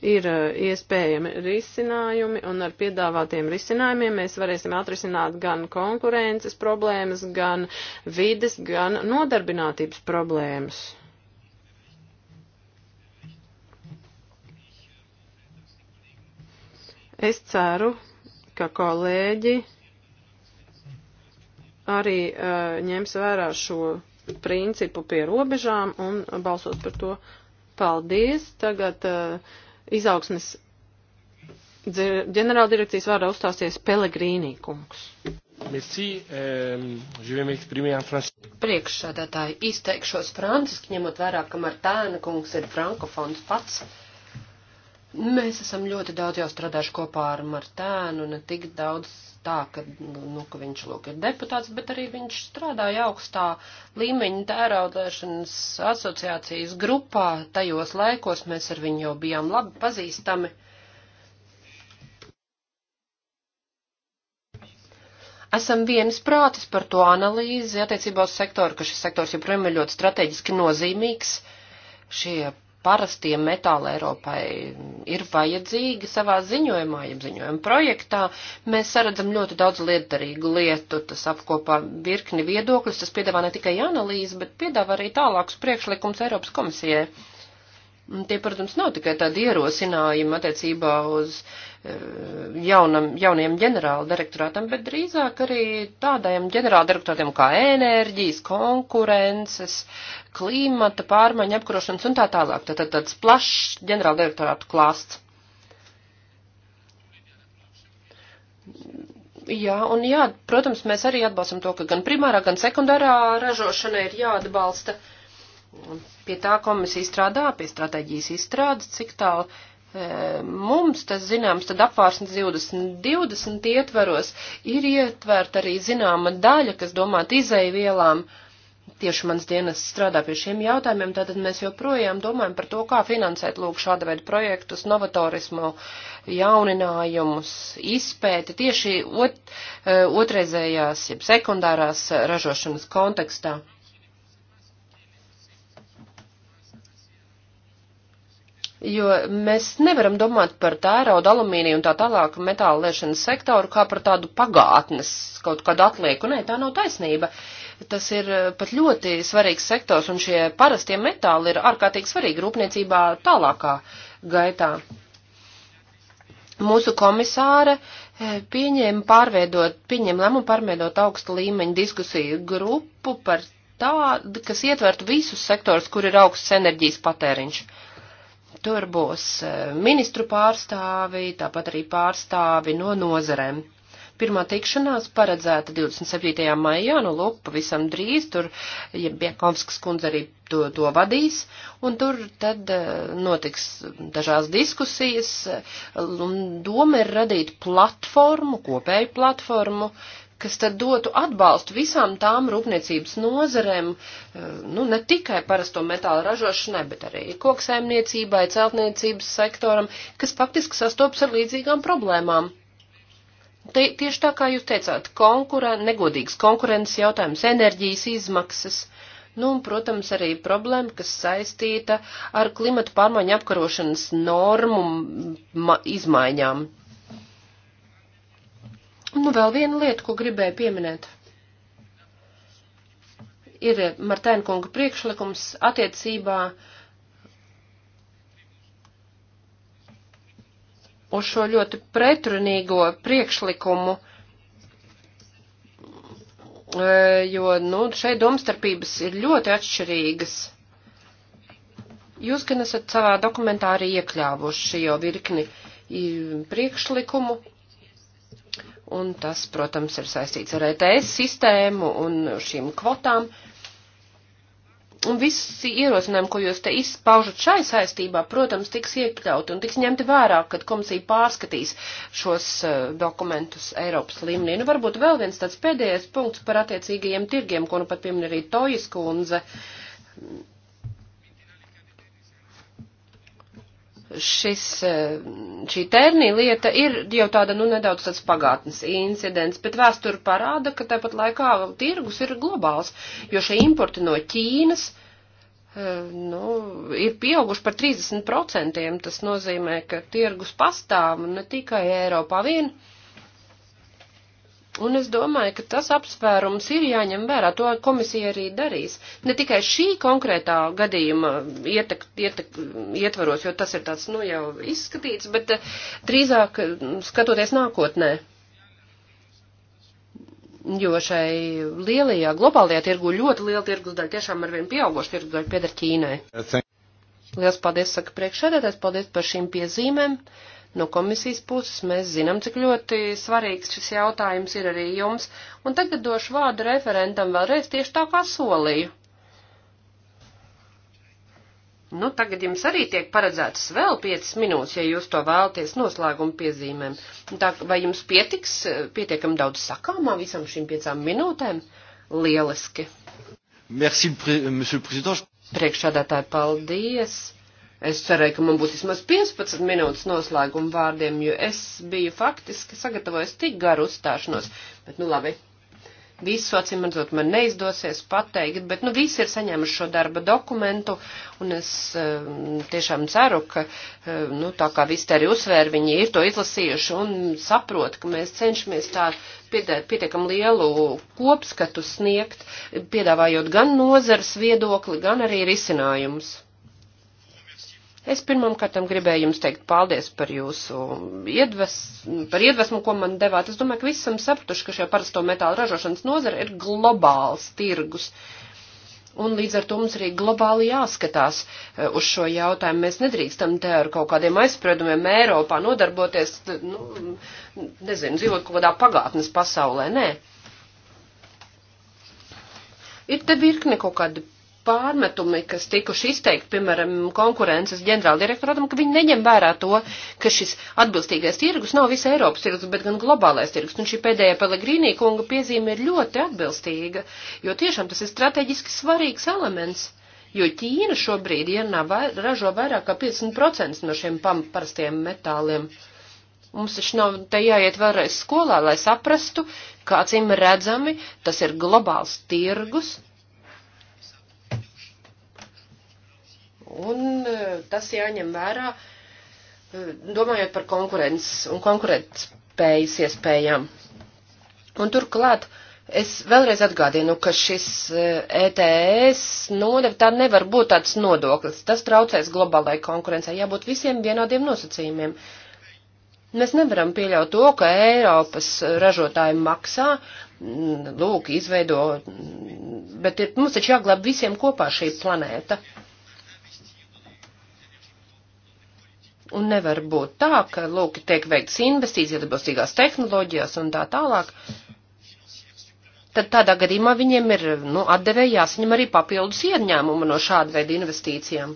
ir iespējami risinājumi, un ar piedāvātiem risinājumiem mēs varēsim atrisināt gan konkurences problēmas, gan vides, gan nodarbinātības problēmas. Es ceru, ka kolēģi arī uh, ņems vērā šo principu pie robežām un balsos par to Paldies. Tagad uh, izaugsmes ģenerāldirekcijas vārdā uzstāsies Pelegrīnī kungs. Merci, um, euh, Priekšsādātāji izteikšos franciski, ņemot vērā, ka Martēna kungs ir frankofons pats. Uh, Mēs esam ļoti daudz jau strādājuši kopā ar Martēnu, ne tik daudz tā, ka, nu, ka viņš lūk ir deputāts, bet arī viņš strādāja augstā līmeņa tēraudēšanas asociācijas grupā. Tajos laikos mēs ar viņu jau bijām labi pazīstami. esam vienas prātis par to analīzi attiecībā uz sektoru, ka šis sektors joprojām ir ļoti strateģiski nozīmīgs. Šie parastie metāli Eiropai ir vajadzīgi savā ziņojumā, ja ziņojuma projektā. Mēs saredzam ļoti daudz lietderīgu lietu, tas apkopā virkni viedokļus, tas piedāvā ne tikai analīzi, bet piedāvā arī tālākus priekšlikums Eiropas komisijai. Tie, protams, nav tikai tādi ierosinājumi attiecībā uz eh, jaunam, jauniem ģenerāla direktorātam, bet drīzāk arī tādajam ģenerāla direktorātiem kā enerģijas, konkurences, klimata pārmaiņa apkarošanas un tā tālāk. Tātad tāds plašs ģenerāla direktorātu klāsts. Jā, un jā, protams, mēs arī atbalstam to, ka gan primārā, gan sekundārā ražošana ir jāatbalsta. Pie tā komisija strādā, pie stratēģijas izstrādes, cik tālu e, mums tas zināms, tad apvārsnes 2020 ietveros ir ietverta arī zināma daļa, kas domāta izaivielām. Tieši mans dienas strādā pie šiem jautājumiem, tātad mēs joprojām domājam par to, kā finansēt lūk šāda veida projektus, novatorismu, jauninājumus, izpēti tieši ot, e, otrreizējās, jeb sekundārās ražošanas kontekstā. jo mēs nevaram domāt par tērauda, alumīniju un tā tālāk metāla liešanas sektoru kā par tādu pagātnes kaut kādu atlieku. Nē, tā nav taisnība. Tas ir eh, pat ļoti svarīgs sektors, un šie parastie metāli ir ārkārtīgi svarīgi rūpniecībā tālākā gaitā. Mūsu komisāre eh, pieņēma pārveidot, pieņēma lēmumu pārveidot augsta līmeņa diskusiju grupu par tādu, kas ietvertu visus sektors, kur ir augsts enerģijas patēriņš. Uh, Tur būs e, ministru pārstāvi, tāpat arī pārstāvi no nozarēm. Pirmā tikšanās paredzēta 27. maijā, nu lūk, pavisam drīz, tur ja Biekovskas kundze arī to, to vadīs, un tur tad e, notiks dažās diskusijas, e, un doma ir radīt platformu, kopēju platformu, uh, kas tad dotu atbalstu visām tām rūpniecības nozarēm, eh, nu, ne tikai parasto metālu ražošanai, bet arī koksēmniecībai, celtniecības sektoram, kas faktiski sastopas ar līdzīgām problēmām. Te, tieši tā kā jūs teicāt, konkuren, negodīgs konkurences jautājums, enerģijas izmaksas, nu, un, protams, arī problēma, kas saistīta ar klimatu pārmaiņu apkarošanas normu izmaiņām. Nu, vēl viena lieta, ko gribēju pieminēt. Ir Martēnkunga priekšlikums attiecībā uz šo ļoti pretrunīgo priekšlikumu, e, jo, nu, šeit domstarpības ir ļoti atšķirīgas. Jūs gan esat savā dokumentā arī iekļāvuši jau virkni priekšlikumu, un tas, protams, ir saistīts ar ETS sistēmu un šīm kvotām. Un visi ierosinājumi, ko jūs te izpaužat šai saistībā, protams, tiks iekļauti un tiks ņemti vērā, kad komisija pārskatīs šos uh, dokumentus Eiropas līmenī. Nu, varbūt vēl viens tāds pēdējais punkts par attiecīgajiem tirgiem, ko nu pat piemin arī Tojas kundze. Uh, šis, e, šī tērnī lieta ir jau tāda, nu, nedaudz tāds pagātnes incidents, bet vēsture parāda, ka tāpat laikā tirgus ir globāls, jo šie importi no Ķīnas, e, nu, ir pieauguši par 30%, tas nozīmē, ka tirgus pastāv ne tikai Eiropā vien. Un es domāju, ka tas apsvērums ir jāņem vērā, to komisija arī darīs. Ne tikai šī konkrētā gadījuma ietek, ietek, ietvaros, jo tas ir tāds, nu, jau izskatīts, bet eh, drīzāk mm, skatoties nākotnē. Jo šai lielajā globālajā tirgu ļoti liela tirgus daļa, tiešām ar vien pieaugošu tirgus daļu pieder Ķīnai. Liels paldies, saka priekšsēdētājs, paldies par šīm piezīmēm. No komisijas puses mēs zinām, cik ļoti svarīgs šis jautājums ir arī jums, un tagad došu vārdu referentam vēlreiz tieši tā kā solīju. Nu, tagad jums arī tiek paredzētas vēl 5 minūtes, ja jūs to vēlaties noslēguma piezīmēm. Tā, vai jums pietiks eh, pietiekam daudz sakāmā visam šīm 5 minūtēm? Lieliski! Merci, pre, monsieur le président! Priekšādātāji, paldies! Es cerēju, ka man būs vismaz 15 minūtes noslēguma vārdiem, jo es biju faktiski sagatavojis tik garu uzstāšanos. Bet, nu labi, visu acīm redzot man neizdosies pateikt, bet, nu, visi ir saņēmuši šo darba dokumentu, un es um, tiešām ceru, ka, um, nu, tā kā visi te arī uzsvēra, viņi ir to izlasījuši un saprot, ka mēs cenšamies tā pietiekam lielu kopskatu sniegt, piedāvājot gan nozars viedokli, gan arī risinājumus. Es pirmam kārtam gribēju jums teikt paldies par jūsu iedves, par iedvesmu, ko man devāt. Es domāju, ka visi esam sapratuši, ka šajā parasto metālu ražošanas nozara ir globāls tirgus. Un līdz ar to mums arī globāli jāskatās e, uz šo jautājumu. Mēs nedrīkstam te ar kaut kādiem aizspriedumiem Eiropā nodarboties, nu, nezinu, dzīvot kaut kādā pagātnes pasaulē. Nē. Ir te virkne kaut kādi pārmetumi, kas tikuši izteikti, piemēram, konkurences ģenerāldirektoram, ka viņi neņem vērā to, ka šis atbilstīgais tirgus nav visa Eiropas tirgus, bet gan globālais tirgus. Un šī pēdējā Pelegrīnī kunga piezīme ir ļoti atbilstīga, jo tiešām tas ir strateģiski svarīgs elements. Jo Ķīna šobrīd ienā vai, ražo vairāk kā 50% no šiem parastiem metāliem. Mums taču nav te jāiet vēlreiz skolā, lai saprastu, kā acīm redzami tas ir globāls tirgus, Un e, tas jāņem vērā, e, domājot par konkurences un konkurētspējas iespējām. Un turklāt es vēlreiz atgādinu, ka šis ETS e nodev nu, tā nevar būt tāds nodoklis. Tas traucēs globālai konkurencei. Jābūt visiem vienādiem nosacījumiem. Mēs nevaram pieļaut to, ka Eiropas ražotāji maksā, lūk, izveido, bet ir, mums taču jāglāb visiem kopā šī planēta. Un nevar būt tā, ka, lūk, tiek veikts investīcijas atbilstīgās tehnoloģijās un tā tālāk. Tad tādā gadījumā viņiem ir, nu, atdevēji jāsaņem arī papildus ieņēmumu no šāda veida investīcijām.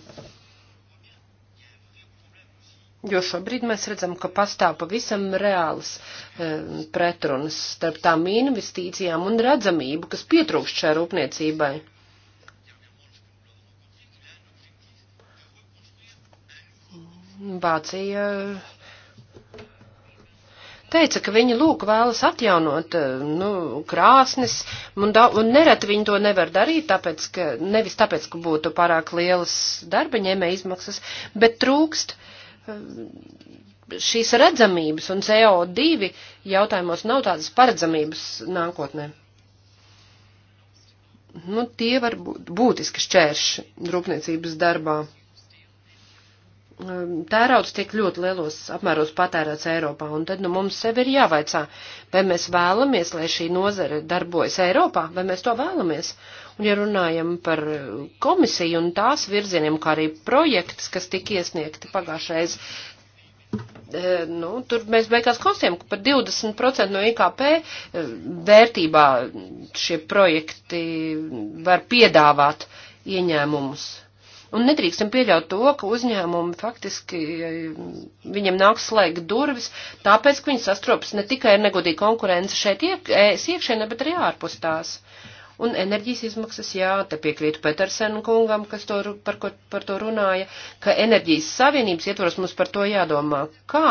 Jo šobrīd mēs redzam, ka pastāv pavisam reāls e, pretrunas starp tām investīcijām un redzamību, kas pietrūkst šai rūpniecībai. Vācija eh, teica, ka viņi lūk vēlas atjaunot eh, nu, krāsnes, un, da, un nereti viņi to nevar darīt, tāpēc, ka, nevis tāpēc, ka būtu pārāk lielas darba ņēmē izmaksas, bet trūkst eh, šīs redzamības, un CO2 jautājumos nav tādas paredzamības nākotnē. Nu, tie var būt būtiski šķērši rūpniecības darbā. Um, tērauds tiek ļoti lielos apmēros patērēts Eiropā, un tad nu mums sev ir jāvaicā, vai mēs vēlamies, lai šī nozare darbojas Eiropā, vai mēs to vēlamies. Un ja runājam par komisiju un tās virzieniem, kā arī projekts, kas tika iesniegti pagājušais, e, nu, tur mēs beigās konstatējam, ka par 20% no IKP e, vērtībā šie projekti var piedāvāt ieņēmumus Un nedrīkstam pieļaut to, ka uzņēmumi faktiski viņiem nāk slēgt durvis, tāpēc, ka viņi sastropas ne tikai ar negodīgu konkurenci šeit iek, iekšēnē, bet arī ārpus tās. Un enerģijas izmaksas, jā, te piekrītu Petersenu kungam, kas to, par, ko, par to runāja, ka enerģijas savienības ietvaros mums par to jādomā. Kā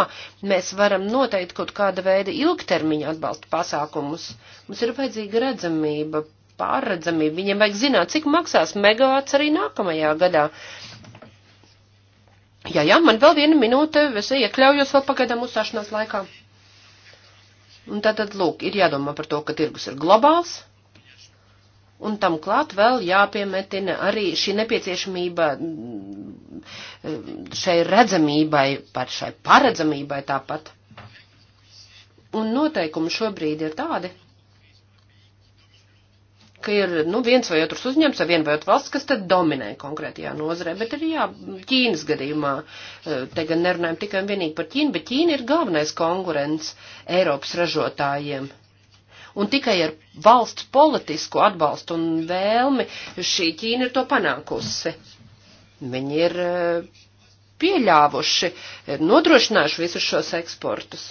mēs varam noteikt kaut kāda veida ilgtermiņa atbalsta pasākumus? Mums ir vajadzīga redzamība pārredzamību. Viņiem vajag zināt, cik maksās megavāts arī nākamajā gadā. Jā, jā, man vēl viena minūte, es iekļaujos vēl pagaidām uzstāšanās laikā. Un tātad, lūk, ir jādomā par to, ka tirgus ir globāls, un tam klāt vēl jāpiemetina arī šī nepieciešamība mm, šai redzamībai, par šai paredzamībai tāpat. Un noteikumi šobrīd ir tādi, ka ir, nu, viens vai otrs uzņēmums vai viena vai otra valsts, kas tad dominē konkrētajā nozarē, bet ir jā, Ķīnas gadījumā, e, te gan nerunājam tikai un vienīgi par Ķīnu, bet Ķīna ir galvenais konkurents Eiropas ražotājiem un tikai ar valsts politisko atbalstu un vēlmi šī Ķīna ir to panākusi. Viņi ir e, pieļāvuši, e, nodrošinājuši visus šos eksportus.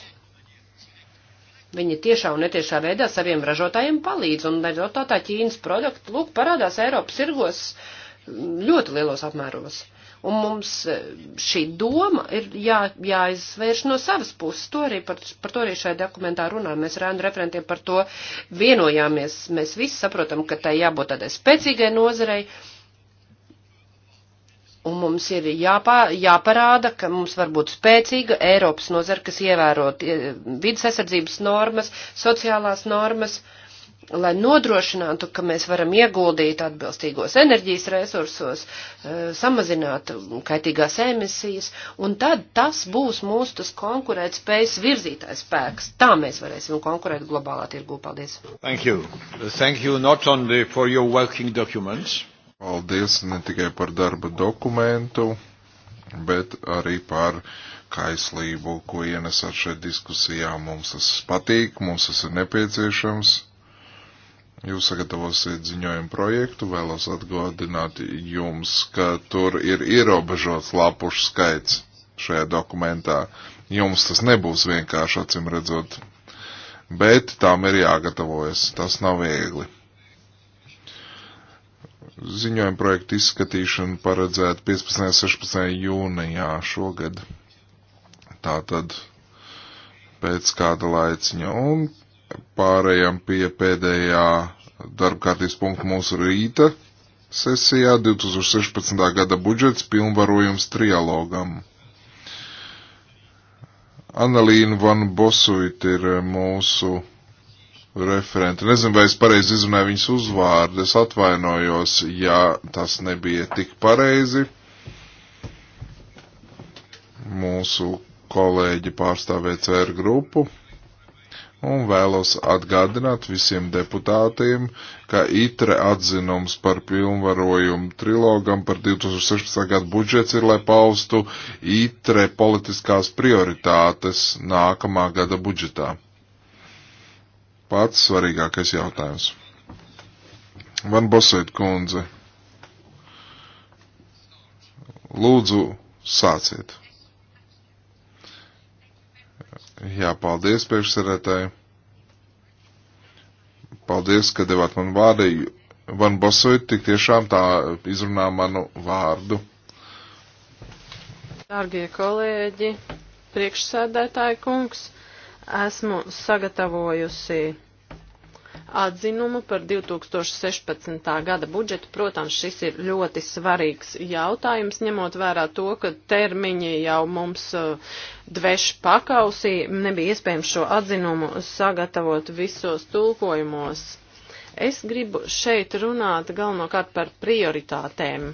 Viņi tiešā un netiešā veidā saviem ražotājiem palīdz, un rezultātā Ķīnas produkti, lūk, parādās Eiropas tirgos mm, ļoti lielos apmēros. Un mums eh, šī doma ir jā, jāizvērš no savas puses. To arī par, par to arī šajā dokumentā runājam. Mēs ar Andu referentiem par to vienojāmies. Mēs visi saprotam, ka tai jābūt tādai spēcīgai nozarei. Uh, Un mums ir jāpā, jāparāda, ka mums var būt spēcīga Eiropas nozara, kas ievēro vidas aizsardzības normas, sociālās normas, lai nodrošinātu, ka mēs varam ieguldīt atbilstīgos enerģijas resursos, eh, samazināt kaitīgās emisijas, un tad tas būs mūsu tas konkurētspējas virzītājs spēks. Tā mēs varēsim konkurēt globālā tirgū. Paldies! Thank you. Thank you not only for your working documents. Paldies ne tikai par darba dokumentu, bet arī par kaislību, ko ienesat šeit diskusijā. Mums tas patīk, mums tas ir nepieciešams. Jūs sagatavosiet ziņojumu projektu, vēlos atgādināt jums, ka tur ir ierobežots lapušu skaits šajā dokumentā. Jums tas nebūs vienkārši acim redzot, bet tām ir jāgatavojas. Tas nav viegli. Ziņojuma projekta izskatīšana paredzēta 15. un 16. jūnijā šogad. Tātad pēc kāda laiciņa. Un pārējām pie pēdējā darba kārtības punkta mūsu rīta sesijā 2016. gada budžets pilnvarojums trialogam. Annelīna Van Bosuit ir mūsu referenti. Nezinu, vai es pareizi izrunāju viņas uzvārdu. Es atvainojos, ja tas nebija tik pareizi. Mūsu kolēģi pārstāvēja CR grupu. Un vēlos atgādināt visiem deputātiem, ka ITRE atzinums par pilnvarojumu trilogam par 2016. gadu budžets ir, lai paustu ITRE politiskās prioritātes nākamā gada budžetā pats svarīgākais jautājums. Van Bosēt kundze, lūdzu, sāciet. Jā, paldies priekšsarētāji. Paldies, ka devāt man vārdu. Van Bosēt tik tiešām tā izrunā manu vārdu. Dārgie kolēģi, priekšsēdētāji kungs, Esmu sagatavojusi atzinumu par 2016. gada budžetu. Protams, šis ir ļoti svarīgs jautājums, ņemot vērā to, ka termiņi jau mums uh, dveš pakausī, nebija iespējams šo atzinumu sagatavot visos tulkojumos. Es gribu šeit runāt galvenokārt par prioritātēm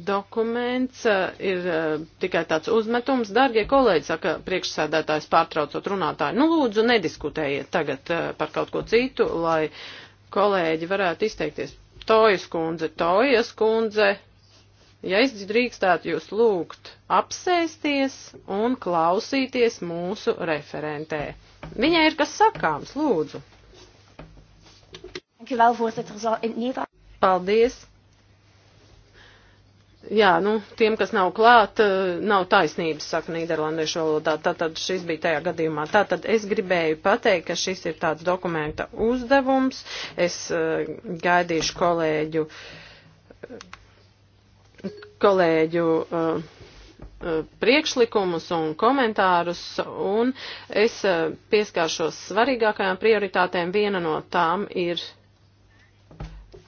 dokuments eh, ir eh, tikai tāds uzmetums. Dargie kolēģi, saka priekšsēdētājs pārtraucot runātāju, nu lūdzu nediskutējiet tagad eh, par kaut ko citu, lai kolēģi varētu izteikties. Tojas kundze, Tojas kundze, ja es drīkstētu jūs lūgt apsēsties un klausīties mūsu referentē. Viņai ir kas sakāms, lūdzu. Paldies. Jā, nu, tiem, kas nav klāt, eh, nav taisnības, saka Nīderlandiešu valodā. Tātad šis bija tajā gadījumā. Tātad es gribēju pateikt, ka šis ir tāds dokumenta uzdevums. Es uh, gaidīšu kolēģu, kolēģu uh, priekšlikumus un komentārus, un es uh, pieskāršos svarīgākajām prioritātēm. Viena no tām ir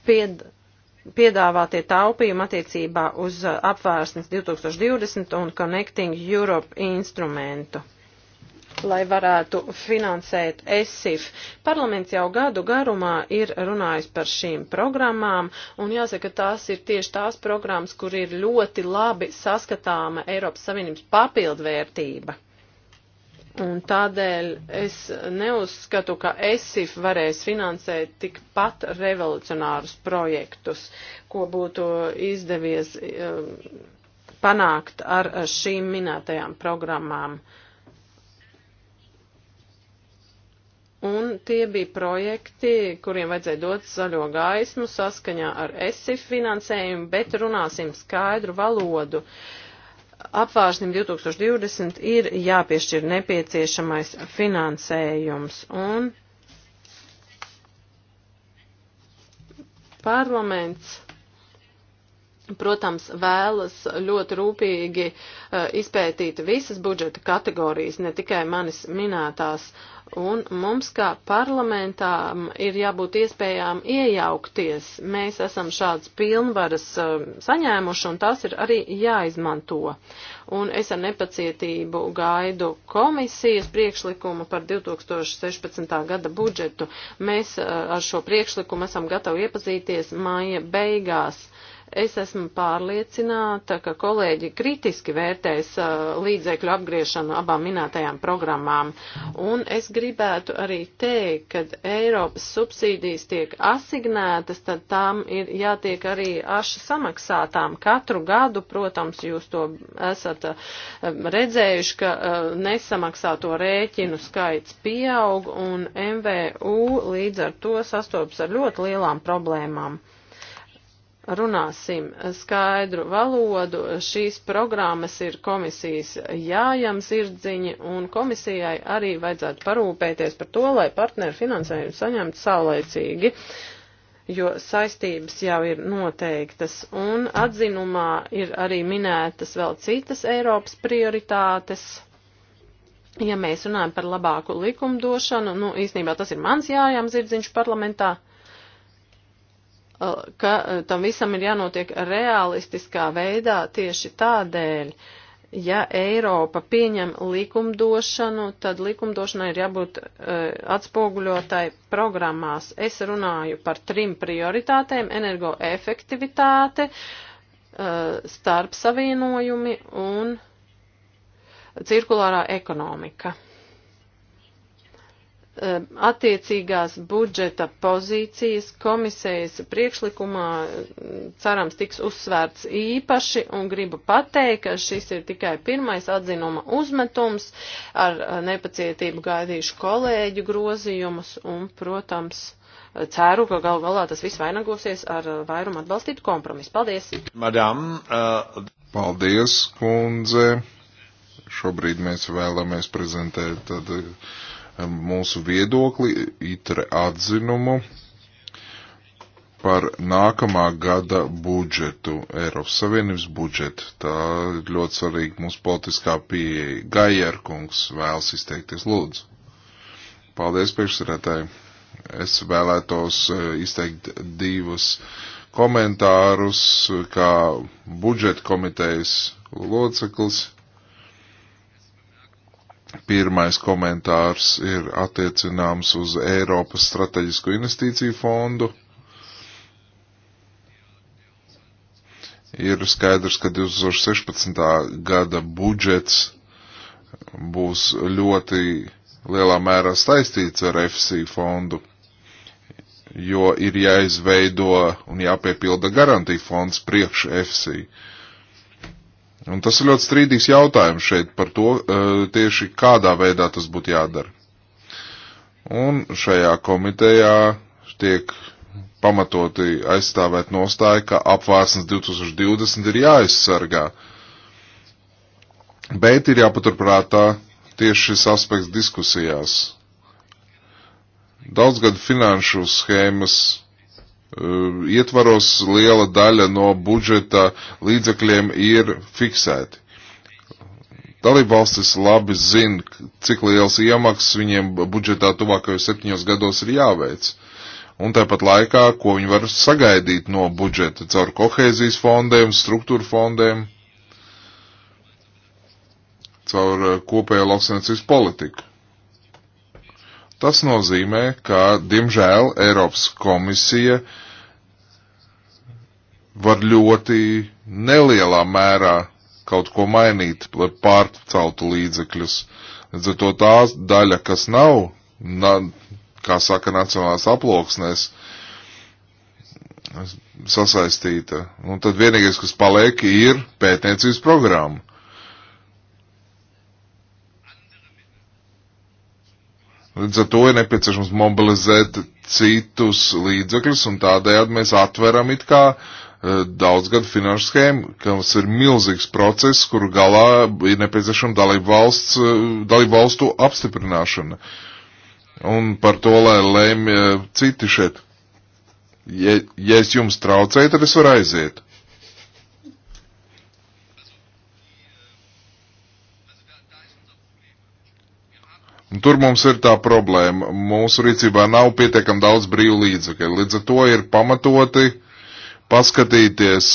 piedāvājums piedāvātie taupījumi attiecībā uz uh, apvērsnes 2020 un Connecting Europe instrumentu lai varētu finansēt ESIF. Parlaments jau gadu garumā ir runājis par šīm programmām, un jāsaka, tās ir tieši tās programmas, kur ir ļoti labi saskatāma Eiropas Savienības papildvērtība. Un tādēļ es neuzskatu, ka ESIF varēs finansēt tikpat revolucionārus projektus, ko būtu izdevies um, panākt ar šīm minētajām programmām. Un tie bija projekti, kuriem vajadzēja dot zaļo gaismu saskaņā ar ESIF finansējumu, bet runāsim skaidru valodu. Uh, apvārsnim 2020 ir jāpiešķir nepieciešamais finansējums un parlaments protams, vēlas ļoti rūpīgi uh, izpētīt visas budžeta kategorijas, ne tikai manis minētās, un mums kā parlamentām ir jābūt iespējām iejaukties. Mēs esam šādas pilnvaras uh, saņēmuši, un tās ir arī jāizmanto. Un es ar nepacietību gaidu komisijas priekšlikumu par 2016. gada budžetu. Mēs uh, ar šo priekšlikumu esam gatavi iepazīties māja beigās. Uh, Es esmu pārliecināta, ka kolēģi kritiski vērtēs uh, līdzekļu apgriešanu abām minētajām programmām. Un es gribētu arī teikt, ka Eiropas subsīdijas tiek asignētas, tad tām ir jātiek arī aši samaksātām. Katru gadu, protams, jūs to esat uh, redzējuši, ka uh, nesamaksāto rēķinu skaits pieaug un MVU līdz ar to sastopas ar ļoti lielām problēmām runāsim skaidru valodu. Šīs programmas ir komisijas jājam sirdziņi, un komisijai arī vajadzētu parūpēties par to, lai partneru finansējumu saņemtu saulēcīgi, jo saistības jau ir noteiktas, un atzinumā ir arī minētas vēl citas Eiropas prioritātes. Ja mēs runājam par labāku likumdošanu, nu īstenībā tas ir mans jājām zirdziņš parlamentā ka e, tam visam ir jānotiek realistiskā veidā tieši tādēļ. Ja Eiropa pieņem likumdošanu, tad likumdošanai ir jābūt uh, atspoguļotai programmās. Es runāju par trim prioritātēm - energoefektivitāte, uh, starpsavienojumi un cirkulārā ekonomika attiecīgās budžeta pozīcijas komisijas priekšlikumā mm, cerams tiks uzsvērts īpaši un gribu pateikt, ka šis ir tikai pirmais atzinuma uzmetums ar eh, nepacietību gaidīšu kolēģu grozījumus un, protams, ceru, ka gal galā tas viss vainagosies ar eh, vairumu atbalstītu kompromisu. Paldies! Madam, uh... Paldies, kundze! Šobrīd mēs vēlamies prezentēt tad, uh, mūsu viedokli, itre atzinumu par nākamā gada budžetu, Eiropas Savienības budžetu. Tā ir ļoti svarīga mūsu politiskā pieeja. Gajerkungs vēlas izteikties, lūdzu. Paldies, priekšsarētāji. Es vēlētos e, izteikt divus komentārus, kā budžeta komitejas loceklis Pirmais komentārs ir attiecināms uz Eiropas strateģisko investīciju fondu. Ir skaidrs, ka 2016. gada budžets būs ļoti lielā mērā saistīts ar FC fondu, jo ir jāizveido un jāpiepilda garantija fonds priekš FC. Uh, Un tas ir ļoti strīdīgs jautājums šeit par to, e, tieši kādā veidā tas būtu jādara. Un šajā komitejā tiek pamatoti aizstāvēt nostāju, ka apvārsnes 2020 ir jāaizsargā. Bet ir jāpaturprātā tieši šis aspekts diskusijās. Daudzgadu finanšu schēmas Ehm, ietvaros liela daļa no budžeta līdzekļiem ir fiksēti. Dalībvalstis labi zina, cik liels iemaksas viņiem budžetā tuvākajos septiņos gados ir jāveic. Un tāpat laikā, ko viņi var sagaidīt no budžeta caur kohēzijas fondiem, struktūra fondiem, caur eh, kopējo lauksainicības politiku. Tas nozīmē, ka, diemžēl, Eiropas komisija uh, var ļoti nelielā mērā kaut ko mainīt, lai pārceltu līdzekļus. Līdz ar to tā daļa, kas nav, na, kā saka, nacionālās aploksnēs sasaistīta, un tad vienīgais, kas paliek, ir pētniecības programma. Līdz ar to ir nepieciešams mobilizēt citus līdzekļus, un tādējādi mēs atveram it kā uh, Eh, daudzgadu finanšu schēmu, kas ir milzīgs process, kuru galā ir nepieciešama dalību, valsts, eh, dalību valstu apstiprināšana. Un par to, lai lēmj eh, citi šeit. Ja, ja es jums traucēju, tad es varu aiziet. Un tur mums ir tā problēma. Mūsu rīcībā nav pietiekam daudz brīvu līdzekļu. Līdz ar to ir pamatoti uh, paskatīties,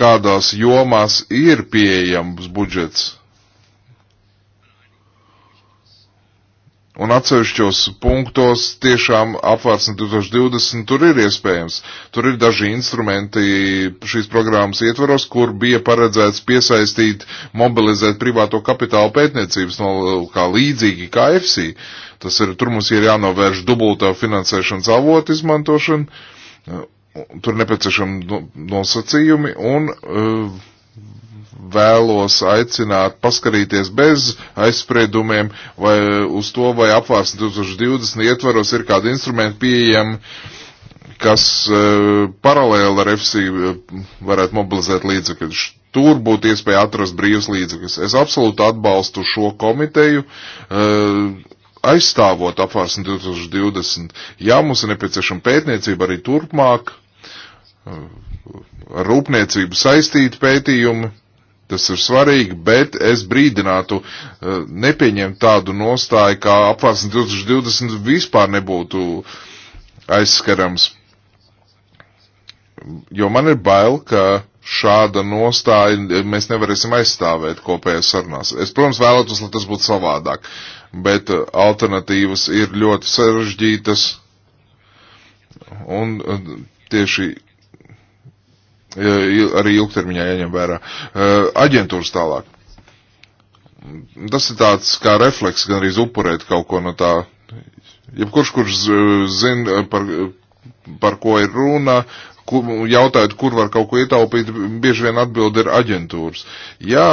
kādās jomās ir pieejams budžets. Un atsevišķos punktos tiešām apvārsni 2020 tur ir iespējams. Tur ir daži instrumenti šīs programmas ietvaros, kur bija paredzēts piesaistīt, mobilizēt privāto kapitālu pētniecības no, kā līdzīgi kā FC. Tas ir, tur mums ir jānovērš dubultā finansēšanas avotu izmantošana Tur nepieciešami nosacījumi un eh, vēlos aicināt paskarīties bez aizspriedumiem vai eh, uz to, vai apvārs 2020 ietvaros ir kādi instrumenti pieejami, kas eh, paralēli ar FC varētu mobilizēt līdzekļus tur būtu iespēja atrast brīvas līdzekļus. Es absolūti atbalstu šo komiteju, aizstāvot apvārsni 2020. Jā, mums ir nepieciešama pētniecība arī turpmāk, rūpniecību saistīti pētījumi, tas ir svarīgi, bet es brīdinātu eh, nepieņemt tādu nostāju, kā apvārsni 2020 vispār nebūtu aizskarams. Jo man ir bail, ka šāda nostāja mēs nevarēsim aizstāvēt kopējās sarunās. Es, protams, vēlētos, lai tas būtu savādāk bet uh, alternatīvas ir ļoti sarežģītas. Un uh, tieši arī ilgtermiņā jāņem vērā. Uh, aģentūras tālāk. Tas ir tāds kā refleks, gan arī upurēt kaut ko no tā. Jebkurš, kurš zina, par, par ko ir runa, kur, jautājot, kur var kaut ko ietaupīt, bieži vien atbild ir aģentūras. Jā,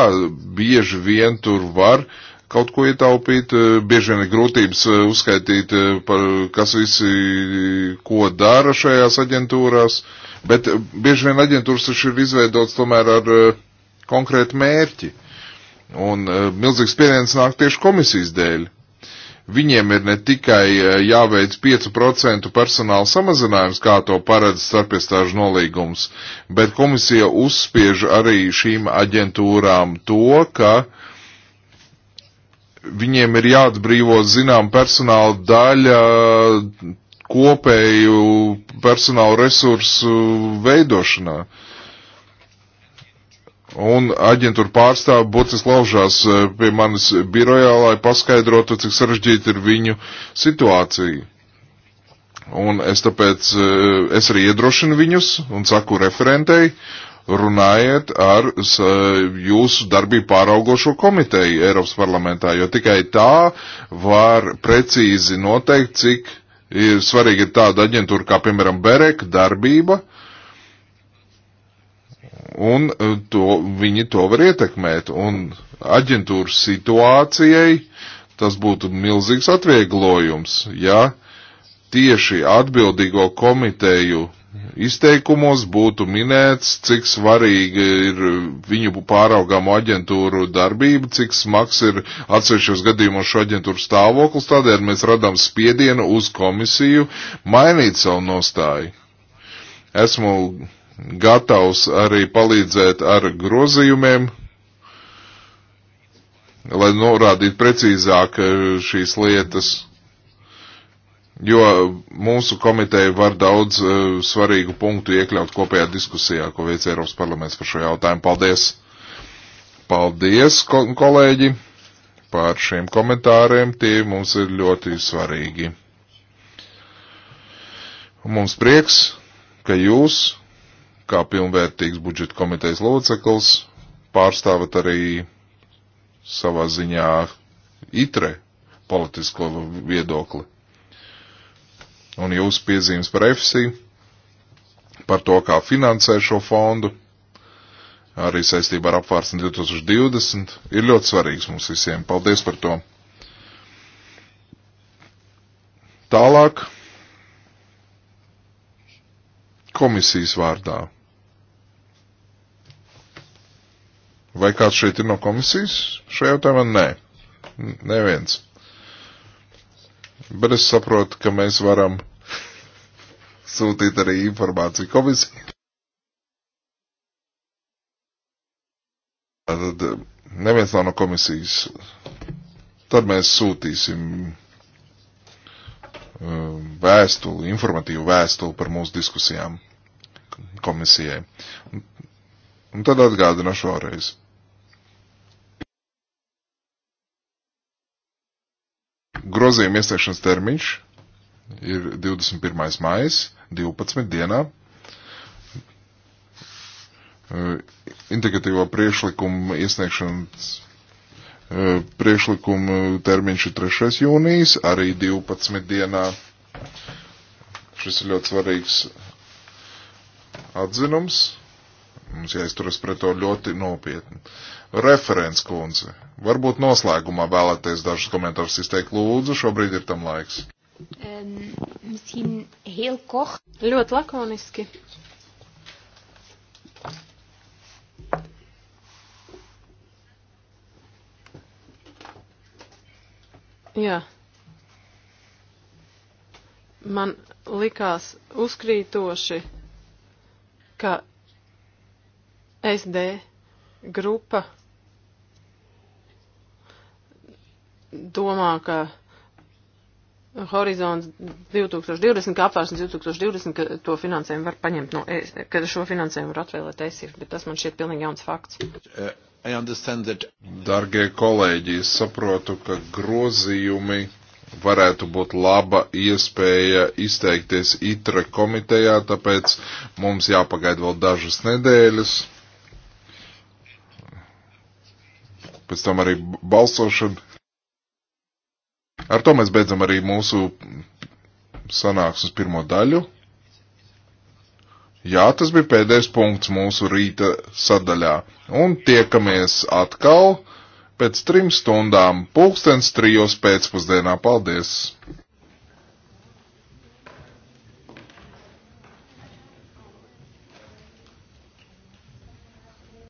bieži vien tur var uh, kaut ko ietaupīt, eh, bieži vien ir grūtības eh, uzskaitīt, eh, par, kas visi ko dara šajās aģentūrās, bet bieži vien aģentūras taču ir izveidotas tomēr ar konkrētu mērķi. Un milzīgs spiediens nāk tieši komisijas dēļ. Viņiem ir ne tikai jāveic 5% personāla samazinājums, kā to paredz starpiestāžu nolīgums, bet komisija uzspiež arī šīm aģentūrām to, ka uh, viņiem ir jāatbrīvo zinām personāla daļa kopēju personāla resursu veidošanā. Un aģentūra pārstāv būtiski laužās e, pie manis birojā, lai paskaidrotu, cik sarežģīta ir viņu situācija. Un es tāpēc, e, es arī iedrošinu viņus un saku referentei, runājiet ar jūsu darbību pāraugošo komiteju Eiropas parlamentā, jo tikai tā var precīzi noteikt, cik ir svarīgi ir tāda aģentūra kā, piemēram, Bereka darbība, un e, to, viņi to var ietekmēt. Un aģentūras situācijai tas būtu milzīgs atvieglojums, ja tieši atbildīgo komiteju izteikumos būtu minēts, cik svarīga ir viņu pāraugāmo aģentūru darbība, cik smags ir atsevišķos gadījumos šo aģentūru stāvoklis, tādēļ mēs radām spiedienu uz komisiju mainīt savu nostāju. Esmu gatavs arī palīdzēt ar grozījumiem, lai norādītu precīzāk eh, šīs lietas jo mūsu komiteja var daudz uh, svarīgu punktu iekļaut kopējā diskusijā, ko veic Eiropas parlaments par šo jautājumu. Paldies! Paldies, ko kolēģi, par šiem komentāriem. Tie mums ir ļoti svarīgi. Un mums prieks, ka jūs, kā pilnvērtīgs budžeta komitejas loceklis, pārstāvat arī savā ziņā itre politisko viedokli un jūsu piezīmes par EFSI, par to, kā finansē šo fondu, arī saistībā ar apvārsni 2020, ir ļoti svarīgs mums visiem. Paldies par to! Tālāk komisijas vārdā. Vai kāds šeit ir no komisijas? Šajā jautājumā nē. Neviens. Bet es saprotu, ka mēs varam sūtīt arī informāciju komisiju. Tad neviens nav no komisijas. Tad mēs sūtīsim ehm, vēstuli, informatīvu vēstuli par mūsu diskusijām komisijai. Un tad atgādina šoreiz. Grozījuma iesniegšanas termiņš ir 21. maijs, 12. dienā. Eh, Integratīvo priekšlikumu iesniegšanas eh, priekšlikumu termiņš ir 3. jūnijas, arī 12. dienā. Šis ir ļoti svarīgs atzinums. Mums jāizturas pret to ļoti nopietni. Referents kundze, varbūt noslēgumā vēlaties dažus komentārus izteikt lūdzu, šobrīd ir tam laiks. Um, misschien heel kort. Ļoti lakoniski. Jā. Man likās uzkrītoši, ka SD grupa domā, ka Horizons 2020, kā apvērsnes 2020, ka to finansējumu var paņemt no, e, ka šo finansējumu var atvēlēt ESIF, bet tas man šķiet pilnīgi jauns fakts. Uh, Dargie kolēģi, es saprotu, ka grozījumi varētu būt laba iespēja izteikties ITRE komitejā, tāpēc mums jāpagaida vēl dažas nedēļas. Pēc tam arī balsošana Ar to mēs beidzam arī mūsu sanāksmes pirmo daļu. Jā, tas bija pēdējais punkts mūsu rīta sadaļā. Un tiekamies atkal pēc trim stundām, pulkstens trijos pēcpusdienā. Paldies!